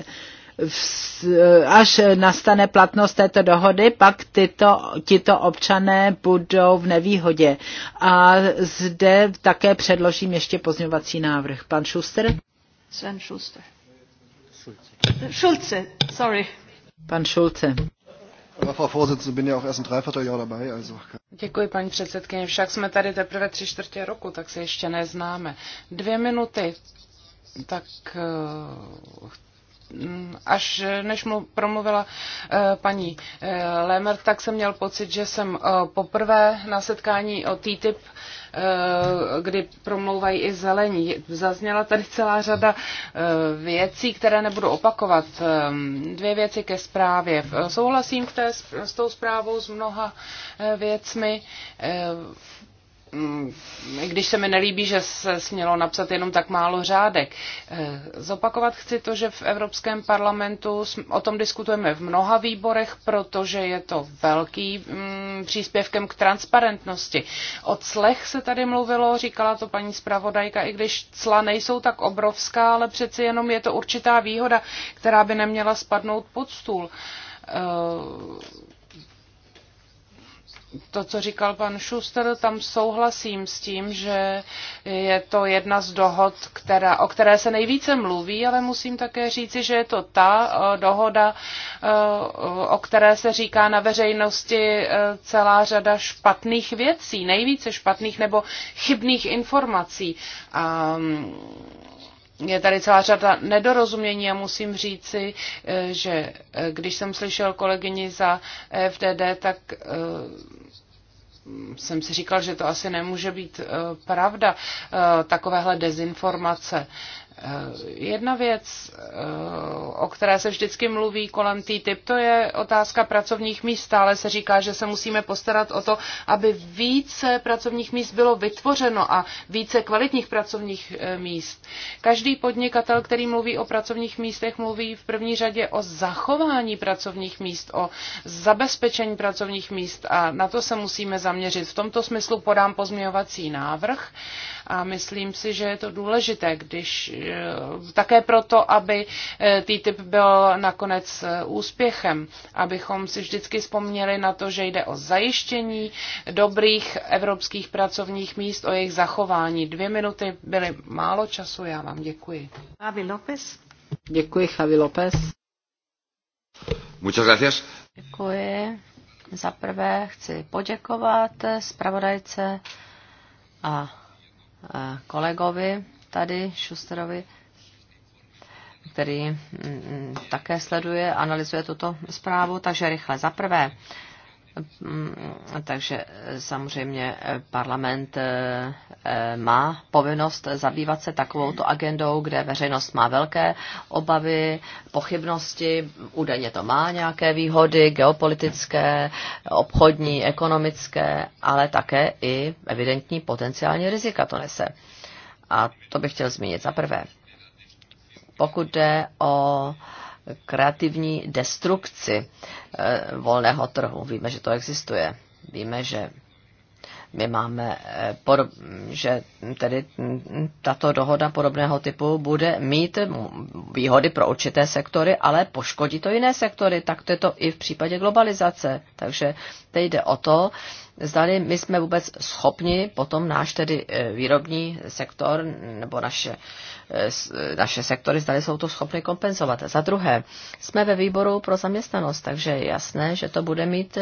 Eh, až nastane platnost této dohody, pak tyto, tito občané budou v nevýhodě. A zde také předložím ještě pozměňovací návrh. Pan Schuster? Sven Schuster. Schulze. Schulze, sorry. Pan Schulze. Děkuji, paní předsedkyně. Však jsme tady teprve tři čtvrtě roku, tak se ještě neznáme. Dvě minuty. Tak eh, až než mu promluvila eh, paní eh, Lemer, tak jsem měl pocit, že jsem eh, poprvé na setkání o TTIP kdy promlouvají i zelení. Zazněla tady celá řada věcí, které nebudu opakovat. Dvě věci ke zprávě. Souhlasím k té, s tou zprávou s mnoha věcmi. Mm, když se mi nelíbí, že se smělo napsat jenom tak málo řádek. Eh, zopakovat chci to, že v Evropském parlamentu o tom diskutujeme v mnoha výborech, protože je to velký mm, příspěvkem k transparentnosti. O clech se tady mluvilo, říkala to paní zpravodajka, i když cla nejsou tak obrovská, ale přeci jenom je to určitá výhoda, která by neměla spadnout pod stůl eh, to, co říkal pan Schuster, tam souhlasím s tím, že je to jedna z dohod, která, o které se nejvíce mluví, ale musím také říci, že je to ta eh, dohoda, eh, o které se říká na veřejnosti eh, celá řada špatných věcí, nejvíce špatných nebo chybných informací. A mm, je tady celá řada nedorozumění a musím říci, eh, že eh, když jsem slyšel kolegyni za FDD, tak eh, jsem si říkal, že to asi nemůže být pravda, takovéhle dezinformace. Eh, jedna věc, eh, o které se vždycky mluví kolem TTIP, to je otázka pracovních míst. Stále se říká, že se musíme postarat o to, aby více pracovních míst bylo vytvořeno a více kvalitních pracovních eh, míst. Každý podnikatel, který mluví o pracovních místech, mluví v první řadě o zachování pracovních míst, o zabezpečení pracovních míst a na to se musíme zaměřit. V tomto smyslu podám pozměňovací návrh a myslím si, že je to důležité, když eh, také proto, aby eh, TTIP byl nakonec eh, úspěchem, abychom si vždycky vzpomněli na to, že jde o zajištění dobrých evropských pracovních míst, o jejich zachování. Dvě minuty byly málo času, já vám děkuji. Javi López. Děkuji, Javi López. Muchas gracias. Děkuji. Za prvé chci poděkovat zpravodajce a kolegovi tady, Šusterovi, který mm, mm, také sleduje, analyzuje tuto zprávu. Takže rychle. Za prvé, Mm, takže eh, samozřejmě eh, parlament eh, má povinnost zabývat se takovouto agendou, kde veřejnost má velké obavy, pochybnosti, údajně to má nějaké výhody geopolitické, obchodní, ekonomické, ale také i evidentní potenciální rizika to nese. A to bych chtěl zmínit za prvé. Pokud jde o kreativní destrukci eh, volného trhu. Víme, že to existuje. Víme, že my máme, eh, že tedy tato dohoda podobného typu bude mít výhody pro určité sektory, ale poškodí to jiné sektory. Tak to je to i v případě globalizace. Takže teď jde o to, zdali my jsme vůbec schopni potom náš tedy eh, výrobní sektor nebo naše, eh, eh, naše sektory, zdali jsou to schopni kompenzovat. Za druhé, jsme ve výboru pro zaměstnanost, takže je jasné, že to bude mít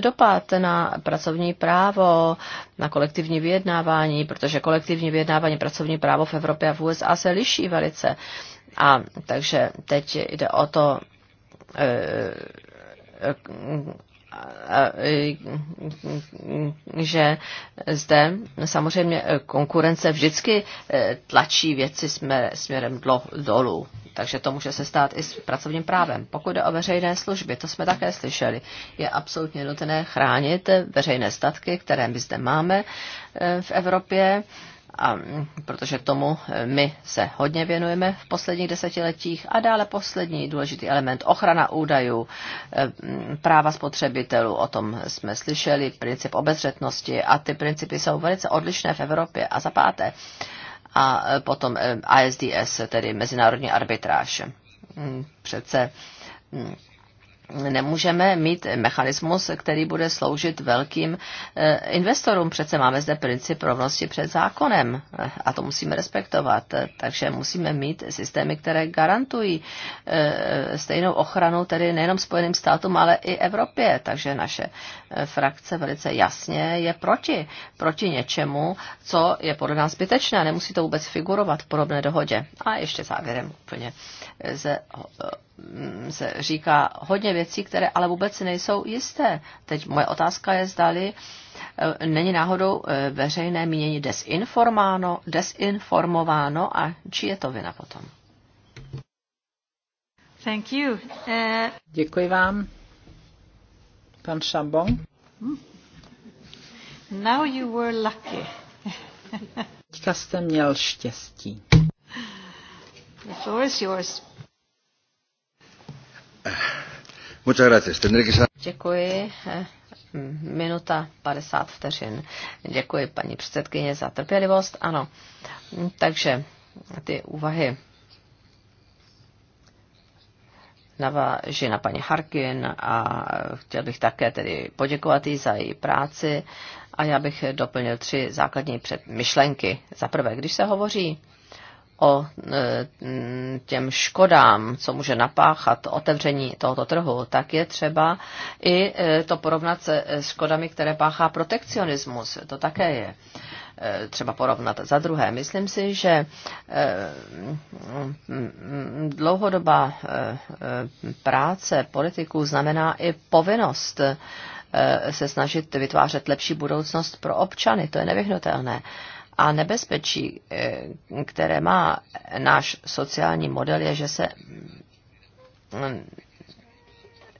dopad na pracovní právo, na kolektivní vyjednávání, protože kolektivní vyjednávání pracovní právo v Evropě a v USA se liší velice. A takže teď jde o to, Eh, že zde samozřejmě konkurence vždycky eh, tlačí věci směrem dolů. Takže to může se stát i s pracovním právem. Pokud jde o veřejné služby, to jsme také slyšeli, je absolutně nutné chránit veřejné statky, které my zde máme eh, v Evropě a mm, protože tomu e, my se hodně věnujeme v posledních desetiletích. A dále poslední důležitý element, ochrana údajů, e, mm, práva spotřebitelů, o tom jsme slyšeli, princip obezřetnosti a ty principy jsou velice odlišné v Evropě. A za páté, a e, potom ISDS, tedy mezinárodní arbitráž. Mm, přece nemůžeme mít mechanismus, který bude sloužit velkým eh, investorům. Přece máme zde princip rovnosti před zákonem eh, a to musíme respektovat. Takže musíme mít systémy, které garantují eh, stejnou ochranu tedy nejenom Spojeným státům, ale i Evropě. Takže naše frakce velice jasně je proti. Proti něčemu, co je podle nás zbytečné a nemusí to vůbec figurovat v podobné dohodě. A ještě závěrem úplně ze Mm, se říká hodně věcí, které ale vůbec nejsou jisté. Teď moje otázka je, zdali eh, není náhodou eh, veřejné mínění desinformáno, desinformováno a či je to vina potom. Thank you. Uh... Děkuji vám. Pan Šambon. Hmm. Now you were lucky. Teďka jste měl štěstí. The floor is yours. Děkuji. Minuta 50 vteřin. Děkuji paní předsedkyně za trpělivost. Ano, takže ty úvahy naváži na paní Harkin a chtěl bych také tedy poděkovat jí za její práci a já bych doplnil tři základní myšlenky. Za prvé, když se hovoří o e, těm škodám, co může napáchat otevření tohoto trhu, tak je třeba i e, to porovnat se e, škodami, které páchá protekcionismus. To také je třeba porovnat. Za druhé, myslím si, že dlouhodobá práce politiků znamená i povinnost se snažit vytvářet lepší budoucnost pro občany. To je nevyhnutelné. A nebezpečí, eh, které má náš sociální model, je, že se mm,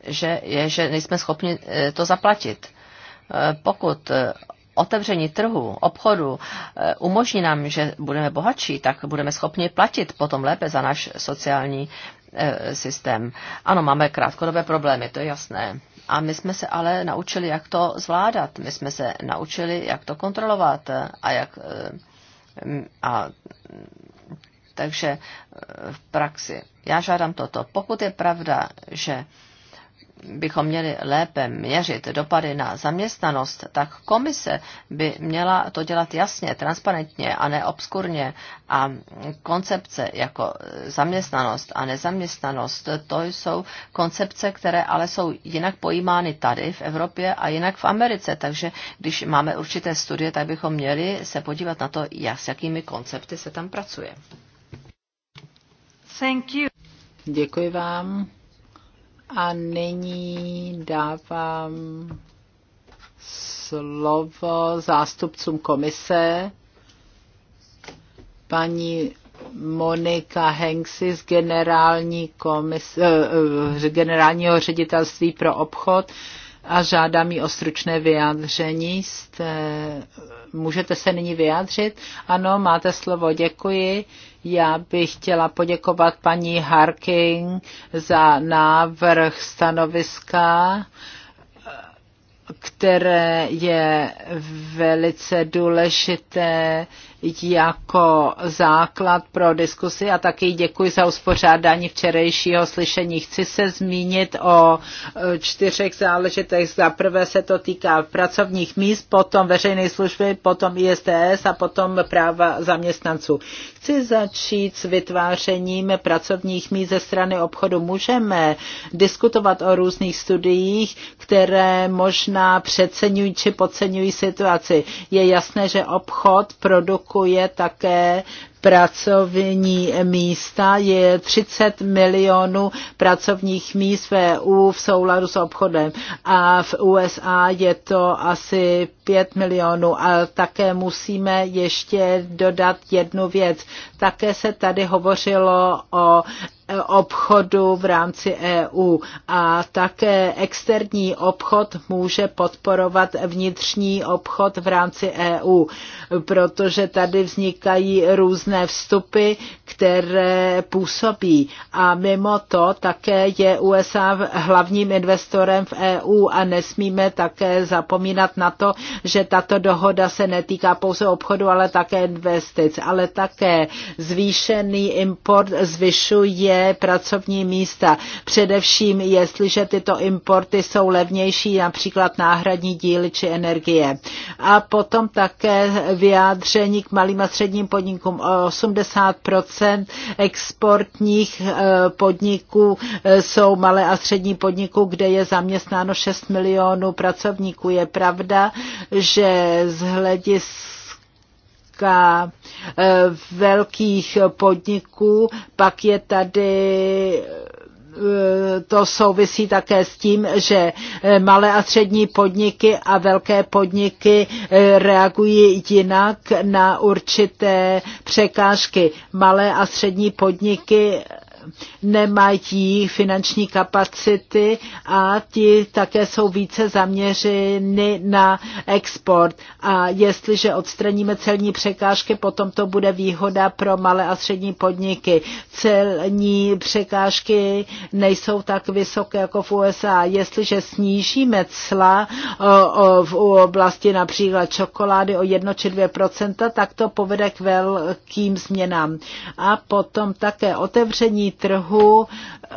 že je, že nejsme schopni eh, to zaplatit. Eh, pokud otevření trhu, obchodu umožní nám, že budeme bohatší, tak budeme schopni platit potom lépe za náš sociální E, systém. Ano, máme krátkodobé problémy, to je jasné. A my jsme se ale naučili, jak to zvládat. My jsme se naučili, jak to kontrolovat a jak. E, a, takže e, v praxi. Já žádám toto. Pokud je pravda, že bychom měli lépe měřit dopady na zaměstnanost, tak komise by měla to dělat jasně, transparentně a ne obskurně. A koncepce jako zaměstnanost a nezaměstnanost, to jsou koncepce, které ale jsou jinak pojímány tady v Evropě a jinak v Americe. Takže když máme určité studie, tak bychom měli se podívat na to, jak, s jakými koncepty se tam pracuje. Thank you. Děkuji vám. A nyní dávám slovo zástupcům komise. Paní Monika Hengsi z generální komis, eh, eh generálního ředitelství pro obchod a žádám ji o stručné vyjádření. Jste, můžete se nyní vyjádřit? Ano, máte slovo, děkuji. Já bych chtěla poděkovat paní Harking za návrh stanoviska, které je velice důležité jako základ pro diskusi a taky děkuji za uspořádání včerejšího slyšení. Chci se zmínit o čtyřech záležitech. Za prvé se to týká pracovních míst, potom veřejné služby, potom ISTS a potom práva zaměstnanců. Chci začít s vytvářením pracovních míst ze strany obchodu. Můžeme diskutovat o různých studiích, které možná přeceňují či podceňují situaci. Je jasné, že obchod produkuje také pracovní místa. Je 30 milionů pracovních míst v EU v souladu s obchodem a v USA je to asi 5 milionů. A také musíme ještě dodat jednu věc. Také se tady hovořilo o obchodu v rámci EU a také externí obchod může podporovat vnitřní obchod v rámci EU, protože tady vznikají různé vstupy, které působí. A mimo to také je USA hlavním investorem v EU a nesmíme také zapomínat na to, že tato dohoda se netýká pouze obchodu, ale také investic, ale také zvýšený import zvyšuje pracovní místa. Především, jestliže tyto importy jsou levnější, například náhradní díly či energie. A potom také vyjádření k malým a středním podnikům. 80 exportních eh, podniků eh, jsou malé a střední podniků, kde je zaměstnáno 6 milionů pracovníků. Je pravda, že z hlediska týká eh, velkých podniků, pak je tady eh, to souvisí také s tím, že eh, malé a střední podniky a velké podniky reagují jinak na určité překážky. Malé a střední podniky nemají finanční kapacity a ti také jsou více zaměřeny na export. A jestliže odstraníme celní překážky, potom to bude výhoda pro malé a střední podniky. Celní překážky nejsou tak vysoké jako v USA. Jestliže snížíme cla v oblasti například čokolády o 1 či 2 tak to povede k velkým změnám. A potom také otevření trhu eh,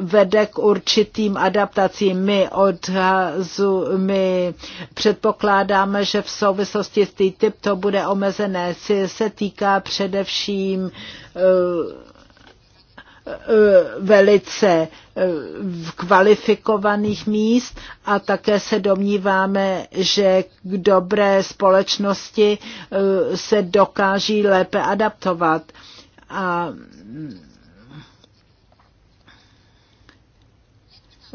vede k určitým adaptacím. My, odhazu, my předpokládáme, že v souvislosti s TTIP to bude omezené. Se týká především eh, eh, velice kvalifikovaných míst a také se domníváme, že k dobré společnosti se dokáží lépe adaptovat. A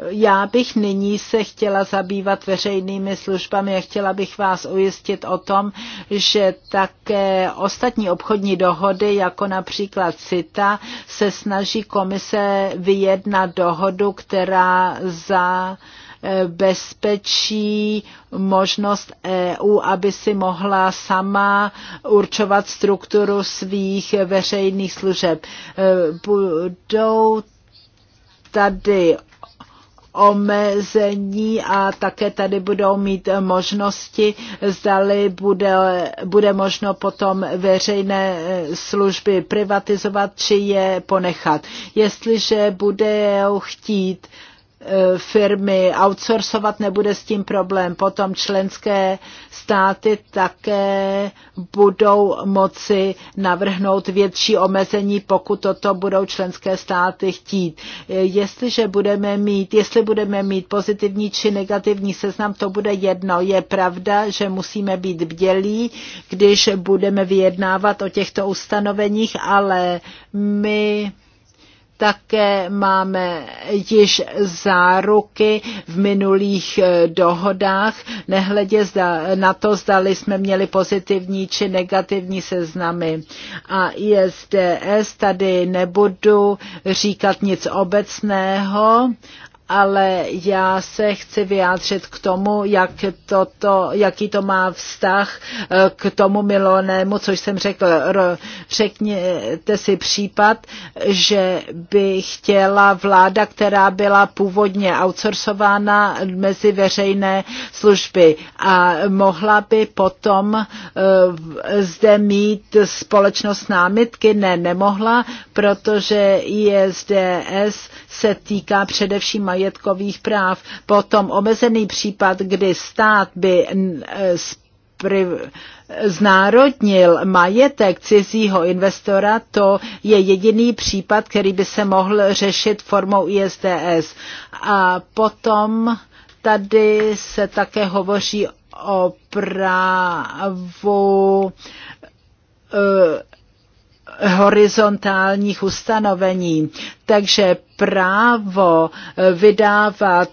Já bych nyní se chtěla zabývat veřejnými službami a chtěla bych vás ujistit o tom, že také ostatní obchodní dohody, jako například CITA, se snaží komise vyjednat dohodu, která za eh, bezpečí možnost EU, aby si mohla sama určovat strukturu svých veřejných služeb. Eh, budou tady omezení a také tady budou mít možnosti, zdali bude, bude možno potom veřejné eh, služby privatizovat či je ponechat. Jestliže bude chtít E, firmy outsourcovat, nebude s tím problém. Potom členské státy také budou moci navrhnout větší omezení, pokud toto budou členské státy chtít. E, jestliže budeme mít, jestli budeme mít pozitivní či negativní seznam, to bude jedno. Je pravda, že musíme být bdělí, když budeme vyjednávat o těchto ustanoveních, ale my také máme již záruky v minulých eh, dohodách, nehledě na to, zdali jsme měli pozitivní či negativní seznamy. A ISDS tady nebudu říkat nic obecného, ale já se chci vyjádřit k tomu, jak toto, jaký to má vztah eh, k tomu Milonému, což jsem řekl. Řekněte si případ, že by chtěla vláda, která byla původně outsourcována mezi veřejné služby a mohla by potom eh, zde mít společnost námitky? Ne, nemohla, protože ISDS se týká především majetkových práv. Potom omezený případ, kdy stát by e, znárodnil majetek cizího investora, to je jediný případ, který by se mohl řešit formou ISDS. A potom tady se také hovoří o právu e, horizontálních ustanovení. Takže právo eh, vydávat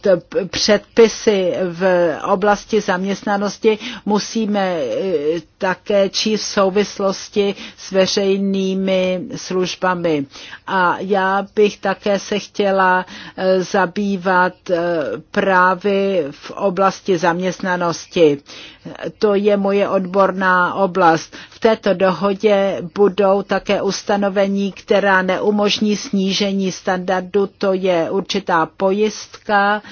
předpisy v oblasti zaměstnanosti musíme eh, také číst v souvislosti s veřejnými službami. A já bych také se chtěla eh, zabývat právy v oblasti zaměstnanosti. To je moje odborná oblast. V této dohodě budou také ustanovení, která neumožní snížení splnění standardu, to je určitá pojistka,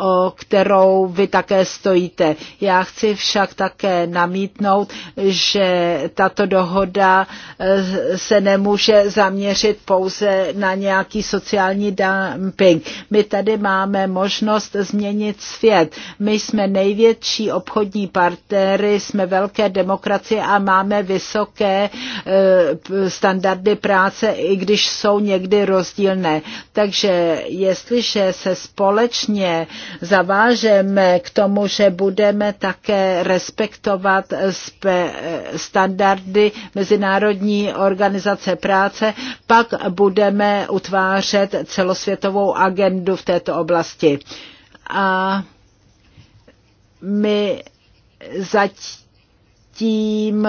o kterou vy také stojíte. Já chci však také namítnout, že tato dohoda eh, se nemůže zaměřit pouze na nějaký sociální dumping. My tady máme možnost změnit svět. My jsme největší obchodní partnery, jsme velké demokracie a máme vysoké eh, standardy práce, i když jsou někdy rozdílné silné. Takže jestliže se společně zavážeme k tomu, že budeme také respektovat standardy Mezinárodní organizace práce, pak budeme utvářet celosvětovou agendu v této oblasti. A my zatím,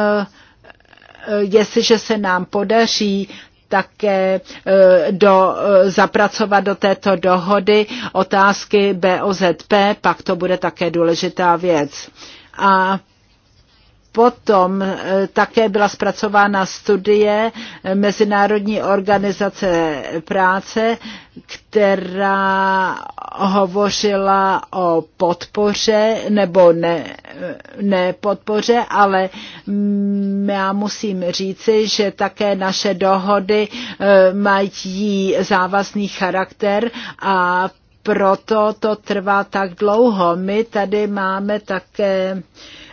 jestliže se nám podaří také eh, do, eh, zapracovat do této dohody otázky BOZP, pak to bude také důležitá věc. A Potom e, také byla zpracována studie e, Mezinárodní organizace práce, která hovořila o podpoře nebo ne, ne podpoře, ale já musím říci, že také naše dohody e, mají závazný charakter a proto to trvá tak dlouho. My tady máme také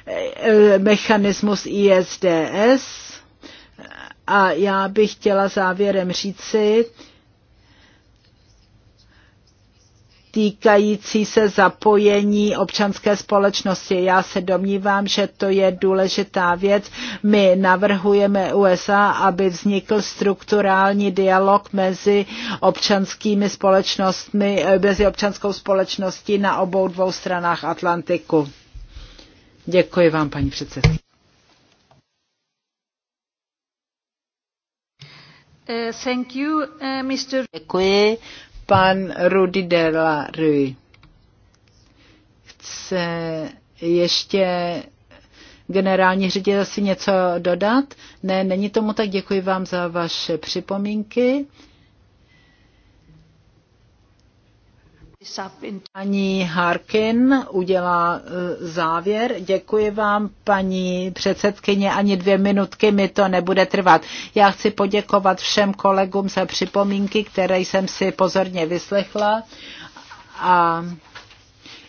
Eh, mechanismus ISDS. A já bych chtěla závěrem říci, týkající se zapojení občanské společnosti. Já se domnívám, že to je důležitá věc. My navrhujeme USA, aby vznikl strukturální dialog mezi občanskými společnostmi, eh, mezi občanskou společností na obou dvou stranách Atlantiku. Děkuji vám, paní předsedkyně. Eh, thank you, uh, eh, Mr. Děkuji. Pan Rudy de la Rue chce ještě generální ředitel si něco dodat? Ne, není tomu tak. Děkuji vám za vaše připomínky. Paní Harkin udělá e, závěr. Děkuji vám, paní předsedkyně. Ani dvě minutky mi to nebude trvat. Já chci poděkovat všem kolegům za připomínky, které jsem si pozorně vyslechla. A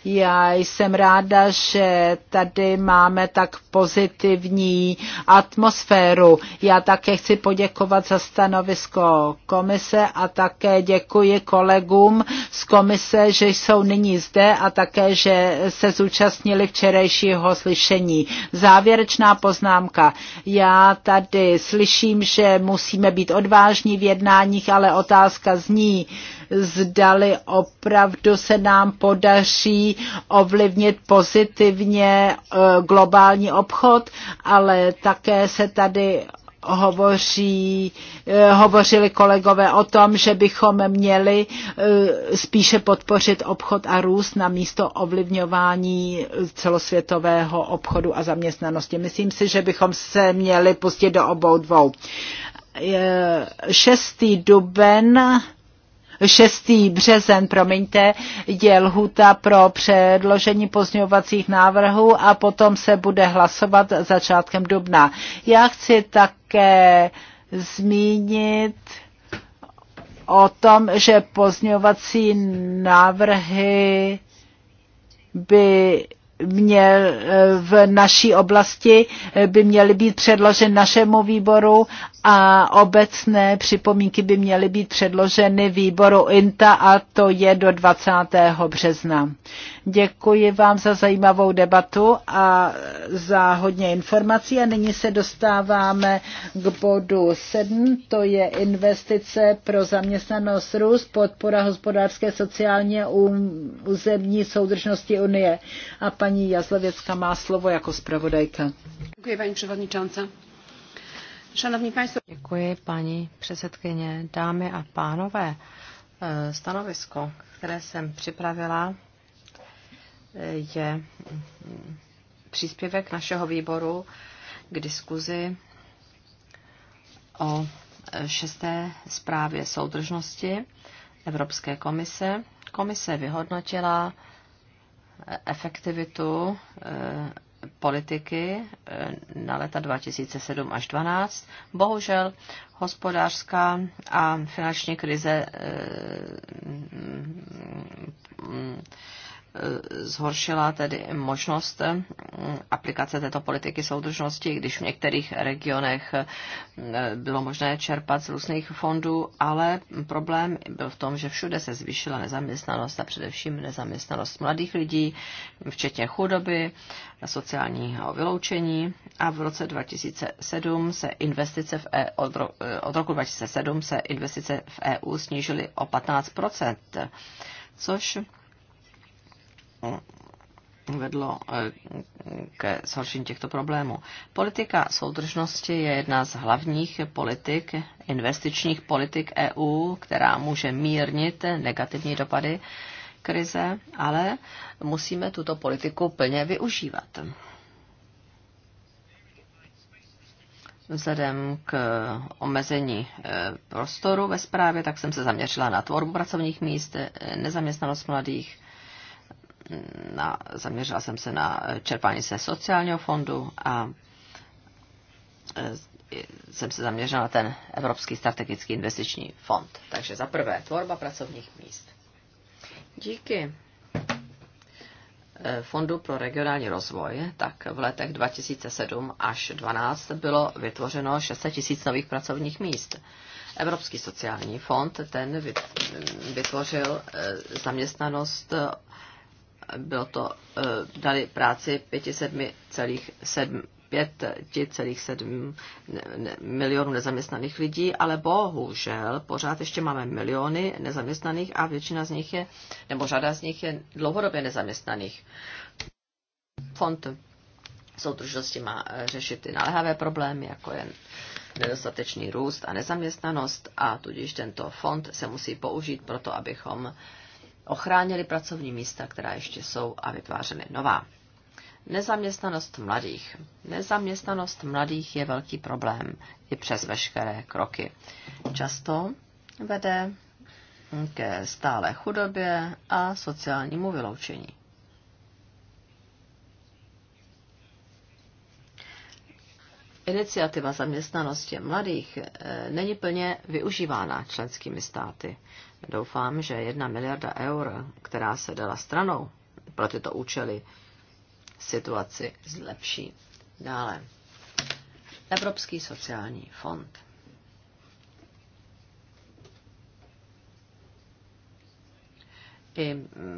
já jsem ráda, že tady máme tak pozitivní atmosféru. Já také chci poděkovat za stanovisko komise a také děkuji kolegům z komise, že jsou nyní zde a také, že se zúčastnili včerejšího slyšení. Závěrečná poznámka. Já tady slyším, že musíme být odvážní v jednáních, ale otázka zní, zdali opravdu se nám podaří ovlivnit pozitivně eh, globální obchod, ale také se tady hovoří, eh, hovořili kolegové o tom, že bychom měli eh, spíše podpořit obchod a růst na místo ovlivňování celosvětového obchodu a zaměstnanosti. Myslím si, že bychom se měli pustit do obou dvou. 6. duben 6. březen, promiňte, je lhuta pro předložení pozňovacích návrhů a potom se bude hlasovat začátkem dubna. Já chci také zmínit o tom, že pozňovací návrhy by měl eh, v naší oblasti by měly být předloženy našemu výboru a obecné připomínky by měly být předloženy výboru INTA a to je do 20. března. Děkuji vám za zajímavou debatu a za hodně informací a nyní se dostáváme k bodu 7, to je investice pro zaměstnanost růst, podpora hospodářské, sociálně um, územní soudržnosti Unie. A paní Jazlověcka má slovo jako zpravodajka. Děkuji, paní předsedající. Děkuji, paní předsedkyně, dámy a pánové. E, stanovisko, které jsem připravila, e, je mm, příspěvek našeho výboru k diskuzi o e, šesté zprávě soudržnosti Evropské komise. Komise vyhodnotila efektivitu politiky eh, na leta 2007 až 2012. Bohužel hospodářská a finanční krize eh, mm, mm, zhoršila tedy možnost mm, aplikace této politiky soudržnosti, když v některých regionech mm, bylo možné čerpat z různých fondů, ale problém byl v tom, že všude se zvýšila nezaměstnanost a především nezaměstnanost mladých lidí, včetně chudoby, sociálního vyloučení a v roce 2007 se investice v e, od, ro, e, od roku 2007 se investice v EU snížily o 15 což vedlo eh, ke zhoršení těchto problémů. Politika soudržnosti je jedna z hlavních politik, investičních politik EU, která může mírnit negativní dopady krize, ale musíme tuto politiku plně využívat. Vzhledem k omezení eh, prostoru ve zprávě, tak jsem se zaměřila na tvorbu pracovních míst, eh, nezaměstnanost mladých, na, zaměřila jsem se na čerpání se sociálního fondu a e, jsem se zaměřila na ten Evropský strategický investiční fond. Takže za prvé, tvorba pracovních míst. Díky e, Fondu pro regionální rozvoj, tak v letech 2007 až 2012 bylo vytvořeno 600 tisíc nových pracovních míst. Evropský sociální fond ten vytvořil e, zaměstnanost bylo to, eh, dali práci 5,7 milionů nezaměstnaných lidí, ale bohužel pořád ještě máme miliony nezaměstnaných a většina z nich je, nebo řada z nich je dlouhodobě nezaměstnaných. Fond soudružnosti má eh, řešit ty naléhavé problémy, jako je nedostatečný růst a nezaměstnanost a tudíž tento fond se musí použít proto, abychom ochránili pracovní místa, která ještě jsou a vytvářely nová. Nezaměstnanost mladých. Nezaměstnanost mladých je velký problém i přes veškeré kroky. Často vede ke stále chudobě a sociálnímu vyloučení. Iniciativa zaměstnanosti mladých eh, není plně využívána členskými státy. Doufám, že jedna miliarda eur, která se dala stranou pro tyto účely, situaci zlepší. Dále. Evropský sociální fond. i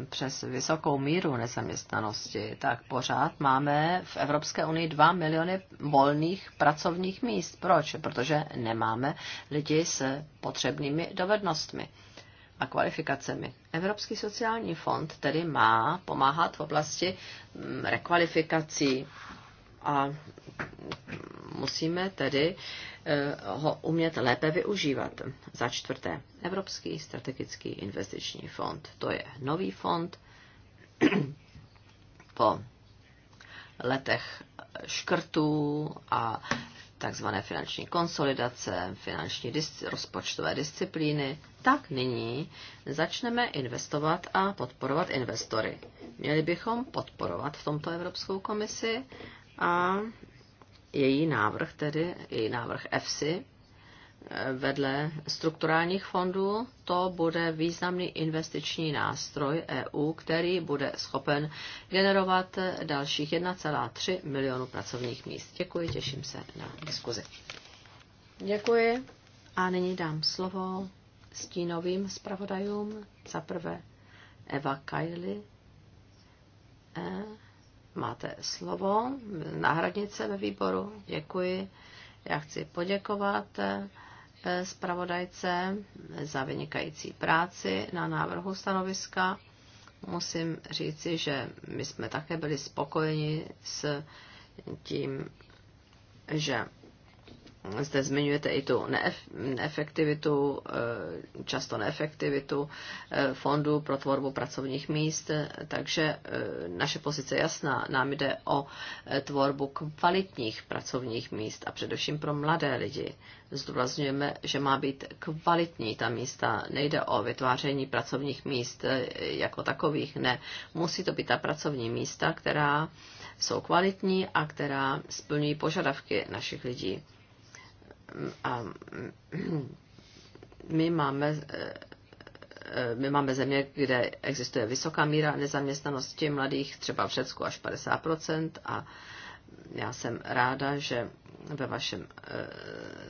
přes vysokou míru nezaměstnanosti, tak pořád máme v Evropské unii 2 miliony volných pracovních míst. Proč? Protože nemáme lidi s potřebnými dovednostmi a kvalifikacemi. Evropský sociální fond tedy má pomáhat v oblasti mm, rekvalifikací a musíme tedy eh, ho umět lépe využívat. Za čtvrté, Evropský strategický investiční fond. To je nový fond po letech škrtů a takzvané finanční konsolidace, finanční dis- rozpočtové disciplíny, tak nyní začneme investovat a podporovat investory. Měli bychom podporovat v tomto Evropskou komisi a její návrh, tedy její návrh EFSI, vedle strukturálních fondů, to bude významný investiční nástroj EU, který bude schopen generovat dalších 1,3 milionu pracovních míst. Děkuji, těším se na diskuzi. Děkuji. A nyní dám slovo stínovým zpravodajům. Za prvé Eva Kajli. E, máte slovo, náhradnice ve výboru. Děkuji. Já chci poděkovat zpravodajce za vynikající práci na návrhu stanoviska. Musím říci, že my jsme také byli spokojeni s tím, že zde zmiňujete i tu neefektivitu, eh, často neefektivitu eh, fondu pro tvorbu pracovních míst, takže eh, naše pozice je jasná. Nám jde o tvorbu kvalitních pracovních míst a především pro mladé lidi. Zdůrazňujeme, že má být kvalitní ta místa. Nejde o vytváření pracovních míst jako takových, ne. Musí to být ta pracovní místa, která jsou kvalitní a která splňují požadavky našich lidí a my máme my máme země, kde existuje vysoká míra nezaměstnanosti mladých, třeba v Řecku až 50%. A já jsem ráda, že ve vašem eh,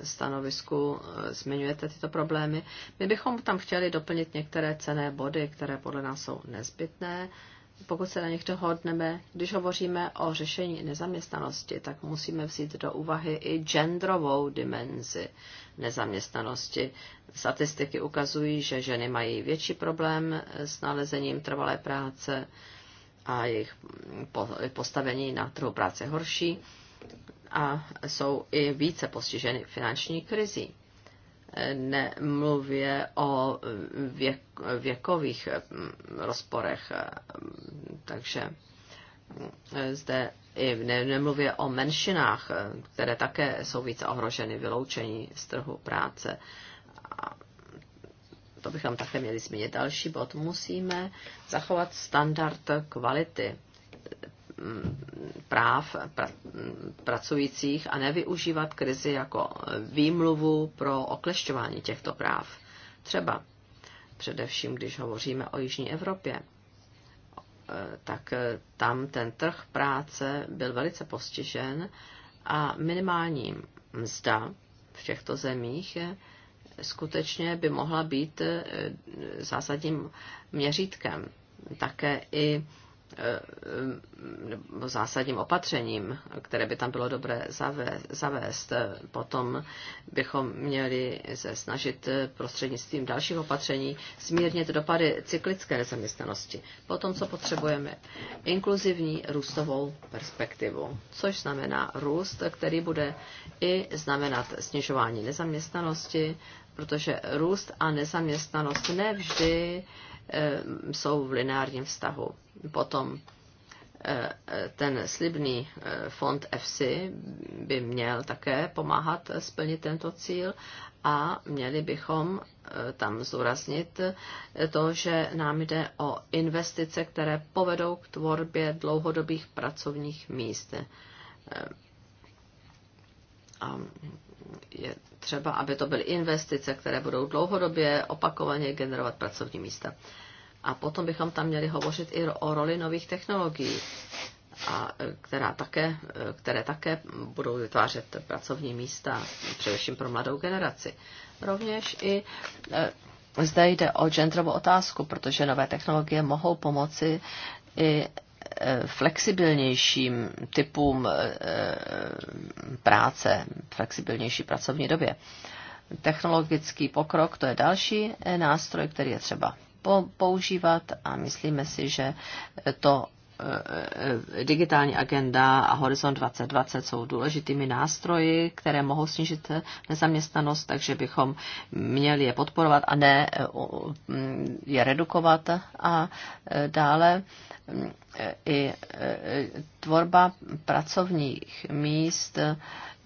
stanovisku eh, zmiňujete tyto problémy. My bychom tam chtěli doplnit některé cené body, které podle nás jsou nezbytné pokud se na někdo hodneme, když hovoříme o řešení nezaměstnanosti, tak musíme vzít do úvahy i genderovou dimenzi nezaměstnanosti. Statistiky ukazují, že ženy mají větší problém s nalezením trvalé práce a jejich postavení na trhu práce horší a jsou i více postiženy finanční krizí nemluvě o věk, věkových mm, rozporech. Takže zde i ne, nemluvě o menšinách, které také jsou více ohroženy vyloučení z trhu práce. A to bychom také měli zmínit. Další bod. Musíme zachovat standard kvality práv pra, pracujících a nevyužívat krizi jako výmluvu pro oklešťování těchto práv. Třeba především, když hovoříme o Jižní Evropě, eh, tak eh, tam ten trh práce byl velice postižen a minimální mzda v těchto zemích eh, skutečně by mohla být zásadním měřítkem. Také i nebo zásadním opatřením, které by tam bylo dobré zavést. Potom bychom měli se snažit prostřednictvím dalších opatření zmírnit dopady cyklické nezaměstnanosti. Potom, co potřebujeme, inkluzivní růstovou perspektivu, což znamená růst, který bude i znamenat snižování nezaměstnanosti, protože růst a nezaměstnanost nevždy vždy Eh, jsou v lineárním vztahu. Potom eh, ten slibný eh, fond FC by měl také pomáhat splnit tento cíl a měli bychom tam zúraznit to, že nám jde o investice, které povedou k tvorbě dlouhodobých pracovních míst. A je třeba, aby to byly investice, které budou dlouhodobě opakovaně generovat pracovní místa. A potom bychom tam měli hovořit i o roli nových technologií, a která také, které také budou vytvářet pracovní místa, především pro mladou generaci. Rovněž i e, zde jde o genderovou otázku, protože nové technologie mohou pomoci i flexibilnějším typům eh, práce, flexibilnější pracovní době. Technologický pokrok to je další eh, nástroj, který je třeba používat a myslíme si, že to Eh, digitální agenda a Horizon 2020 jsou důležitými nástroji, které mohou snížit nezaměstnanost, takže bychom měli je podporovat a ne eh, mm, je redukovat. A eh, dále mm, i tvorba pracovních míst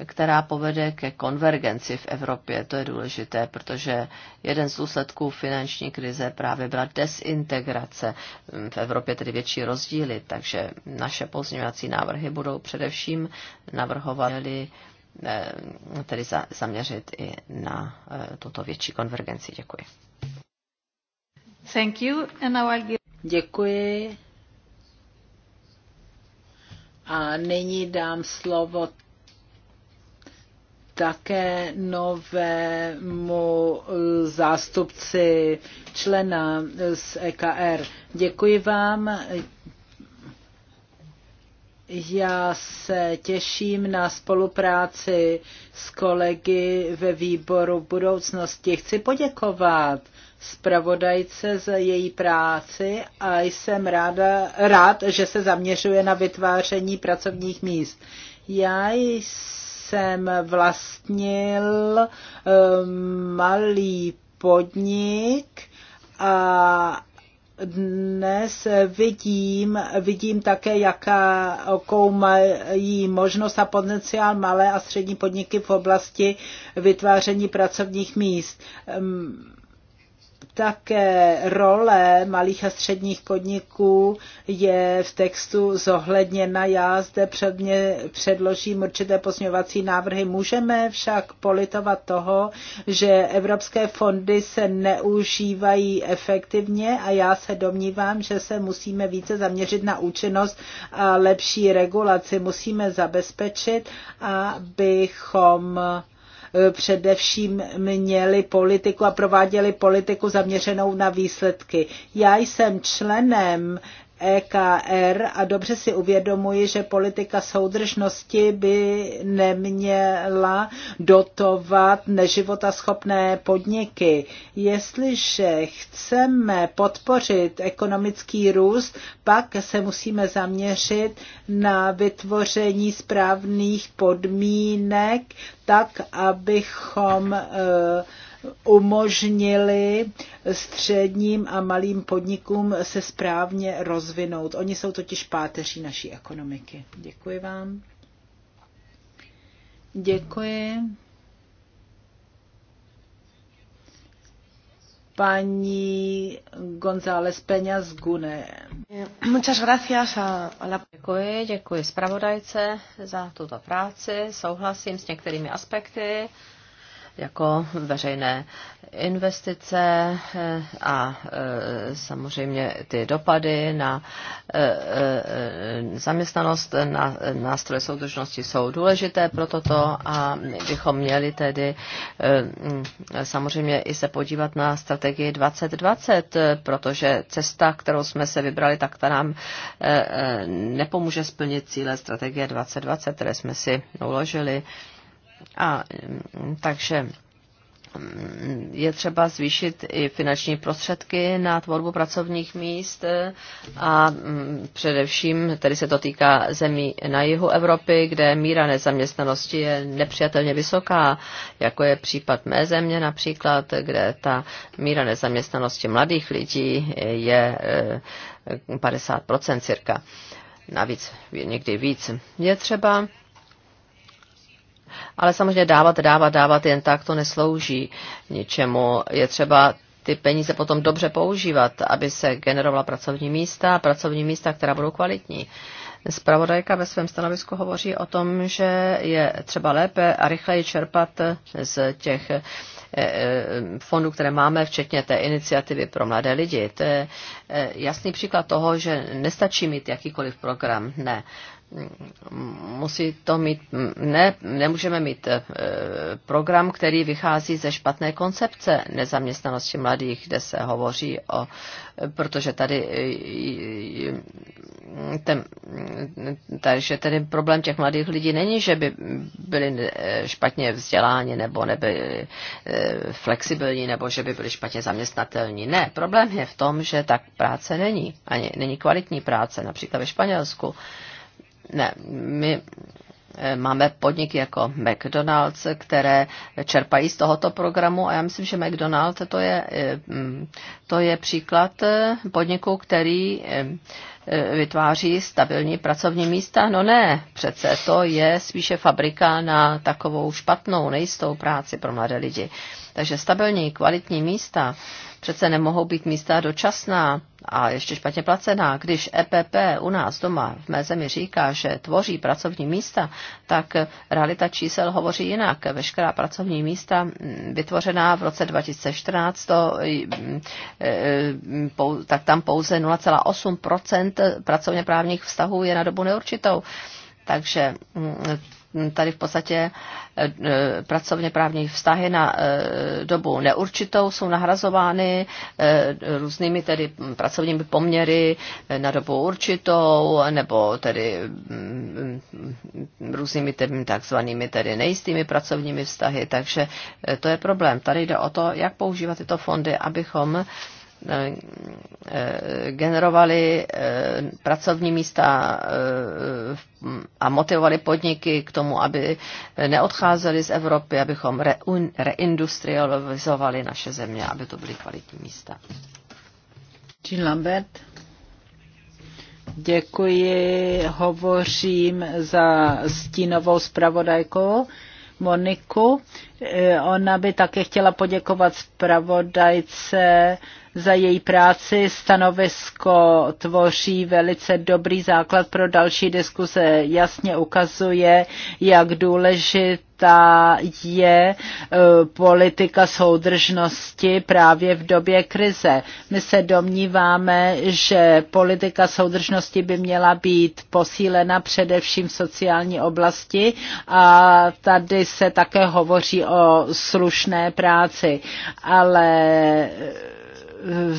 která povede ke konvergenci v Evropě. To je důležité, protože jeden z důsledků finanční krize právě byla desintegrace. Mm, v Evropě tedy větší rozdíly, takže naše pozměňovací návrhy budou především navrhovali eh, tedy zaměřit i na eh, tuto větší konvergenci. Děkuji. Thank you. And now I'll give... Děkuji. A nyní dám slovo také novému zástupci člena z EKR. Děkuji vám. Já se těším na spolupráci s kolegy ve výboru budoucnosti. Chci poděkovat zpravodajce za její práci a jsem ráda, rád, že se zaměřuje na vytváření pracovních míst. Já jsem jsem vlastnil eh, malý podnik a dnes vidím, vidím také, jaká, mají možnost a potenciál malé a střední podniky v oblasti vytváření pracovních míst také role malých a středních podniků je v textu zohledněna. Já zde před mě předložím určité pozměňovací návrhy. Můžeme však politovat toho, že evropské fondy se neužívají efektivně a já se domnívám, že se musíme více zaměřit na účinnost a lepší regulaci. Musíme zabezpečit, abychom Eh, především měli politiku a prováděli politiku zaměřenou na výsledky. Já jsem členem EKR a dobře si uvědomuji, že politika soudržnosti by neměla dotovat neživotaschopné podniky. Jestliže chceme podpořit ekonomický růst, pak se musíme zaměřit na vytvoření správných podmínek, tak abychom uh, umožnili středním a malým podnikům se správně rozvinout. Oni jsou totiž páteří naší ekonomiky. Děkuji vám. Děkuji. paní González Peñas Gune. Muchas gracias a, la... Děkuji, děkuji zpravodajce za tuto práci. Souhlasím s některými aspekty jako veřejné investice eh, a eh, samozřejmě ty dopady na eh, zaměstnanost, na nástroje soudržnosti jsou důležité pro toto a my bychom měli tedy samozřejmě i se podívat na strategii 2020, protože cesta, kterou jsme se vybrali, tak ta nám nepomůže splnit cíle strategie 2020, které jsme si uložili. A mm, takže mm, je třeba zvýšit i finanční prostředky na tvorbu pracovních míst e, a mm, především, tedy se to týká zemí na jihu Evropy, kde míra nezaměstnanosti je nepřijatelně vysoká, jako je případ mé země například, kde ta míra nezaměstnanosti mladých lidí je 50% e, cirka, navíc někdy víc. Je třeba ale samozřejmě dávat, dávat, dávat jen tak to neslouží ničemu. Je třeba ty peníze potom dobře používat, aby se generovala pracovní místa, pracovní místa, která budou kvalitní. Spravodajka ve svém stanovisku hovoří o tom, že je třeba lépe a rychleji čerpat z těch eh, eh, fondů, které máme, včetně té iniciativy pro mladé lidi. To je eh, jasný příklad toho, že nestačí mít jakýkoliv program. Ne musí to mít, ne, nemůžeme mít eh, program, který vychází ze špatné koncepce nezaměstnanosti mladých, kde se hovoří o, protože tady eh, ten, takže tedy problém těch mladých lidí není, že by byli eh, špatně vzděláni nebo nebyli flexibilní nebo že by byli špatně zaměstnatelní. Ne, problém je v tom, že tak práce není, ani není kvalitní práce, například ve Španělsku. Ne, my eh, máme podniky jako McDonald's, které čerpají z tohoto programu a já myslím, že McDonald's to je, eh, mm, to je příklad eh, podniku, který vytváří stabilní pracovní místa. No ne, přece to je spíše fabrika na takovou špatnou, nejistou práci pro mladé lidi. Takže stabilní, kvalitní místa přece nemohou být místa dočasná a ještě špatně placená. Když EPP u nás doma v mé zemi říká, že tvoří pracovní místa, tak realita čísel hovoří jinak. Veškerá pracovní místa mm, vytvořená v roce 2014, to, mm, mm, tak tam pouze 0,8 pracovně právních vztahů je na dobu neurčitou. Takže tady v podstatě eh, eh, pracovně právní vztahy na eh, dobu neurčitou jsou nahrazovány různými tedy pracovními poměry na dobu určitou nebo tedy mm, různými tedy takzvanými tedy nejistými pracovními vztahy, takže to je problém. Tady jde o to, jak používat tyto fondy, abychom Eh, eh, generovali eh, pracovní místa a motivovali podniky k tomu, aby neodcházeli z Evropy, abychom reindustrializovali naše země, aby to byly kvalitní místa. Jean Lambert. Děkuji, hovořím za stínovou zpravodajkou Moniku. Eh, ona by také chtěla poděkovat zpravodajce za její práci. Stanovisko tvoří velice dobrý základ pro další diskuse. Jasně ukazuje, jak důležit důležitá je e, politika soudržnosti právě v době krize. My se domníváme, že politika soudržnosti by měla být posílena především v sociální oblasti a tady se také hovoří o slušné práci, ale e,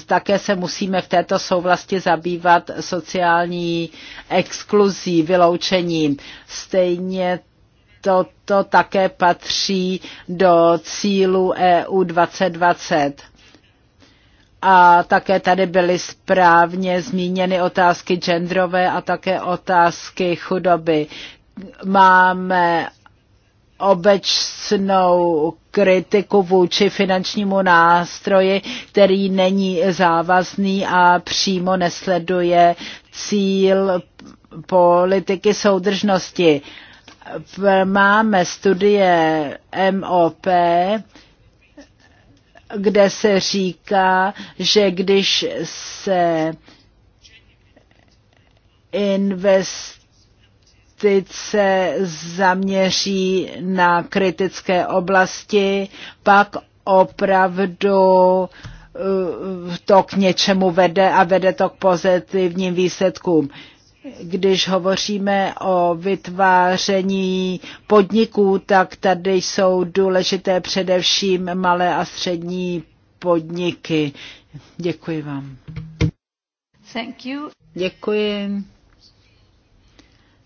také se musíme v této souvlasti zabývat sociální exkluzí, vyloučením. Stejně toto také patří do cílu EU 2020. A také tady byly správně zmíněny otázky genderové a také otázky chudoby. Máme obecnou kritiku vůči finančnímu nástroji, který není závazný a přímo nesleduje cíl politiky soudržnosti máme studie MOP, kde se říká, že když se investice zaměří na kritické oblasti, pak opravdu eh, to k něčemu vede a vede to k pozitivním výsledkům když hovoříme o vytváření podniků, tak tady jsou důležité především malé a střední podniky. Děkuji vám. Thank you. Děkuji.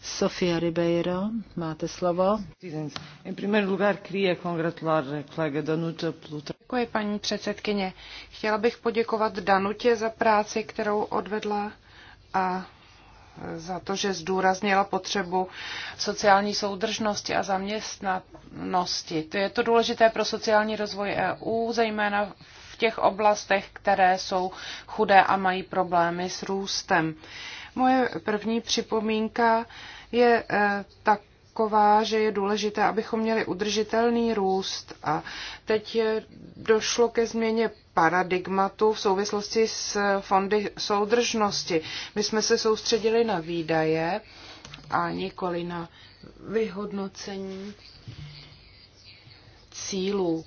Sofia Ribeiro, máte slovo. Děkuji, paní předsedkyně. Chtěla bych poděkovat Danutě za práci, kterou odvedla a za to, že zdůraznila potřebu sociální soudržnosti a zaměstnanosti. To je to důležité pro sociální rozvoj EU, zejména v těch oblastech, které jsou chudé a mají problémy s růstem. Moje první připomínka je eh, tak taková, že je důležité, abychom měli udržitelný růst. A teď je došlo ke změně paradigmatu v souvislosti s fondy soudržnosti. My jsme se soustředili na výdaje a nikoli na vyhodnocení cílů.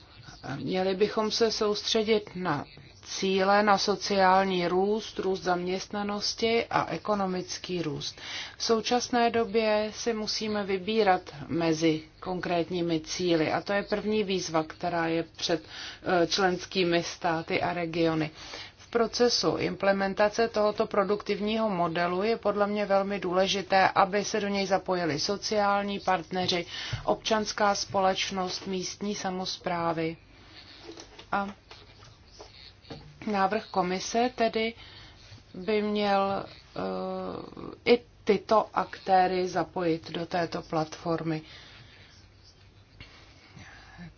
Měli bychom se soustředit na cíle na sociální růst, růst zaměstnanosti a ekonomický růst. V současné době si musíme vybírat mezi konkrétními cíly a to je první výzva, která je před eh, členskými státy a regiony. V procesu implementace tohoto produktivního modelu je podle mě velmi důležité, aby se do něj zapojili sociální partneři, občanská společnost, místní samozprávy. A Návrh komise tedy by měl uh, i tyto aktéry zapojit do této platformy.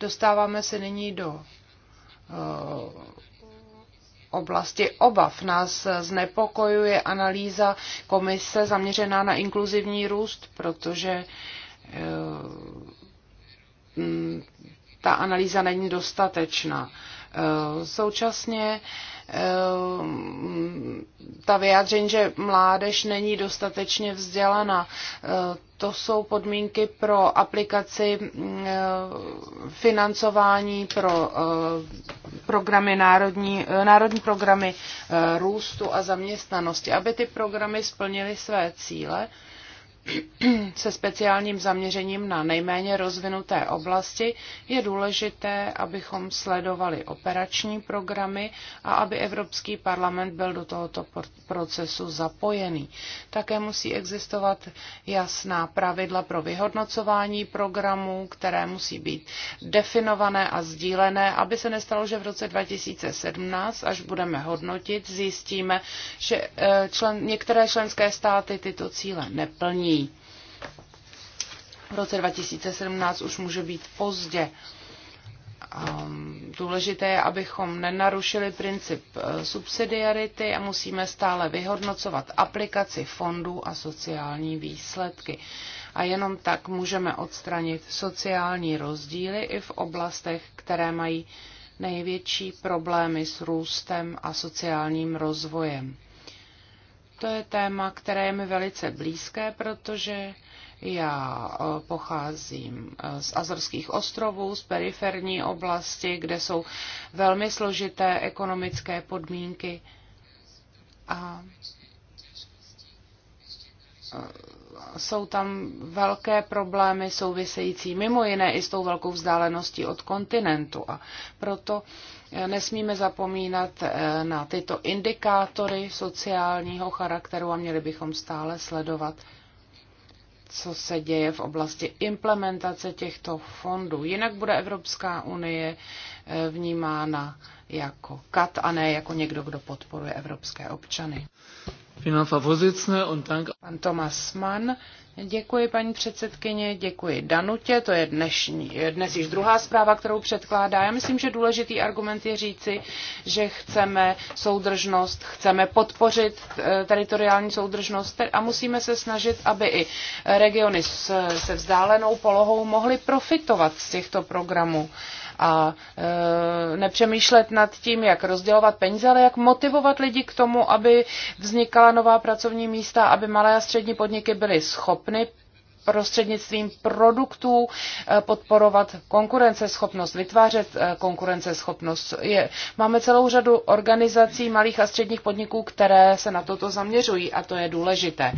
Dostáváme se nyní do uh, oblasti obav. Nás znepokojuje analýza komise zaměřená na inkluzivní růst, protože uh, ta analýza není dostatečná. Uh, Eh, současně eh, ta vyjádření, že mládež není dostatečně vzdělaná, eh, to jsou podmínky pro aplikaci mm, financování pro programy národní, národní programy růstu a zaměstnanosti, aby ty programy splnily své cíle se speciálním zaměřením na nejméně rozvinuté oblasti, je důležité, abychom sledovali operační programy a aby Evropský parlament byl do tohoto procesu zapojený. Také musí existovat jasná pravidla pro vyhodnocování programů, které musí být definované a sdílené, aby se nestalo, že v roce 2017, až budeme hodnotit, zjistíme, že eh, člen, některé členské státy tyto cíle neplní v roce 2017 už může být pozdě. Um, důležité je, abychom nenarušili princip eh, subsidiarity a musíme stále vyhodnocovat aplikaci fondů a sociální výsledky. A jenom tak můžeme odstranit sociální rozdíly i v oblastech, které mají největší problémy s růstem a sociálním rozvojem. To je téma, které je mi velice blízké, protože já eh, pocházím eh, z Azorských ostrovů, z periferní oblasti, kde jsou velmi složité ekonomické podmínky. A eh, jsou tam velké problémy související mimo jiné i s tou velkou vzdáleností od kontinentu. A proto nesmíme zapomínat na tyto indikátory sociálního charakteru a měli bychom stále sledovat co se děje v oblasti implementace těchto fondů. Jinak bude Evropská unie eh, vnímána jako kat a ne jako někdo, kdo podporuje evropské občany. Pan Thomas Mann. Děkuji, paní předsedkyně, děkuji Danutě, to je dnešní, dnes již druhá zpráva, kterou předkládá. Já myslím, že důležitý argument je říci, že chceme soudržnost, chceme podpořit eh, teritoriální soudržnost a musíme se snažit, aby i regiony se vzdálenou polohou mohly profitovat z těchto programů a e, nepřemýšlet nad tím, jak rozdělovat peníze, ale jak motivovat lidi k tomu, aby vznikala nová pracovní místa, aby malé a střední podniky byly schopny prostřednictvím produktů e, podporovat konkurenceschopnost, vytvářet e, konkurenceschopnost. Je, máme celou řadu organizací malých a středních podniků, které se na toto zaměřují a to je důležité.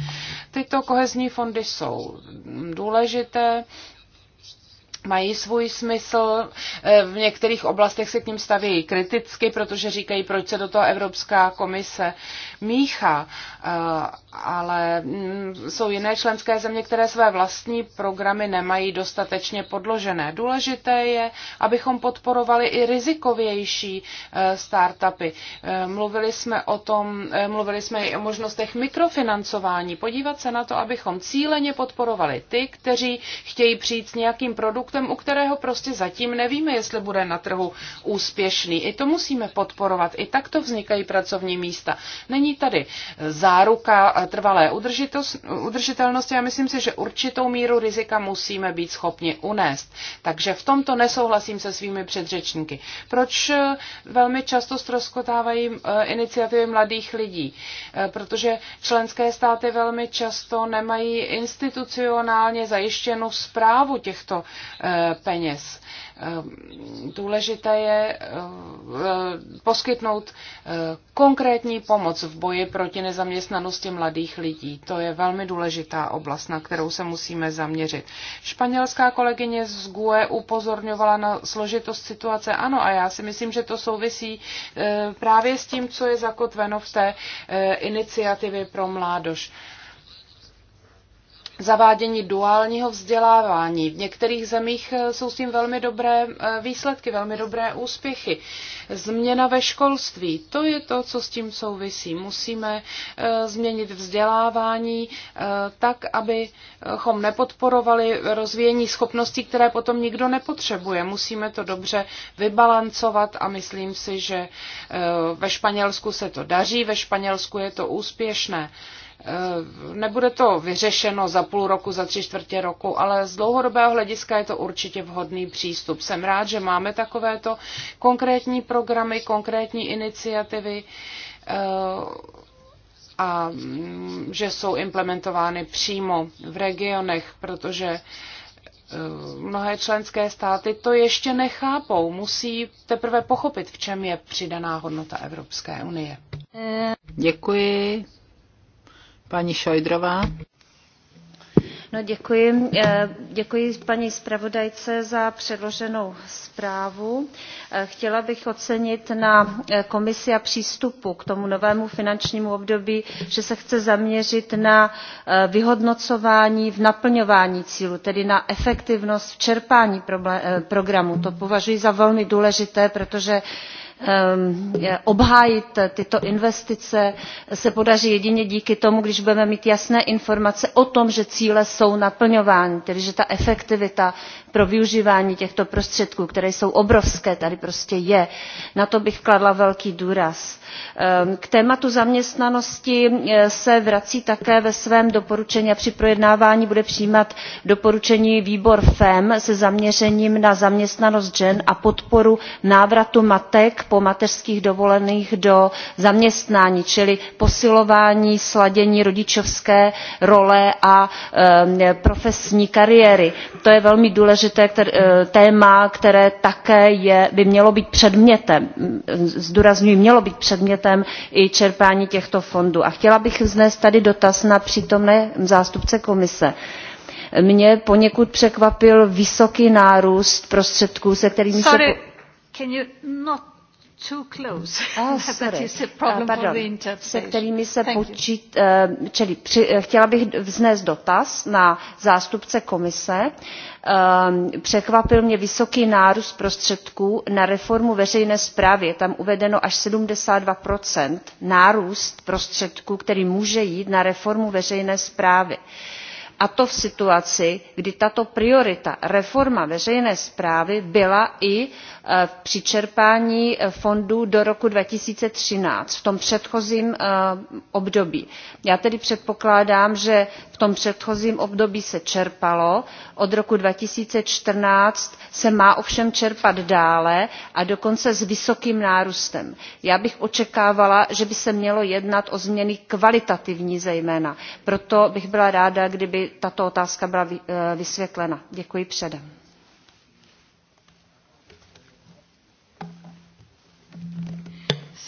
Tyto kohezní fondy jsou důležité mají svůj smysl. E, v některých oblastech se k ním staví kriticky, protože říkají, proč se do toho Evropská komise míchá, eh, ale mm, jsou jiné členské země, které své vlastní programy nemají dostatečně podložené. Důležité je, abychom podporovali i rizikovější eh, startupy. Eh, mluvili jsme o tom, mluvili jsme i o možnostech mikrofinancování, podívat se na to, abychom cíleně podporovali ty, kteří chtějí přijít s nějakým produktem, u kterého prostě zatím nevíme, jestli bude na trhu úspěšný. I to musíme podporovat. I takto vznikají pracovní místa. Není tady záruka trvalé udržitelnosti a myslím si, že určitou míru rizika musíme být schopni unést. Takže v tomto nesouhlasím se svými předřečníky. Proč eh, velmi často stroskotávají eh, iniciativy mladých lidí? Eh, protože členské státy velmi často nemají institucionálně zajištěnou zprávu těchto peněz. Ehm, důležité je ehm, eh, poskytnout eh, konkrétní pomoc v boji proti nezaměstnanosti mladých lidí. To je velmi důležitá oblast, na kterou se musíme zaměřit. Španělská kolegyně z GUE upozorňovala na složitost situace. Ano, a já si myslím, že to souvisí eh, právě s tím, co je zakotveno v té iniciativě pro mládož zavádění duálního vzdělávání. V některých zemích eh, jsou s tím velmi dobré eh, výsledky, velmi dobré úspěchy. Změna ve školství, to je to, co s tím souvisí. Musíme eh, změnit vzdělávání tak, abychom nepodporovali rozvíjení schopností, které potom nikdo nepotřebuje. Musíme to dobře vybalancovat a myslím si, že ve Španělsku se to daří, ve Španělsku je to úspěšné. Eh, nebude to vyřešeno za půl roku, za tři čtvrtě roku, ale z dlouhodobého hlediska je to určitě vhodný přístup. Jsem rád, že máme takovéto konkrétní programy, konkrétní iniciativy eh, a mm, že jsou implementovány přímo v regionech, protože eh, mnohé členské státy to ještě nechápou. Musí teprve pochopit, v čem je přidaná hodnota Evropské unie. Děkuji. Paní Šojdrová. No, děkuji. Eh, děkuji paní zpravodajce za předloženou zprávu. Eh, chtěla bych ocenit na eh, komisi a přístupu k tomu novému finančnímu období že se chce zaměřit na vyhodnocování v naplňování cílů tedy na efektivnost v čerpání programu. to považuji za velmi důležité protože Ehm, obhájit eh, tyto investice se podaří jedině díky tomu když budeme mít jasné informace o tom že cíle jsou naplňovány tedy že ta efektivita pro využívání těchto prostředků které jsou obrovské tady prostě je na to bych kladla velký důraz Ehm, k tématu zaměstnanosti eh, se vrací také ve svém doporučení a při projednávání bude přijímat doporučení výbor femm se zaměřením na zaměstnanost žen a podporu návratu matek po mateřských dovolených do zaměstnání čili posilování sladění rodičovské role a ehm, profesní kariéry. to je velmi důležité eh, téma které také by mělo být předmětem zdůrazňuji mělo být předmětem předmětem i čerpání těchto fondů. a chtěla bych vznést tady dotaz na přítomné zástupce komise mě poněkud překvapil vysoký nárůst prostředků se kterými Sorry, se. Can you not Ah, ah, se kterými se počít, eh, čili při, eh, chtěla bych vznést dotaz na zástupce komise. Ehm, překvapil mě vysoký nárůst prostředků na reformu veřejné zprávy. Je tam uvedeno až 72 nárůst prostředků, který může jít na reformu veřejné zprávy a to v situaci kdy tato priorita reforma veřejné správy byla i Eh, při čerpání eh, fondů do roku two thousand and thirteen v tom předchozím eh, období. já tedy předpokládám že v tom předchozím období se čerpalo od roku two thousand and fourteen se má ovšem čerpat dále a dokonce s vysokým nárůstem. já bych očekávala že by se mělo jednat o změny kvalitativní zejména proto bych byla ráda kdyby tato otázka byla vysvětlena. děkuji předem.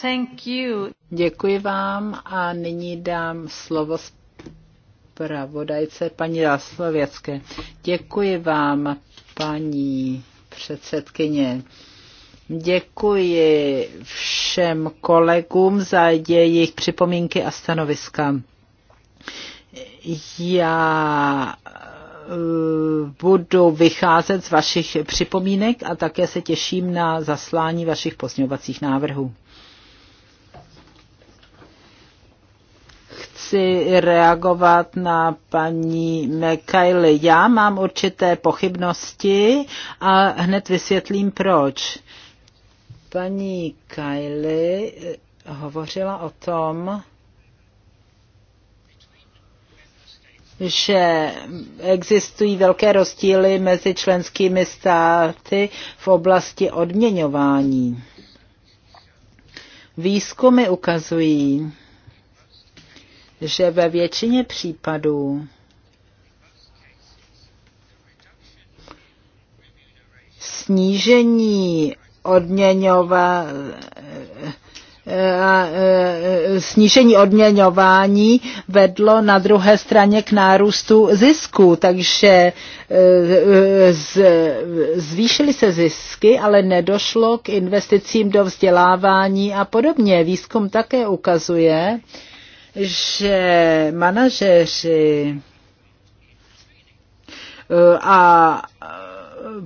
Thank you. Děkuji vám a nyní dám slovo zpravodajce paní Jaslověcké. Děkuji vám, paní předsedkyně. Děkuji všem kolegům za jejich připomínky a stanoviska. Já eh, budu vycházet z vašich připomínek a také se těším na zaslání vašich pozměňovacích návrhů. chci reagovat na paní McKaylee. Já mám určité pochybnosti a hned vysvětlím proč. Paní Kylie eh, hovořila o tom, že existují velké rozdíly mezi členskými státy v oblasti odměňování. Výzkumy ukazují, že ve většině případů snížení odměňova, snížení odměňování vedlo na druhé straně k nárůstu zisku, takže eh, zvýšily se zisky, ale nedošlo k investicím do vzdělávání a podobně. Výzkum také ukazuje, že manažeři eh, a eh,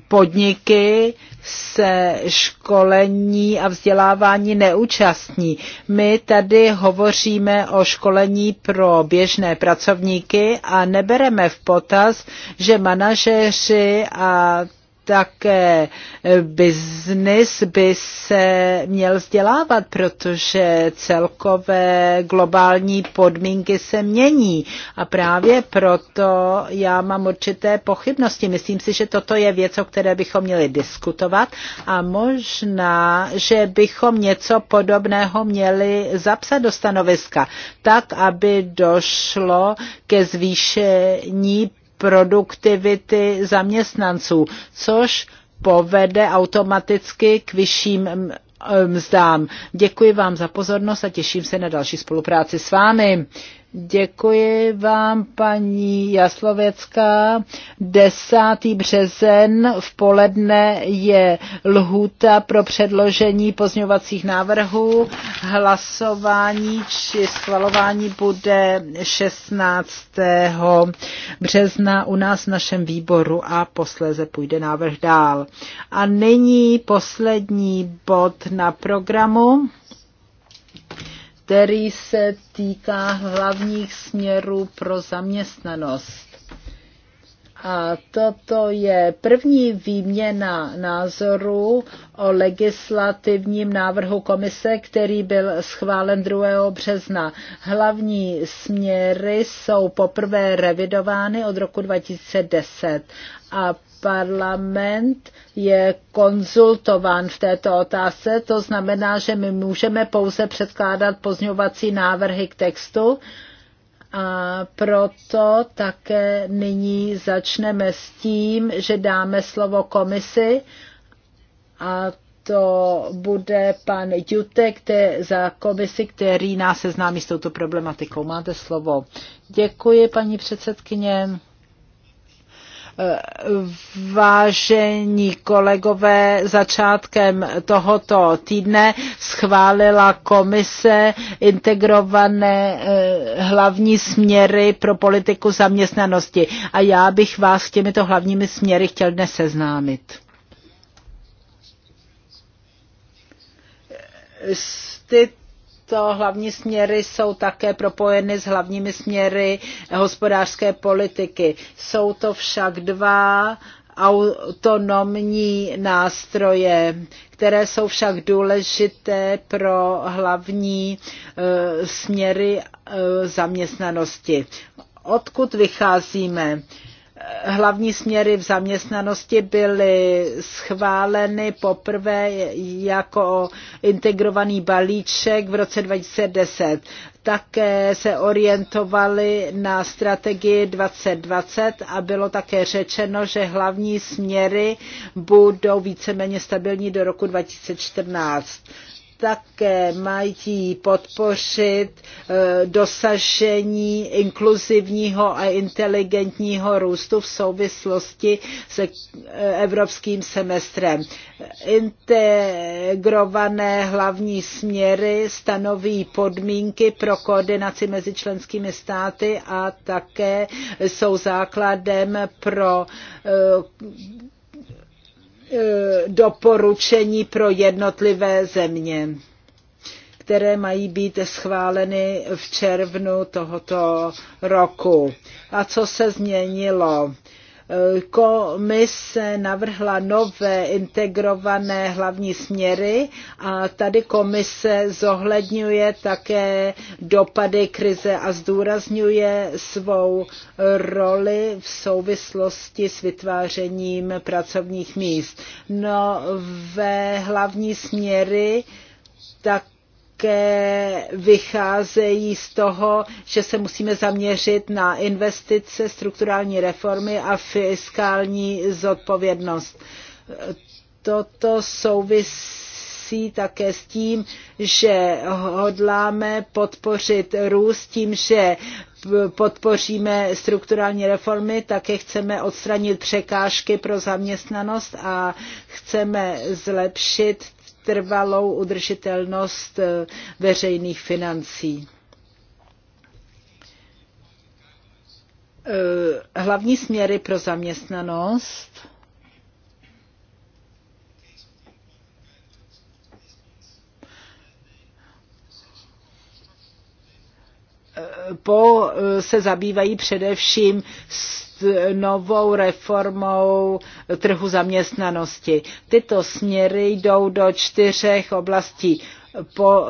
podniky se školení a vzdělávání neúčastní. My tady hovoříme o školení pro běžné pracovníky a nebereme v potaz, že manažeři a také eh, biznis by se měl vzdělávat, protože celkové globální podmínky se mění. A právě proto já mám určité pochybnosti. Myslím si, že toto je věc, o které bychom měli diskutovat a možná, že bychom něco podobného měli zapsat do stanoviska, tak, aby došlo ke zvýšení produktivity zaměstnanců, což povede automaticky k vyšším mm, eh, mzdám. Děkuji vám za pozornost a těším se na další spolupráci s vámi. Děkuji vám, paní Jaslovecká. 10. březen v poledne je lhůta pro předložení pozňovacích návrhů. Hlasování či schvalování bude 16. března u nás v našem výboru a posléze půjde návrh dál. A nyní poslední bod na programu který se týká hlavních směrů pro zaměstnanost. A toto je první výměna názoru o legislativním návrhu komise, který byl schválen 2. března. Hlavní směry jsou poprvé revidovány od roku 2010 a parlament je konzultován v této otázce, to znamená, že my můžeme pouze předkládat pozňovací návrhy k textu a proto také nyní začneme s tím, že dáme slovo komisi a to bude pan Jutek který, za komisi, který nás seznámí s touto problematikou. Máte slovo. Děkuji, paní předsedkyně. Vážení kolegové, začátkem tohoto týdne schválila komise integrované eh, hlavní směry pro politiku zaměstnanosti a já bych vás s těmito hlavními směry chtěl dnes seznámit. Tyto tyto hlavní směry jsou také propojeny s hlavními směry hospodářské politiky. Jsou to však dva autonomní nástroje, které jsou však důležité pro hlavní e, směry e, zaměstnanosti. Odkud vycházíme? hlavní směry v zaměstnanosti byly schváleny poprvé jako integrovaný balíček v roce 2010. Také se orientovali na strategii 2020 a bylo také řečeno, že hlavní směry budou víceméně stabilní do roku 2014 také mají podpořit eh, dosažení inkluzivního a inteligentního růstu v souvislosti se eh, evropským semestrem. Integrované hlavní směry stanoví podmínky pro koordinaci mezi členskými státy a také jsou základem pro eh, Eh, doporučení pro jednotlivé země, které mají být schváleny v červnu tohoto roku. A co se změnilo? Komise navrhla nové integrované hlavní směry a tady komise zohledňuje také dopady krize a zdůrazňuje svou roli v souvislosti s vytvářením pracovních míst. No ve hlavní směry tak také vycházejí z toho, že se musíme zaměřit na investice, strukturální reformy a fiskální zodpovědnost. Toto souvisí také s tím, že hodláme podpořit růst tím, že podpoříme strukturální reformy, také chceme odstranit překážky pro zaměstnanost a chceme zlepšit trvalou udržitelnost eh, veřejných financí. Eh, hlavní směry pro zaměstnanost. Eh, po, se zabývají především s novou reformou trhu zaměstnanosti. Tyto směry jdou do čtyřech oblastí. Po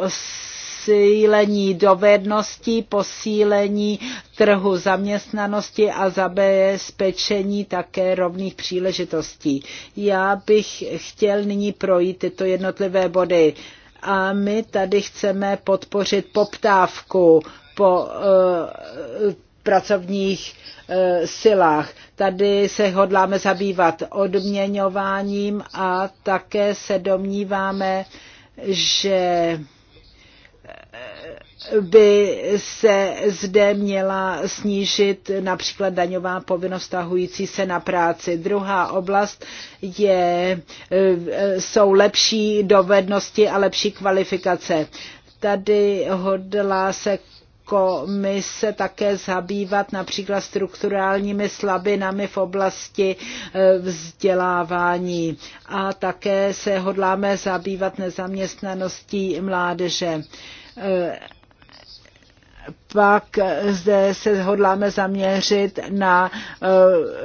posílení dovedností, posílení trhu zaměstnanosti a zabezpečení také rovných příležitostí. Já bych chtěl nyní projít tyto jednotlivé body. A my tady chceme podpořit poptávku po uh, pracovních eh, silách. Tady se hodláme zabývat odměňováním a také se domníváme, že eh, by se zde měla snížit například daňová povinnost stahující se na práci. Druhá oblast je, eh, jsou lepší dovednosti a lepší kvalifikace. Tady hodlá se komise také zabývat například strukturálními slabinami v oblasti e, vzdělávání a také se hodláme zabývat nezaměstnaností mládeže e, pak zde se hodláme zaměřit na e,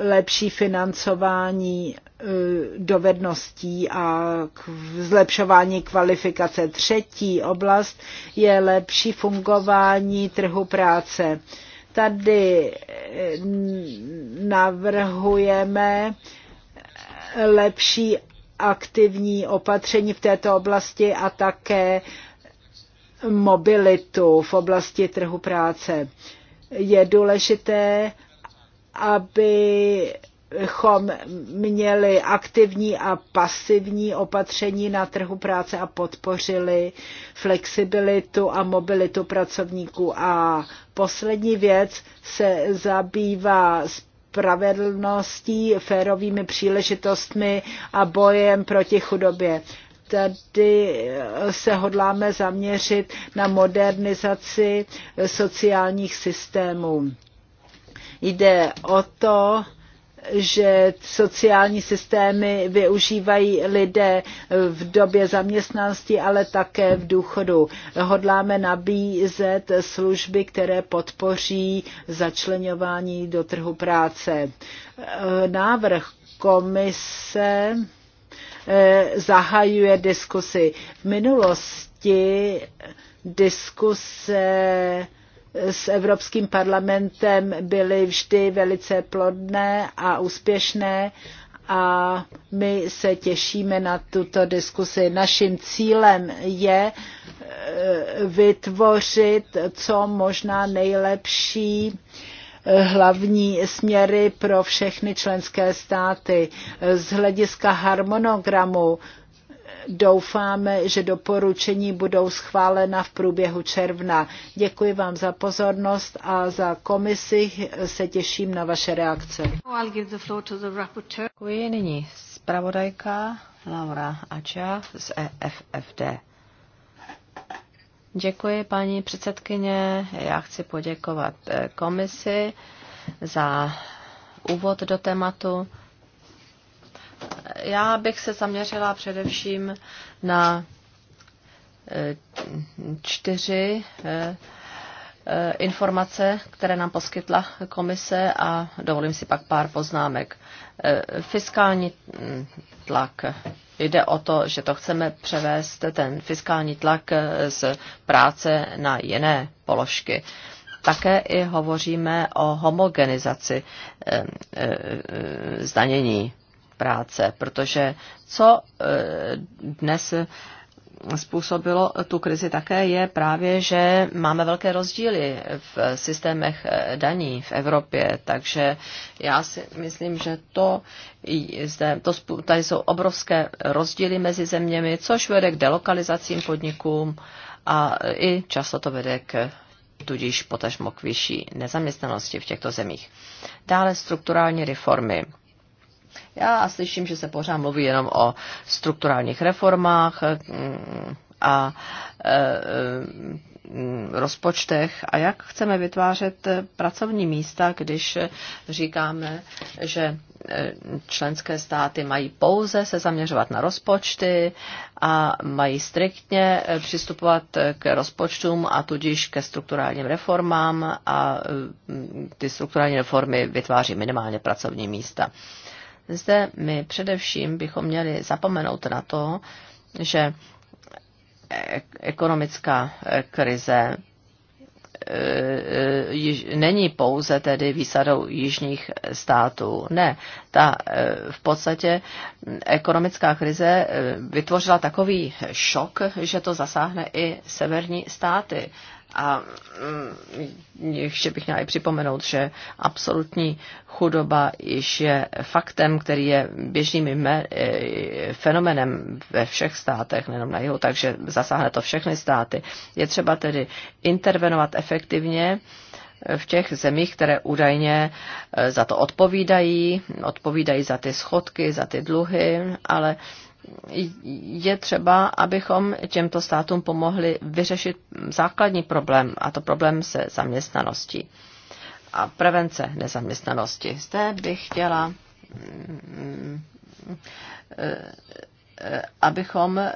lepší financování Eh, dovedností a k zlepšování kvalifikace. Třetí oblast je lepší fungování trhu práce. Tady eh, navrhujeme eh, lepší aktivní opatření v této oblasti a také mobilitu v oblasti trhu práce. Je důležité, aby bychom měli aktivní a pasivní opatření na trhu práce a podpořili flexibilitu a mobilitu pracovníků. A poslední věc se zabývá spravedlností, férovými příležitostmi a bojem proti chudobě tady eh, se hodláme zaměřit na modernizaci eh, sociálních systémů. Jde o to, že sociální systémy využívají lidé v době zaměstnanosti, ale také v důchodu. Hodláme nabízet služby, které podpoří začlenování do trhu práce. Návrh komise eh, zahajuje diskusy. V minulosti diskuse s Evropským parlamentem byly vždy velice plodné a úspěšné a my se těšíme na tuto diskusi. Naším cílem je e, vytvořit co možná nejlepší e, hlavní směry pro všechny členské státy. E, z hlediska harmonogramu doufáme, že doporučení budou schválena v průběhu června. Děkuji vám za pozornost a za komisi se těším na vaše reakce. Děkuji nyní zpravodajka Laura Ača z EFFD. Děkuji, paní předsedkyně. Já chci poděkovat eh, komisi za úvod do tématu. Já bych se zaměřila především na eh, čtyři eh, eh, informace, které nám poskytla komise a dovolím si pak pár poznámek. Fiskální mm, tlak. Jde o to, že to chceme převést, ten fiskální tlak z práce na jiné položky. Také i hovoříme o homogenizaci zdanění práce, protože co e, dnes způsobilo tu krizi také je právě, že máme velké rozdíly v systémech e, daní v Evropě, takže já si myslím, že to, zde, to tady jsou obrovské rozdíly mezi zeměmi, což vede k delokalizacím podnikům a i často to vede k tudíž potažmo k vyšší nezaměstnanosti v těchto zemích. Dále strukturální reformy. Já slyším, že se pořád mluví jenom o strukturálních reformách mm, a e, mm, rozpočtech a jak chceme vytvářet pracovní místa, když říkáme, že e, členské státy mají pouze se zaměřovat na rozpočty a mají striktně e, přistupovat k rozpočtům a tudíž ke strukturálním reformám a ty strukturální reformy vytváří minimálně pracovní místa. Zde my především bychom měli zapomenout na to, že ekonomická eh, krize eh, eh, není pouze tedy výsadou jižních států. Ne, ta v podstatě ekonomická krize vytvořila takový šok, že to zasáhne i severní státy. A mm, ještě bych měla i připomenout, že absolutní chudoba již je faktem, který je běžným e, fenomenem ve všech státech, nejenom na jihu, takže zasáhne to všechny státy. Je třeba tedy intervenovat efektivně v těch zemích, které údajně e, za to odpovídají, odpovídají za ty schodky, za ty dluhy, ale je třeba, abychom těmto státům pomohli vyřešit základní problém, a to problém se zaměstnaností a prevence nezaměstnanosti. Zde bych chtěla, eh, abychom eh,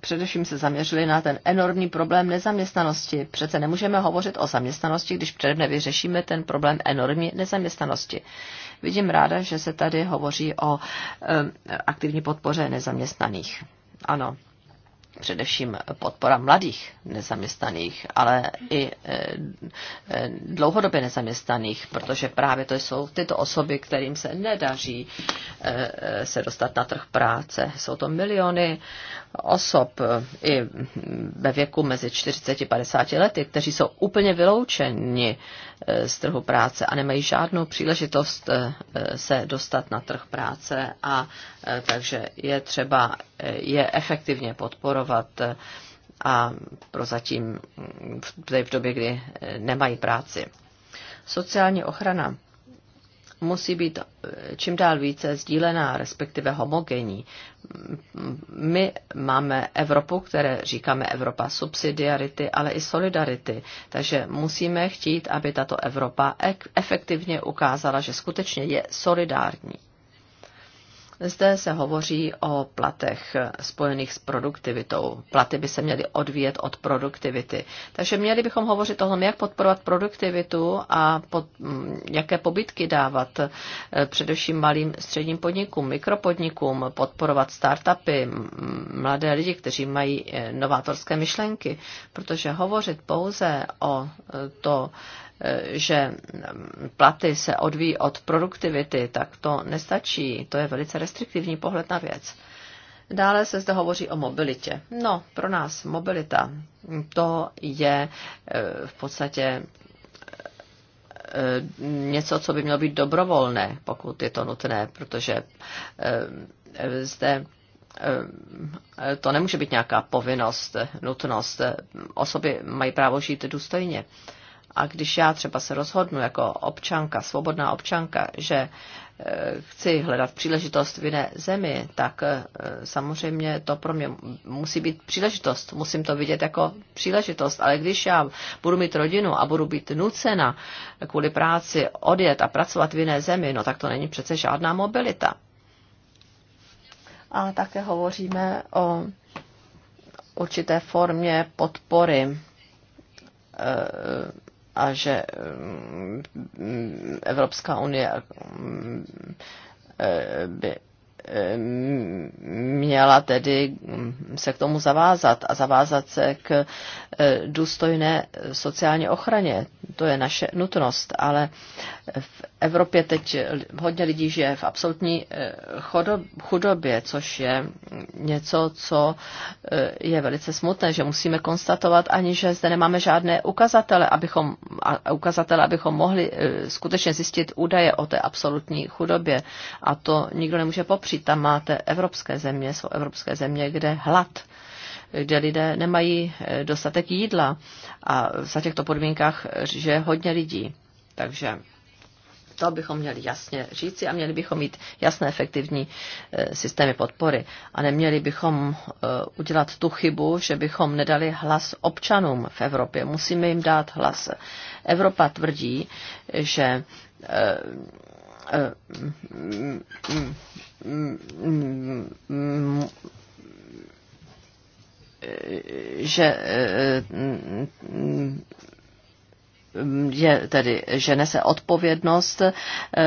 především se zaměřili na ten enormní problém nezaměstnanosti. Přece nemůžeme hovořit o zaměstnanosti, když předem nevyřešíme ten problém enormní nezaměstnanosti. Vidím ráda, že se tady hovoří o eh, aktivní podpoře nezaměstnaných. Ano, především podpora mladých nezaměstnaných, ale i eh, eh, dlouhodobě nezaměstnaných, protože právě to jsou tyto osoby, kterým se nedaří eh, se dostat na trh práce. Jsou to miliony osob i ve věku mezi 40 a 50 lety, kteří jsou úplně vyloučeni z trhu práce a nemají žádnou příležitost se dostat na trh práce a takže je třeba je efektivně podporovat pracovat a prozatím v době, kdy eh, nemají práci. Sociální ochrana musí být eh, čím dál více sdílená, respektive homogenní. My máme Evropu, které říkáme Evropa subsidiarity, ale i solidarity. Takže musíme chtít, aby tato Evropa efektivně ukázala, že skutečně je solidární. Zde se hovoří o platech spojených s produktivitou. Platy by se měly odvíjet od produktivity. Takže měli bychom hovořit o tom, jak podporovat produktivitu a pod, mm, jaké pobytky dávat eh, především malým středním podnikům, mikropodnikům, podporovat startupy, mladé lidi, kteří mají eh, novátorské myšlenky. Protože hovořit pouze o eh, to, Eh, že mm, platy se odvíjí od produktivity, tak to nestačí. To je velice restriktivní pohled na věc. Dále se zde hovoří o mobilitě. No, pro nás mobilita, to je eh, v podstatě eh, něco, co by mělo být dobrovolné, pokud je to nutné, protože zde to nemůže být nějaká povinnost, nutnost. Osoby mají právo žít důstojně. A když já třeba se rozhodnu jako občanka, svobodná občanka, že eh, chci hledat příležitost v jiné zemi, tak eh, samozřejmě to pro mě musí být příležitost. Musím to vidět jako příležitost. Ale když já budu mít rodinu a budu být nucena kvůli práci odjet a pracovat v jiné zemi, no tak to není přece žádná mobilita. A také hovoříme o určité formě podpory eh, a že mm, Evropská unie mm, by mm, měla tedy se k tomu zavázat a zavázat se k eh, důstojné sociální ochraně. To je naše nutnost, ale v Evropě teď hodně lidí žije v absolutní eh, chudobě, což je něco, co eh, je velice smutné, že musíme konstatovat, ani že zde nemáme žádné ukazatele, abychom, ukazatele, abychom mohli eh, skutečně zjistit údaje o té absolutní chudobě. A to nikdo nemůže popřít. Tam máte evropské země, jsou evropské země, kde hlad kde lidé nemají dostatek jídla a za těchto podmínkách žije hodně lidí. Takže to bychom měli jasně říci a měli bychom mít jasné efektivní e, systémy podpory. A neměli bychom e, udělat tu chybu, že bychom nedali hlas občanům v Evropě. Musíme jim dát hlas. Evropa tvrdí, že že je tedy, že nese odpovědnost eh,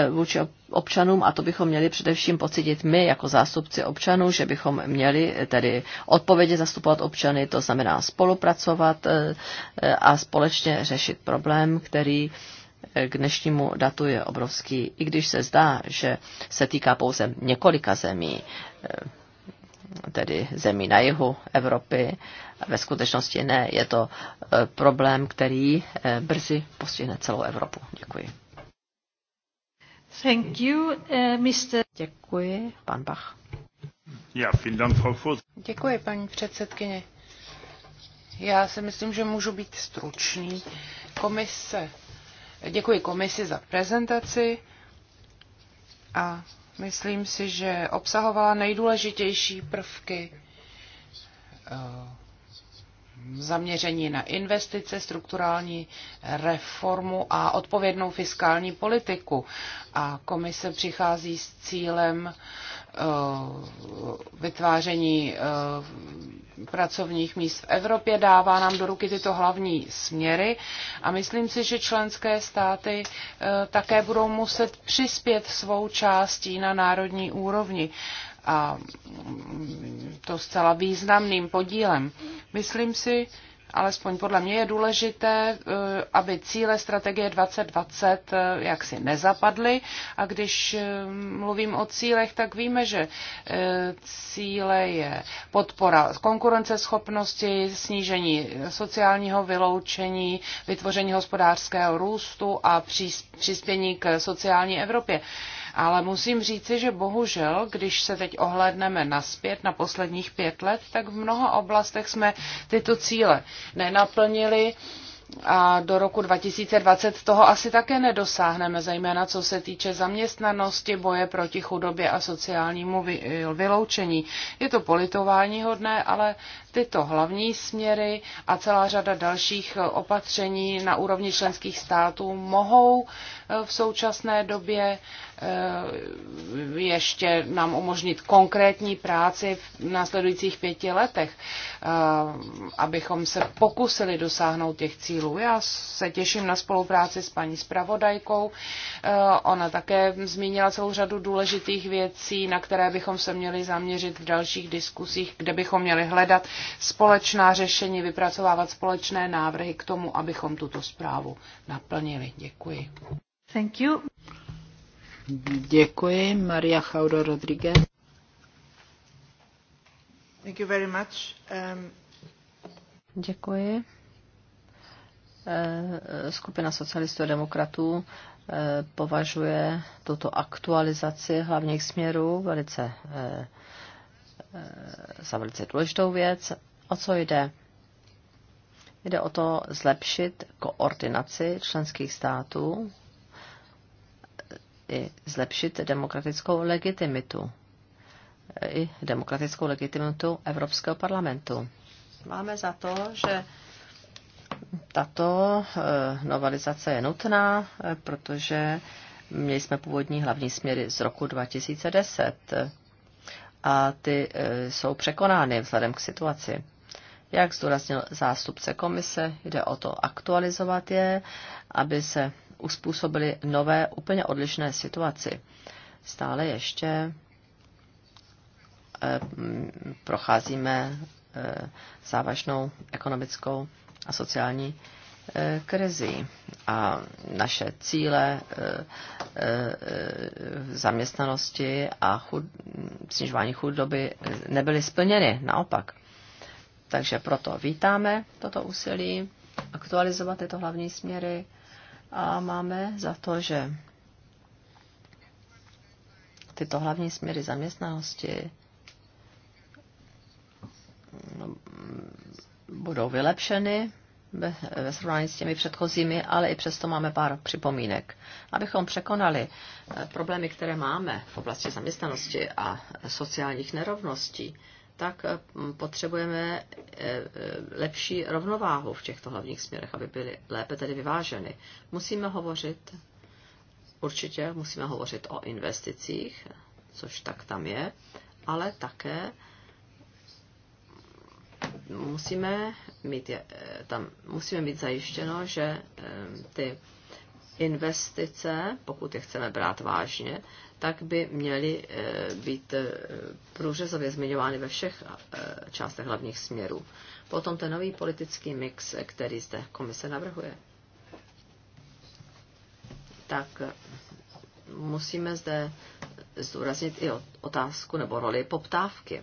vůči občanům a to bychom měli především pocitit my jako zástupci občanů, že bychom měli tedy odpovědně zastupovat občany, to znamená spolupracovat eh, eh, a společně řešit problém, který k dnešnímu datu je obrovský, i když se zdá, že se týká pouze několika zemí, tedy zemí na jihu Evropy, ve skutečnosti ne. Je to e, problém, který e, brzy postihne celou Evropu. Děkuji. Thank you, uh, e, Mr. Děkuji, pan Bach. Ja, vielen Dank, Frau Děkuji, paní předsedkyně. Já si myslím, že můžu být stručný. Komise. Děkuji komisi za prezentaci a myslím si, že obsahovala nejdůležitější prvky zaměření na investice, strukturální reformu a odpovědnou fiskální politiku. A komise přichází s cílem eh, vytváření eh, pracovních míst v Evropě, dává nám do ruky tyto hlavní směry a myslím si, že členské státy eh, také budou muset přispět svou částí na národní úrovni a mm, to zcela významným podílem. Myslím si, alespoň podle mě je důležité, e, aby cíle strategie 2020 e, jaksi nezapadly. A když e, mluvím o cílech, tak víme, že cíle je podpora konkurenceschopnosti, snížení sociálního vyloučení, vytvoření hospodářského růstu a přispění k sociální Evropě. Ale musím říci, že bohužel, když se teď ohlédneme naspět na posledních pět let, tak v mnoha oblastech jsme tyto cíle nenaplnili a do roku 2020 toho asi také nedosáhneme, zejména co se týče zaměstnanosti, boje proti chudobě a sociálnímu vyloučení. Je to politování hodné, ale tyto hlavní směry a celá řada dalších opatření na úrovni členských států mohou eh, v současné době Eh, ještě nám umožnit konkrétní práci v následujících pěti letech, eh, abychom se pokusili dosáhnout těch cílů. Já se těším na spolupráci s paní zpravodajkou. Eh, ona také zmínila celou řadu důležitých věcí, na které bychom se měli zaměřit v dalších diskusích, kde bychom měli hledat společná řešení, vypracovávat společné návrhy k tomu, abychom tuto zprávu naplnili. Děkuji. Thank you. Děkuji, Maria Jauro Rodríguez. Thank you very much. Um... Děkuji. Eh, skupina socialistů a demokratů eh, považuje tuto aktualizaci hlavních směrů velice, eh, za velice důležitou věc. O co jde? Jde o to zlepšit koordinaci členských států i zlepšit demokratickou legitimitu. I demokratickou legitimitu Evropského parlamentu. Máme za to, že tato eh, novelizace je nutná, eh, protože měli jsme původní hlavní směry z roku 2010 a ty eh, jsou překonány vzhledem k situaci. Jak zdůraznil zástupce komise, jde o to aktualizovat je, aby se uspůsobili nové, úplně odlišné situaci. Stále ještě eh, mm, procházíme eh, závažnou ekonomickou a sociální eh, krizi a naše cíle zaměstnanosti a chud, snižování chudoby nebyly splněny, naopak. Takže proto vítáme toto úsilí aktualizovat tyto hlavní směry a máme za to, že tyto hlavní směry zaměstnanosti no, budou vylepšeny ve, srovnání s těmi předchozími, ale i přesto máme pár připomínek. Abychom překonali eh, problémy, které máme v oblasti zaměstnanosti a sociálních nerovností, tak eh, potřebujeme eh, eh, lepší rovnováhu v těchto hlavních směrech, aby byly lépe tedy vyváženy. Musíme hovořit, určitě musíme hovořit o investicích, což tak tam je, ale také musíme mít, tam, musíme mít zajištěno, že ty investice, pokud je chceme brát vážně, tak by měly eh, být eh, průřezově zmiňovány ve všech eh, částech hlavních směrů. Potom ten nový politický mix, který zde komise navrhuje, tak musíme zde zdůraznit i otázku nebo roli poptávky.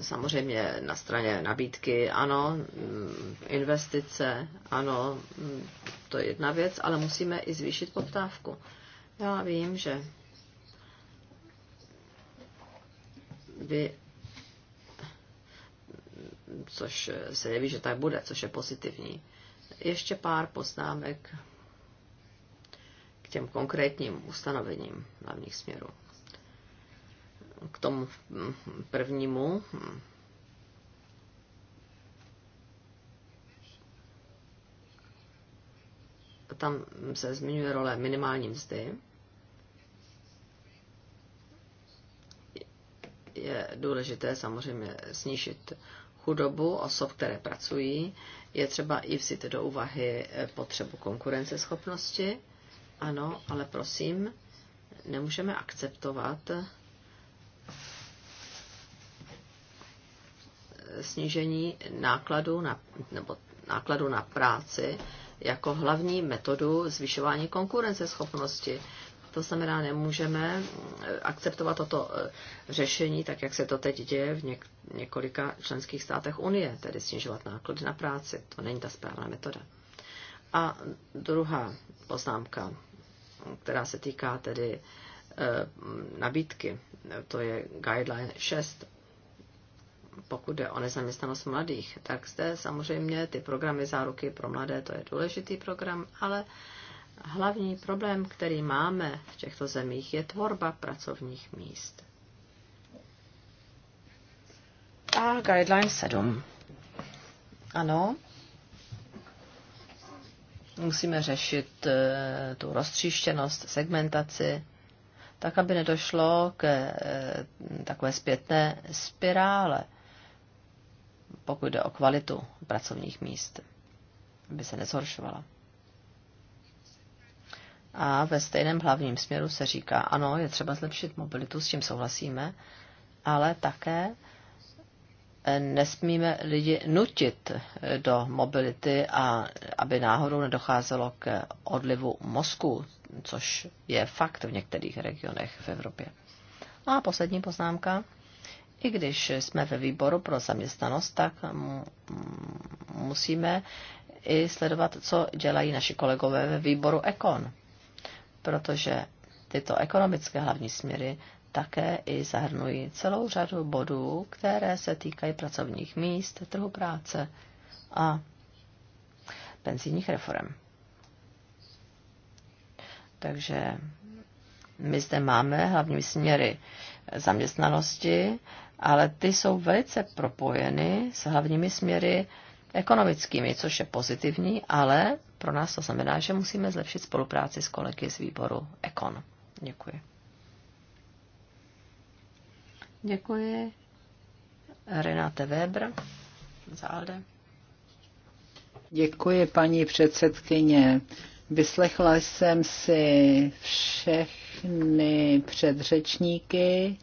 Samozřejmě na straně nabídky, ano, mm, investice, ano, mm, to je jedna věc, ale musíme i zvýšit poptávku. Já vím, že vy, což se jeví, že tak bude, což je pozitivní. Ještě pár poznámek k těm konkrétním ustanovením hlavních směrů. K tomu prvnímu tam se zmiňuje role minimální mzdy je důležité samozřejmě snížit chudobu osob, které pracují. Je třeba i vzít do úvahy potřebu konkurenceschopnosti. Ano, ale prosím, nemůžeme akceptovat snížení nákladu na, nebo nákladu na práci jako hlavní metodu zvyšování konkurenceschopnosti. To znamená, nemůžeme eh, akceptovat toto eh, řešení, tak jak se to teď děje v něk- několika členských státech Unie, tedy snižovat náklady na práci. To není ta správná metoda. A druhá poznámka, která se týká tedy e, nabídky, to je guideline 6. Pokud jde o nezaměstnanost mladých, tak zde samozřejmě ty programy záruky pro mladé, to je důležitý program, ale e, hlavní problém, který máme v těchto zemích, je tvorba pracovních míst. A guideline 7. Ano. Musíme řešit eh, tu roztříštěnost, segmentaci, tak aby nedošlo k eh, takové zpětné spirále, pokud jde o kvalitu pracovních míst, aby se nezhoršovala. A ve stejném hlavním směru se říká, ano, je třeba zlepšit mobilitu, s tím souhlasíme, ale také eh, nesmíme lidi nutit eh, do mobility a aby náhodou nedocházelo k odlivu mozku, což je fakt v některých regionech v Evropě. A poslední poznámka. I když jsme ve výboru pro zaměstnanost, tak musíme i sledovat, co dělají naši kolegové ve výboru Ekon protože tyto ekonomické hlavní směry také i zahrnují celou řadu bodů, které se týkají pracovních míst, trhu práce a penzijních reform. Takže my zde máme hlavní směry zaměstnanosti, ale ty jsou velice propojeny s hlavními směry ekonomickými, což je pozitivní, ale pro nás to znamená, že musíme zlepšit spolupráci s kolegy z výboru Econ. Děkuji. Děkuji. Renate Weber za ALDE. Děkuji, paní předsedkyně. Vyslechla jsem si všechny předřečníky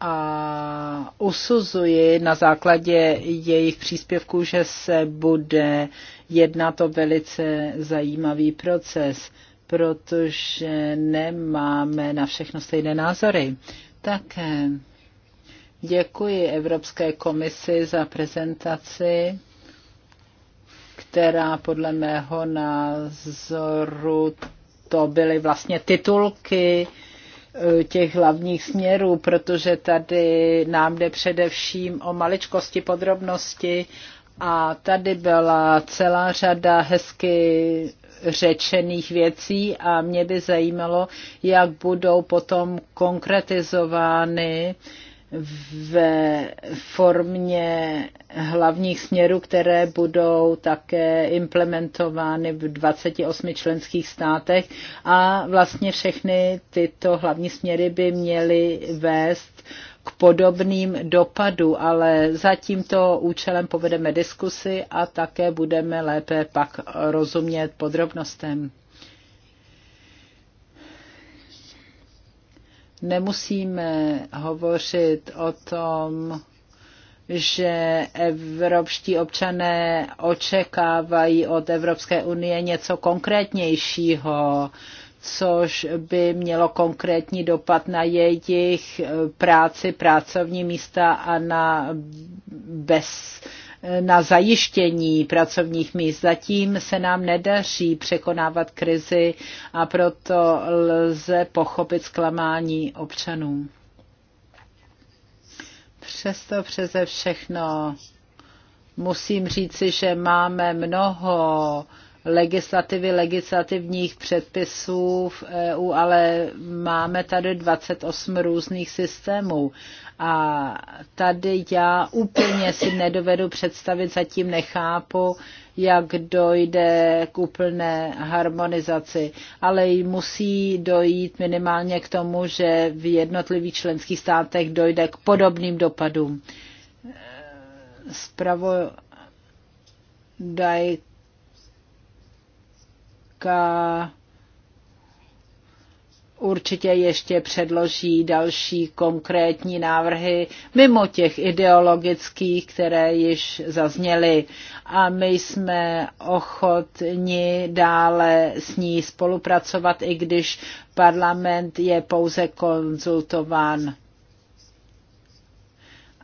a usuzuji na základě jejich příspěvků, že se bude Jedna to velice zajímavý proces, protože nemáme na všechno stejné názory. Také děkuji Evropské komisi za prezentaci která podle mého názoru to byly vlastně titulky eh, těch hlavních směrů, protože tady nám jde především o maličkosti, podrobnosti a tady byla celá řada hezky řečených věcí a mě by zajímalo, jak budou potom konkretizovány ve formě hlavních směrů, které budou také implementovány v 28 členských státech a vlastně všechny tyto hlavní směry by měly vést k podobným dopadu, ale za tímto účelem povedeme diskusy a také budeme lépe pak rozumět podrobnostem. Nemusíme hovořit o tom, že evropští občané očekávají od Evropské unie něco konkrétnějšího, což by mělo konkrétní dopad na jejich eh, práci, pracovní místa a na bez, eh, na zajištění pracovních míst. Zatím se nám nedaří překonávat krizi a proto lze pochopit zklamání občanů. Přesto přeze všechno musím říci, že máme mnoho legislativy, legislativních předpisů v EU, ale máme tady 28 různých systémů. A tady já úplně si nedovedu představit, zatím nechápu, jak dojde k úplné harmonizaci. Ale musí dojít minimálně k tomu, že v jednotlivých členských státech dojde k podobným dopadům. Spravo, Daj Trojka určitě ještě předloží další konkrétní návrhy mimo těch ideologických, které již zazněly. A my jsme ochotni dále s ní spolupracovat, i když parlament je pouze konzultován.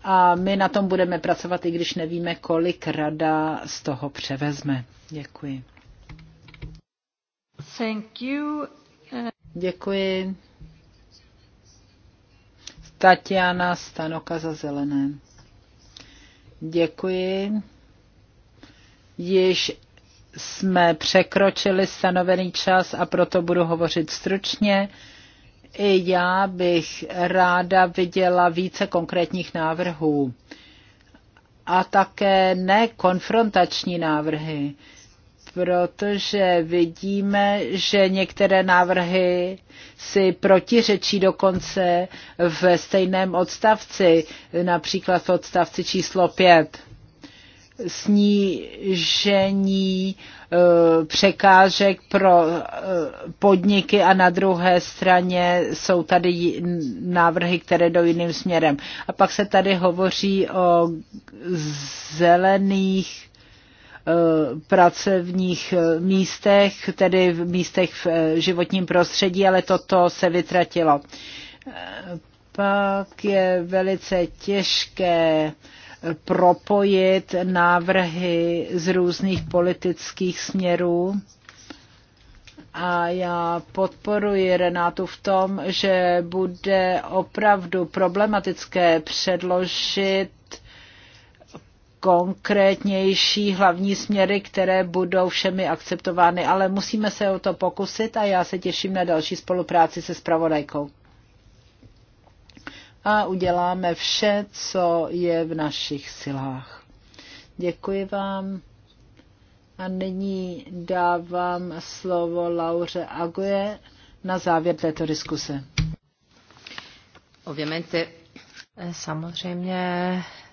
A my na tom budeme pracovat, i když nevíme, kolik rada z toho převezme. Děkuji. Thank you. Děkuji. Tatiana Stanoka za zelené. Děkuji. Již jsme překročili stanovený čas a proto budu hovořit stručně. I já bych ráda viděla více konkrétních návrhů a také nekonfrontační návrhy protože vidíme, že některé návrhy si protiřečí dokonce v stejném odstavci, například v odstavci číslo 5 snížení eh, překážek pro eh, podniky a na druhé straně jsou tady návrhy, které jdou jiným směrem. A pak se tady hovoří o zelených Eh, pracovních eh, místech, tedy v místech v eh, životním prostředí, ale toto se vytratilo. Pak je velice těžké propojit návrhy z různých politických směrů. A já podporuji Renátu v tom, že bude opravdu problematické předložit konkrétnější hlavní směry, které budou všemi akceptovány, ale musíme se o to pokusit a já se těším na další spolupráci se spravodajkou. A uděláme vše, co je v našich silách. Děkuji vám. A nyní dávám slovo Lauře Aguje na závěr této diskuse. Obviamente. Samozřejmě,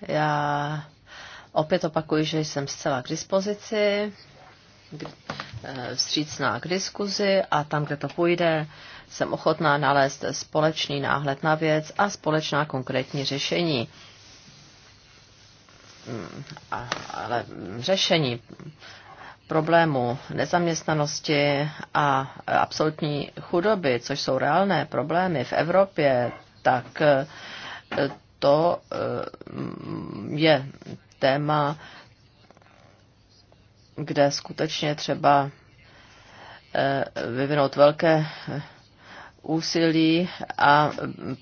já Opět opakuji, že jsem zcela k dispozici, eh, vstřícná k diskuzi a tam, kde to půjde, jsem ochotná nalézt společný náhled na věc a společná konkrétní řešení. Hmm, ale řešení problému nezaměstnanosti a absolutní chudoby, což jsou reálné problémy v Evropě, tak eh, to eh, je téma, kde skutečně třeba eh, vyvinout velké eh, úsilí a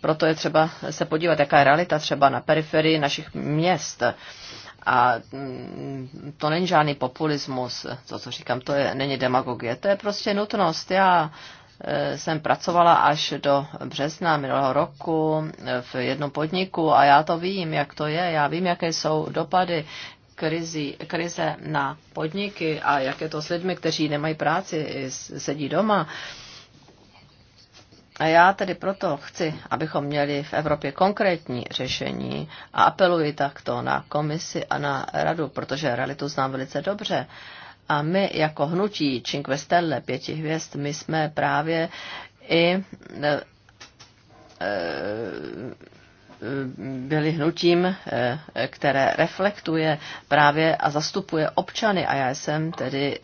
proto je třeba se podívat, jaká je realita třeba na periferii našich měst. A mm, to není žádný populismus, to, co říkám, to je, není demagogie, to je prostě nutnost. Já Eh, jsem pracovala až do března minulého roku eh, v jednom podniku a já to vím, jak to je. Já vím, jaké jsou dopady krizi, krize na podniky a jak je to s lidmi, kteří nemají práci, sedí doma. A já tedy proto chci, abychom měli v Evropě konkrétní řešení a apeluji takto na komisi a na radu, protože realitu znám velice dobře. Uh, a my jako hnutí Cinque Stelle, pěti hvězd, my jsme právě i e, e, byli hnutím, e, které reflektuje právě a zastupuje občany. A já jsem tedy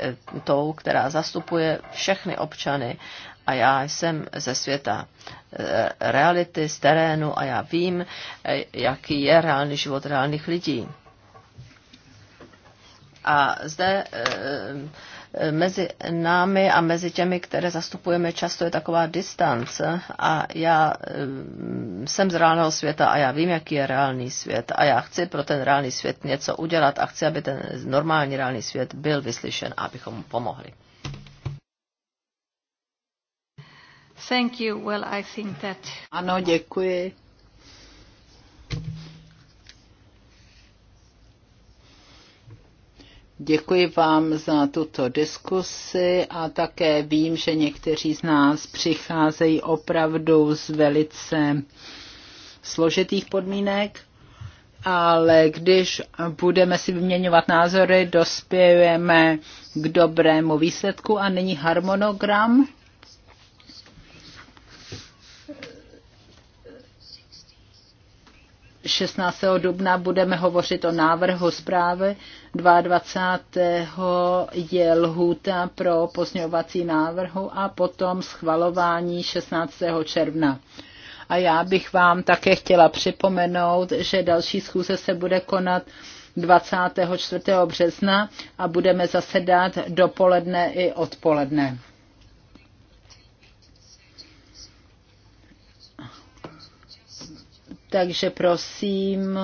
tou, která zastupuje všechny občany. A já jsem ze světa reality, z terénu a já vím, jaký je reálný život reálných lidí. A zde eh, eh, mezi námi a mezi těmi, které zastupujeme, často je taková distance. A já eh, jsem z reálného světa a já vím, jaký je reálný svět. A já chci pro ten reálný svět něco udělat a chci, aby ten normální reálný svět byl vyslyšen abychom mu pomohli. Thank you. Well, I think that... Ano, děkuji. Děkuji vám za tuto diskusi a také vím, že někteří z nás přicházejí opravdu z velice složitých podmínek, ale když budeme si vyměňovat názory, dospějeme k dobrému výsledku a není harmonogram 16. dubna budeme hovořit o návrhu zprávy. 22. je lhůta pro pozňovací návrhu a potom schvalování 16. června. A já bych vám také chtěla připomenout, že další schůze se bude konat 24. března a budeme zasedat dopoledne i odpoledne. takže prosím,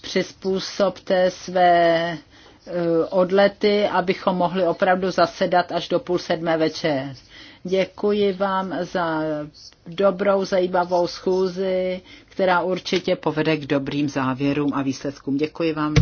přizpůsobte své eh, odlety, abychom mohli opravdu zasedat až do půl sedmé večer. Děkuji vám za dobrou, zajímavou schůzi, která určitě povede k dobrým závěrům a výsledkům. Děkuji vám.